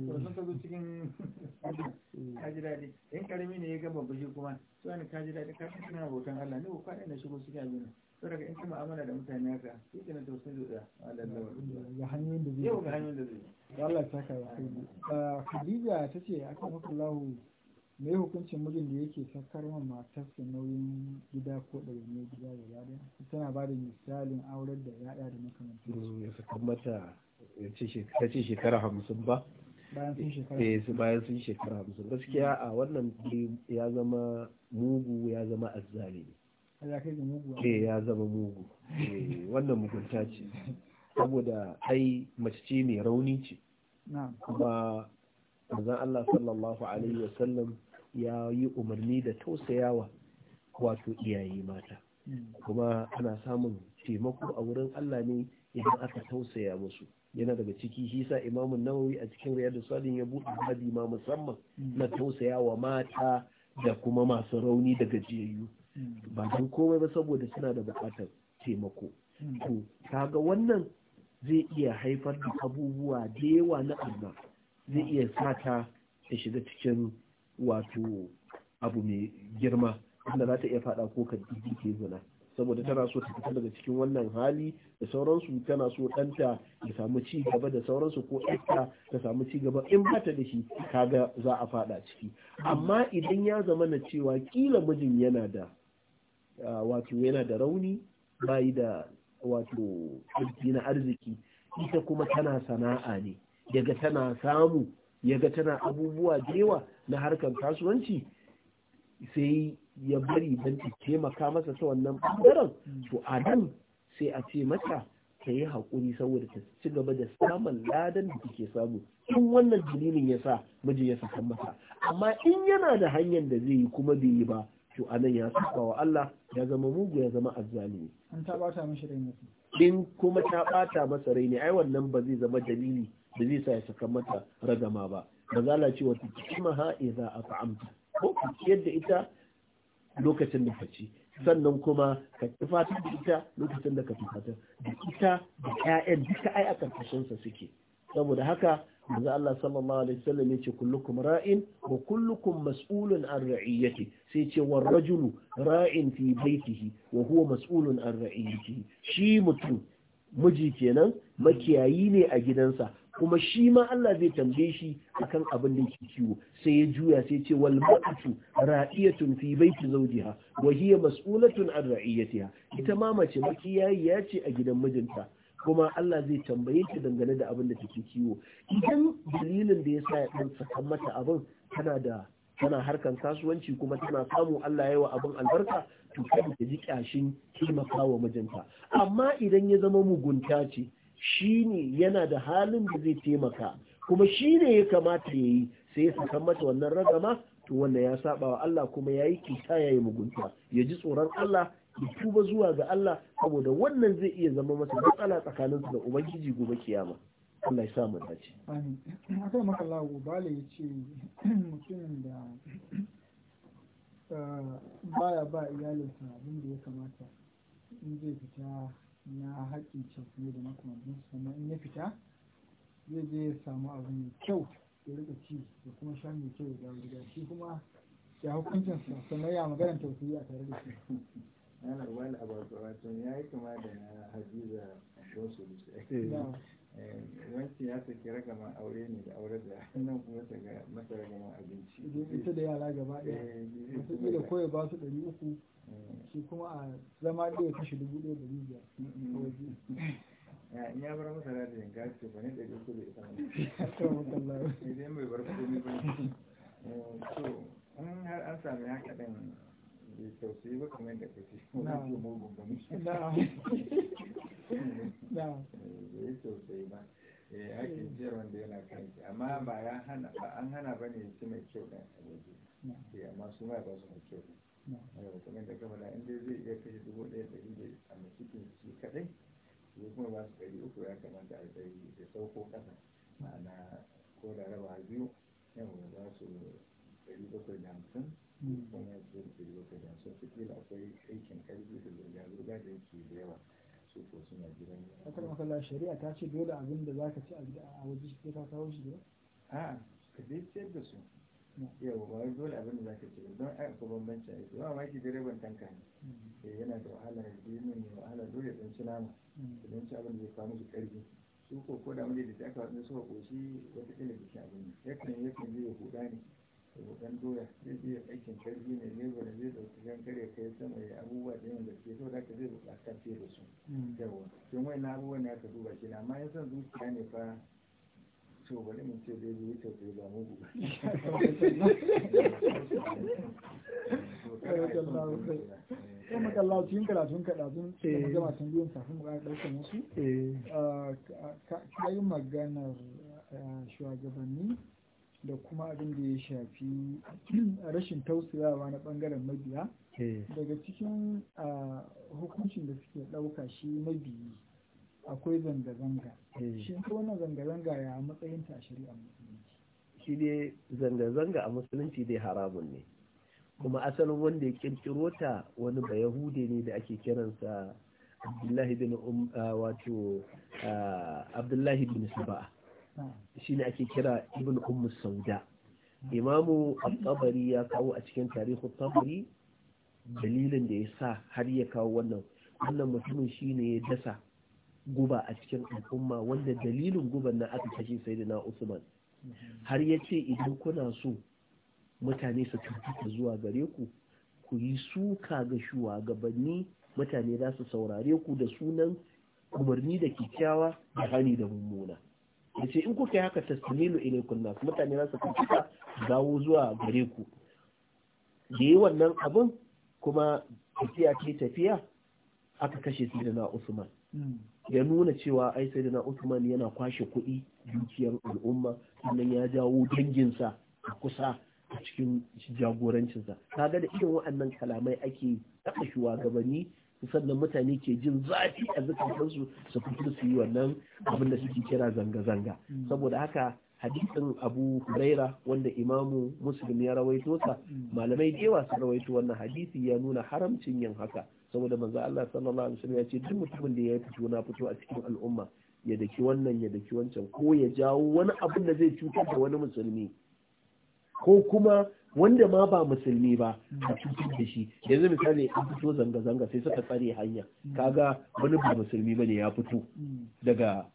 to sun ka cikin mm. ka ji daɗi in karami ne ya gama bashi kuma to ne ka ji ka san kana hoton Allah ne ko ka ne shigo cikin abin to daga in ka mu'amala da mutane haka shi ke nan to sun zuɗa ga hanyoyin da zai yau ga hanyoyin da zai Allah ya saka ya kai ah, Khadija ta ce akan hukullahu me hukuncin mijin da yake sakar ma matarsa nauyin gida ko ne gida da ɗaya tana ba da misalin aurar da ya'ya da makamantansu mm, ya saka mata ta ce shekara hamsin ba bayan sun shekara eh, hamsin gaskiya a wannan ya zama mugu ya zama azzalimi eh ya zama mugu eh, wannan mugunta ce saboda ai mace ce mai rauni ce kuma manzon Allah sallallahu alaihi wasallam ya yi umarni da tausayawa wato iyaye mata kuma ana samun taimako a wurin Allah ne idan aka tausaya musu yana daga ciki hisa imamun nawawi a cikin riyadu salin ya buɗe babi ma musamman mm. na tausayawa mata da kuma masu rauni da gajiyayyu ba don komai ba saboda suna da buƙatar taimako mm. to kaga wannan zai iya haifar da abubuwa da yawa na Allah zai mm. iya sa ta ta shiga cikin wato abu mai girma inda za ta iya fada ko ka ke zina saboda tana so ta fita daga cikin wannan hali da sauransu tana so ɗanta ya samu ci gaba da sauransu ko ɗanta ta samu ci gaba in ba ta da shi kaga za a fada ciki amma idan ya zama na cewa kila mijin yana da wato yana da rauni bayi da wato na arziki ita kuma tana sana'a ne daga tana samu ya ga tana abubuwa da yawa na harkar kasuwanci sai ya bari don ta taimaka masa ta wannan ɓangaren to a sai a ce mata ta yi haƙuri saboda ta ci gaba da samun ladan da take samu in wannan dalilin ya sa miji ya saka mata, amma in yana da hanyar da zai yi kuma bai yi ba to a nan ya saba wa Allah ya zama mugu ya zama azzalimi in ta bata mishi rai ne din kuma ta bata masa rai ne ai wannan ba zai zama dalili da zai sa ya saka mata ragama ba maza Allah ce wata kimaha idza at'amta ko ku ciyar da ita lokacin da ka ci sannan kuma ka tufata da ita lokacin da ka tufata. da ita da ƴaƴan duka ai a karkashin sa suke saboda haka manzo Allah sallallahu alaihi wasallam yace kullukum ra'in wa kullukum mas'ulun an ra'iyati sai ce war rajulu ra'in fi baitihi wa huwa mas'ulun an ra'iyati shi mutum miji kenan makiyayi ne a gidansa kuma shi ma Allah zai tambaye shi akan abin da yake kiwo sai ya juya sai ce wal ma'atu ra'iyatun fi baiti zawjiha wa hiya mas'ulatun an ra'iyatiha ita ma mace makiyayi ya ce a gidan mijinta kuma Allah zai tambaye ta dangane da abin da take kiwo idan dalilin da ya sa ya dan saka mata abin tana da tana harkan kasuwanci kuma tana samu Allah yawa abin albarka to kada ta ji kyashin taimakawa mijinta amma idan ya zama mugunta ce shi ne yana da halin da zai taimaka kuma shi ne ya kamata ya yi sai ya saka mata wannan ragama to wanda ya saba wa Allah kuma ya yi kita ya yi mugunta ya ji tsoron Allah ya tuba zuwa ga Allah saboda wannan zai iya zama masa matsala tsakaninsu da ubangiji gobe kiyama Allah ya sa mu dace amin maka lawo bale yace mutumin da ah, baya ba iyalinsa abin da ya kamata in zai fita na haƙƙin cefane da makamantan sannan in ya fita zai je ya samu abu mai kyau ya rika ci da kuma sha mai kyau ya dawo daga shi kuma ya hukuncin sa sannan ya maganar tausayi a tare da shi yana wani abu wato ya yi kama da hadiza wasu eh. eh, wanci ya saki ragaman aure ne da aure da nan kuma ta ga masa ragaman abinci ita da yara gaba ɗaya wata eh, da koya ba su ɗari uku shi kuma a zama ɗaya kashi dubu ɗaya da riga a waje in ya bar masa da yanka ce ba ne da ya kudu ita ne idan bai bar ne ba to in har an sami haka ɗin bai tausayi ba kamar yadda ko wani ke mugun Da. Eh, bai tausayi ba eh ake jiyar wanda yana kanki amma ba ya hana ba an hana ba ne ya ci mai kyau ɗin a waje eh, amma su ma ba su mai kyau ɗin yau kamar da gaba da inda zai iya kashe dubu ɗaya da inda cikin shi kaɗai ya kuma ba su ɗari uku ya kamata a ɗari da sauko ƙasa ma'ana ko da raba biyu yau ba su ɗari bakwai da hamsin kuma ya su ɗari bakwai da hamsin su kila akwai aikin ƙarfi da zirga-zirga da yake da yawa su ko suna gidan akwai makalla shari'a ta ce dole abin da za ka ci a waje shi ka kawo shi gida a'a ka dai ciyar da su yawa ba dole abin da za ka ce don a ku bambanci a yake ba ma ki direban tanka ne mm. eh, yana da wahala da dini ne wahala dole don ci nama mm. don ci abin da zai kawo shi karfi su ko ko da mu da aka wadda suka koshi wata kila da shi abin ne yakan yakan ya huda ne da hudan doya zai zai aikin karfi ne lebo da zai dauki gan kare kai sama ya abubuwa da yawan gaske Sau da ka zai bukatar fiye da su mm. yawa don wani abubuwan ne ka duba shi na amma yan son zuciya ne fa to bari mu ce dai bai ta ce ba mugu sai maka Allah cikin karatun karatun sai eh. gama sun biyun kafin mu ga daukar musu eh. ah, kai maganar ah, shugabanni da kuma abin da ya shafi rashin tausayawa na bangaren mabiya eh. daga cikin ah, hukuncin da suke ɗauka shi mabiyi akwai zanga-zanga eh. shi ko wannan zanga-zanga ya matsayin ta shari'a musulunci shi ne zanga-zanga a musulunci dai haramun ne kuma asalin wanda ya kirkiro ta wani ba yahudi ne da ake kiransa abdullahi bin um wato abdullahi bin suba shi ne ake kira ibn ummu sauda imamu al ya kawo a cikin tarihin tabari dalilin da ya sa har ya kawo wannan wannan mutumin shi ne ya dasa guba a cikin al'umma wanda dalilin guban na aka kashe sai sayyidina Usman har ya ce idan kuna so mutane su tafi zuwa gare ku ku yi suka ga shugabanni mutane za su saurare ku da sunan umarni da kyakkyawa da hani da mummuna ce in kuka yi haka tasmilu ilaykum nas mutane za su tafi dawo zuwa gare ku da yi wannan abin kuma tafiya ke tafiya aka kashe sayyidina Usman hmm. ya nuna cewa ai sai na Uthman yana kwashe kuɗi dukiyar al'umma sannan ya jawo danginsa a kusa a cikin jagorancinsa kaga da irin waɗannan kalamai ake taɓa shugabanni sannan mutane ke jin zafi a zukatansu su fito su yi wannan abin da suke kira zanga-zanga saboda haka hadisin abu huraira wanda imamu muslim ya rawaito sa malamai da yawa su rawaito wannan hadisi ya nuna haramcin yin haka saboda manzo Allah sallallahu alaihi wasallam ya ce duk mutumin da ya fito na fito a cikin al'umma ya daki wannan ya daki wancan ko ya jawo wani abin da zai cutar da wani musulmi ko kuma wanda ma ba musulmi ba a cutar da shi yanzu misali an fito zanga-zanga sai suka tsare hanya kaga wani ba musulmi ba ne ya fito daga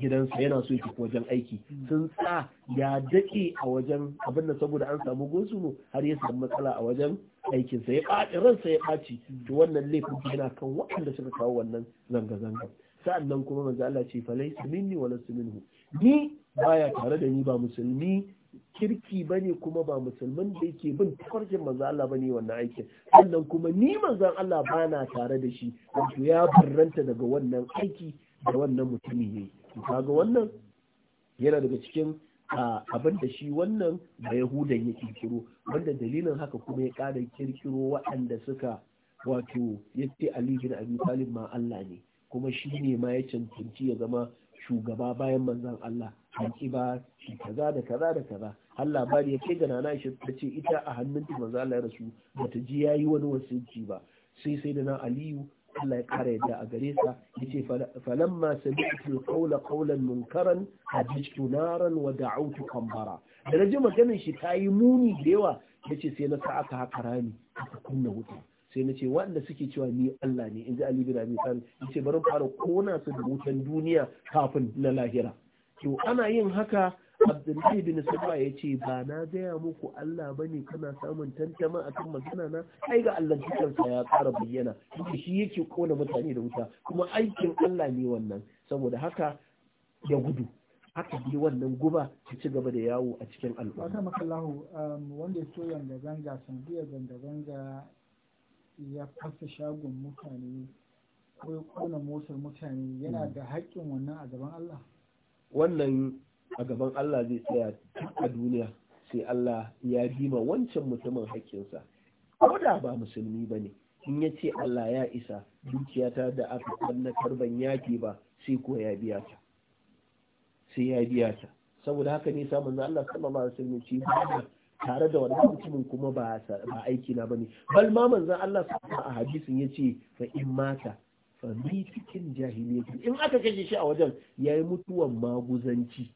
gidansa yana so ya wajen aiki sun sa ya dake a wajen abin da saboda an samu gosu har ya samu matsala a wajen aikinsa ya ɓaci ransa ya ɓaci to wannan laifin yana kan waɗanda suka kawo wannan zanga-zanga sa'annan kuma manzo Allah ce falai minni wala minhu ni baya tare da ni ba musulmi kirki bane kuma ba musulmin da yake bin tafarkin manzo Allah bane wannan aikin sannan kuma ni manzo Allah bana tare da shi wato ya barranta daga wannan aiki da wannan mutumi yayi kaga wannan yana daga cikin abin da shi wannan ba yahudan ya kirkiro wanda dalilin haka kuma ya ƙara kirkiro waɗanda suka wato ya ce ali bin talib ma Allah ne kuma shi ne ma ya cancanci ya zama shugaba bayan manzan Allah hanki ba shi kaza da kaza da kaza Allah labari ya kai ga nana shi ta ce ita a hannun manzan Allah ya rasu bata ji yayi wani wasiki ba sai sai da na Aliyu Allah ya ƙara yadda a gare sa yace falamma sami'tu al-qawla qawlan munkaran hajjtu naran wa da'awtu kambara da naji maganar shi tayi muni da yawa yace sai na sa aka haka rami aka kunna wuta sai na ce waɗanda suke cewa ni Allah ne in ji Ali bin Abi Talib yace bari fara kona su da wutan duniya kafin na lahira to ana yin haka abdullahi bin sabba ya ce ba na gaya muku Allah ba ne kana samun tantama a kan magana na ai ga Allah cikinsa ya ƙara bayyana shi yake kona mutane da wuta kuma aikin Allah ne wannan saboda haka ya gudu haka bi wannan guba ta ci gaba da yawo a cikin al'umma. Wata makallahu um, wanda ya so zanga ganga sun biya ganga ganga ya fasa shagon mutane ko ya kona motar mutane yana hmm. da haƙƙin wannan a gaban Allah. Wannan a gaban Allah zai tsaya a duniya sai Allah ya bima wancan mutumin haƙƙinsa ko da ba musulmi ba ne in ya ce Allah ya isa dukiyata da aka tsannatar ban yaƙi ba sai ko ya biya ta sai ya biya ta saboda haka ne samun Allah sallallahu alaihi wasallam ba tare da wannan mutumin kuma ba aiki na bane bal ma manzon Allah a hadisin yace fa in mata fa cikin jahiliyyah in aka kashe shi a wajen yayi mutuwan maguzanci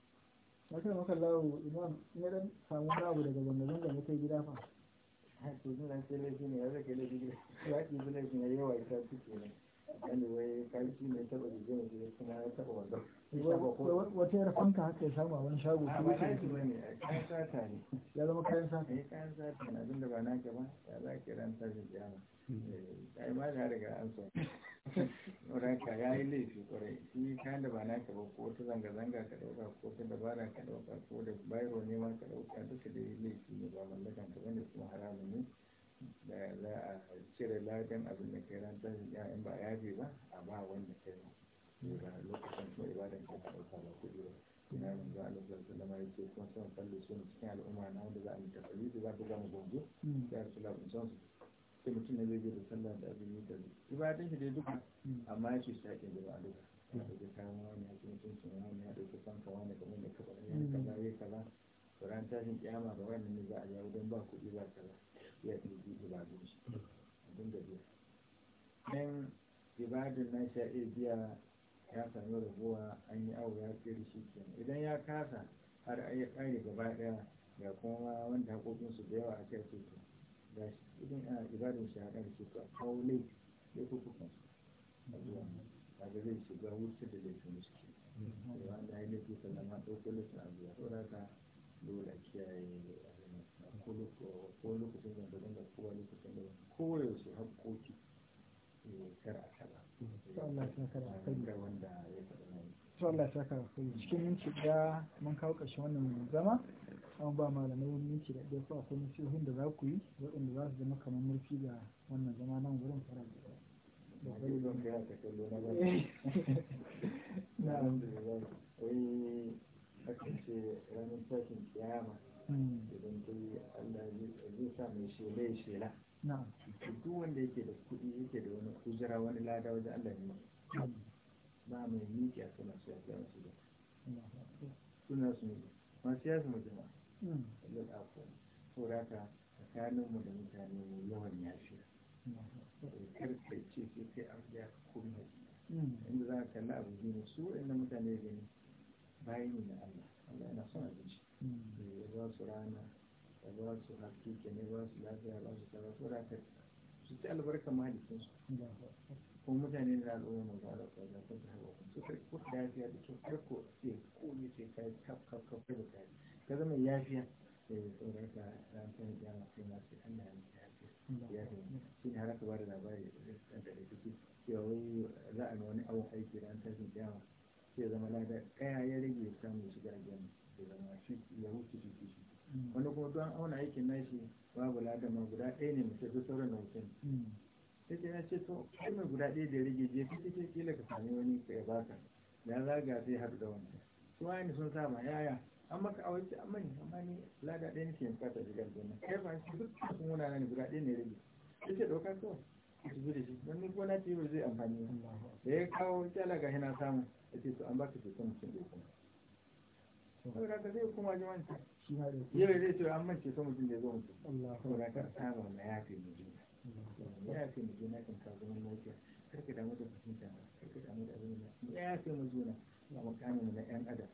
masar makallahu imam ya dan samu abu daga zanga-zanga na kai gida fa to zan an sai laifi ne ya kai laifi gida ya ki bi laifi ne yawa ita suke ne wanda wai kai shi ne taba da jini ne kuma ya taba wanda wata yar fanka haka ya samu a wani shago ko ba shi kayan sata ne ya zama kayan sata ne eh, kayan sata ne abinda ba naka ba ya zaka ran tashi kiyama kai eh, ma da riga an so Saboda ya yi laifi kwarai, shi kayan da ba na ka ko wata zanga-zanga ka dauka ko wata dabara ka dauka ko da bayro nema ka ɗauka duka da laifi ne ba mallakan ka wanda kuma haramun ne da za a cire ladan abin da kai rantar ya'yan ba yaje ba a ba wanda kai lura lokacin kuma ibadan ka na dauka ba kudi ba. Ina mun za a lokacin kuma sun kalli su cikin al'umma na wanda za a yi tafali da za ku gama gungu. Ya rasu labin son su. sai mutum ne zai je da sallah da abin da ibadun shi dai duka amma ya ce shi ake da ba duka ya ɗauki kayan wani ya ce mutuncin wani ya ɗauki fanka wani kamar da ya kaza ya kaza ran tashin kiyama ga wannan ne za a yawo don ba kuɗi ba kaza ya ɗauki ibadun shi abin da biya ɗan ibadun na sha iya biya ya sami rabuwa an yi awo ya tsiri shi kenan idan ya kasa har ya ƙari gaba ɗaya ga kuma wanda haƙoƙinsu da yawa a kai idan ah, a ibadun shahada da suka kawo laifi ya kuka kaga zai shiga wuce da laifin su ke da wanda ya laifi sannan ma ɗauko a abu ya da ka dole kiyaye ko lokacin da ba dinga kowa lokacin da kowa su haƙƙoƙi a wanda ya faɗa. Allah cikin ɗaya mun kawo ƙarshen wannan zama. an ba malamai wani yanki da ɗaya ko akwai nasihohin da za ku yi waɗanda za su zama kamar mulki ga wannan zama nan wurin fara da ɗaya. Eh. wai aka ce ranar tashin kiyama hmm. idan ta dai Allah zai sa mai shela ya shela duk wanda yake da kuɗi yake da wani kujera wani lada wajen Allah ne hmm. ba mai miki a suna su ya suna su ne masu yasa mutum lil afu saboda ka da mutane mu yawan yafiya kar ka ce sai kai an ya komai inda za ka kalli abu biyu su waɗanda mutane gani bayan ne na Allah Allah yana son abinci ya ba su rana ya ba su haƙƙi ke ne ba su lafiya ba su kaza su da su ci albarkar mahalikin su ko mutane da al'umma mu ba da kwaza ta hawa su karɓi ko da ya fi ya da kyau karko sai ko ne sai ka kaf kaf kaf da kai ka zama yafiya sai saboda haka da ta ya masu yana sai Allah ya mutu shi ne har ba bada labari da da take cewa wai za a wani abun aiki an tashin kiyama sai zama lada kaya ya rage samun shiga aljanna da zama shi ya wuce shi shi wani kuma don auna aikin nashi babu lada ma guda ɗaya ne mutum da sauran na mutum sai ta ce to kai mai guda ɗaya da rage je kai ke kila ka sami wani ka ya baka da zaga sai haɗu da wani su wani sun saba yaya an maka a wace amma ne amma ne lada ɗaya nake yanka ta shiga aljanna kai ba shi duk sun wuna nan guda ɗaya ne rage ya ce ɗauka kawai ya tafi da shi wani gona ce ba zai amfani da ya kawo ta laga yana samu ya ce to an baka ce ta mutum ɗaya kuma saboda ka zai kuma ji wanta yau zai ce an mance ta mutum da ya zo mutum saboda ka saba ma ya fi mu juna ya fi mu juna kan kawo zaman lafiya ka damu da fahimta ka damu da abin da ya fi mu juna a makamin na 'yan adam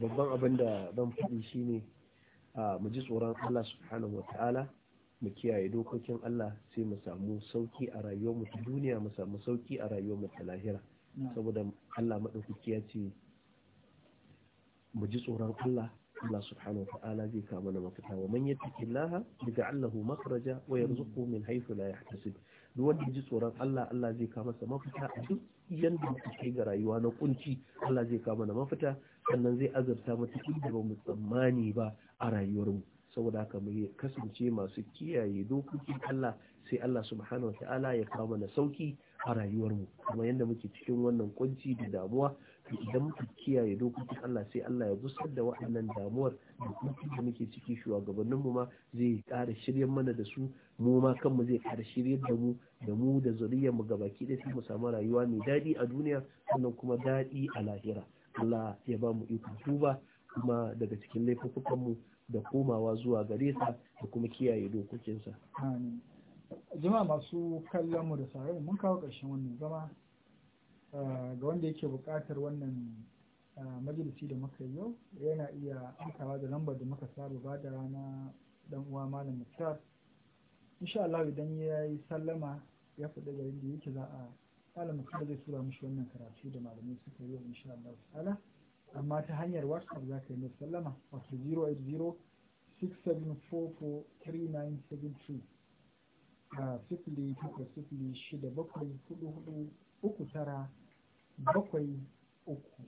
babban abin da zan faɗi shine mu ji tsoron Allah subhanahu wataala mu kiyaye dokokin Allah sai mu samu sauki a rayuwar mu ta duniya mu samu sauki a rayuwar mu ta lahira saboda Allah madaukaki ya ce mu ji tsoron Allah Allah subhanahu wataala zai kama mana mafita wa man yattaqillaha yaj'al lahu makhraja wa yarzuquhu min haythu la yahtasib duk wanda ji tsoron Allah Allah zai kama masa mafita a duk yanda muke ga rayuwa na kunci Allah zai kama mana mafita sannan zai azurta mu cikin da bamu tsammani ba a rayuwar rayuwarmu saboda haka mu kasance masu kiyaye dokokin Allah sai Allah subhanahu wa ta'ala ya kawo mana sauki a rayuwar mu. kuma yanda muke cikin wannan kunci da damuwa idan muka kiyaye dokokin Allah sai Allah ya gusar da waɗannan damuwar da kuma da muke ciki shugabannin mu ma zai ƙara shiryar mana da su mu ma kanmu zai ƙara shiryar da mu da mu da zuriyar mu gabaki ɗaya sai mu samu rayuwa mai daɗi a duniya sannan kuma daɗi a lahira Allah ya ba mu ikon tuba kuma daga cikin laifukan mu da komawa zuwa gare sa da kuma kiyaye dokokinsa. Jama'a masu kallon mu da sauraron mun kawo ƙarshen wannan zama Eh, ga wanda yake buƙatar wannan eh, majalisi da muka yau yana iya aikawa da lambar da muka saba ba da rana dan uwa malam Muktar insha Allah idan ya yi sallama ya faɗi garin da yake za a malam Muktar zai tura mishi wannan karatu da malamai suka yi insha Allah ta'ala amma ta hanyar WhatsApp za ka yi mai sallama wato 080 67443972 a sifili takwas sifili shida bakwai hudu hudu uku tara bakwai uku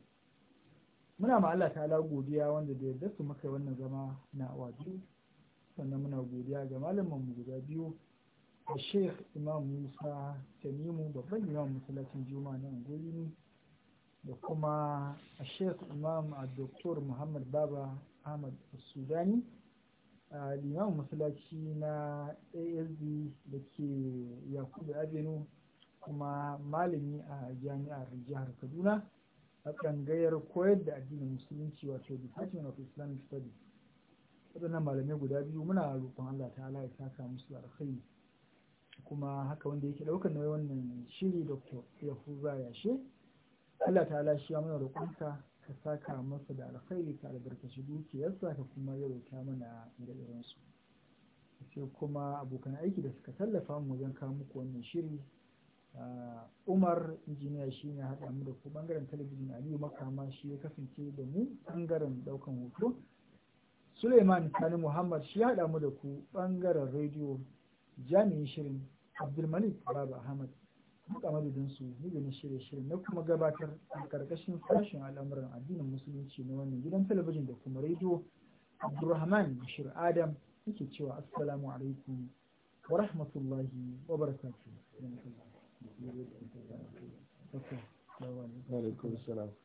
muna ma Allah ta'ala godiya wanda da yarda su maka wannan zama na awa biyu sannan muna godiya ga malamin mu guda biyu da sheikh imam musa tanimu babban imam masallacin juma'a na ne da kuma a sheikh imam a doktor muhammad baba ahmad sudani a liman masallaci na asd da ke yakubu avenue kuma malami a jami'ar jihar kaduna a tsangayar koyar da addinin musulunci wato department of islamic studies waɗannan malamai guda biyu muna roƙon allah ta'ala ya saka musu alkhairi kuma haka wanda yake ɗaukar nauyi wannan shiri dr yahuza yashe allah ta'ala shi ya mana roƙonka ka saka masa da alkhairi ka albarkaci dukiyarsa ka kuma yawaita mana ire-irensu sai kuma abokan aiki da suka tallafa mu wajen kawo muku wannan shiri Ah, umar injiniya shi ne haɗa mu da ku ɓangaren talabijin aliyu makama shi ya kasance da mu ɓangaren ɗaukan hoto suleiman sani muhammad shi ya haɗa mu da ku ɓangaren rediyo jami'in shirin abdulmalik babu ahmad muka a madadinsu shirye na shirya shirin na kuma gabatar a ƙarƙashin sashen al'amuran addinin musulunci na wannan gidan talabijin da kuma rediyo abdulrahman bashir adam yake cewa assalamu alaikum wa rahmatullahi wa barakatuhu Okay. No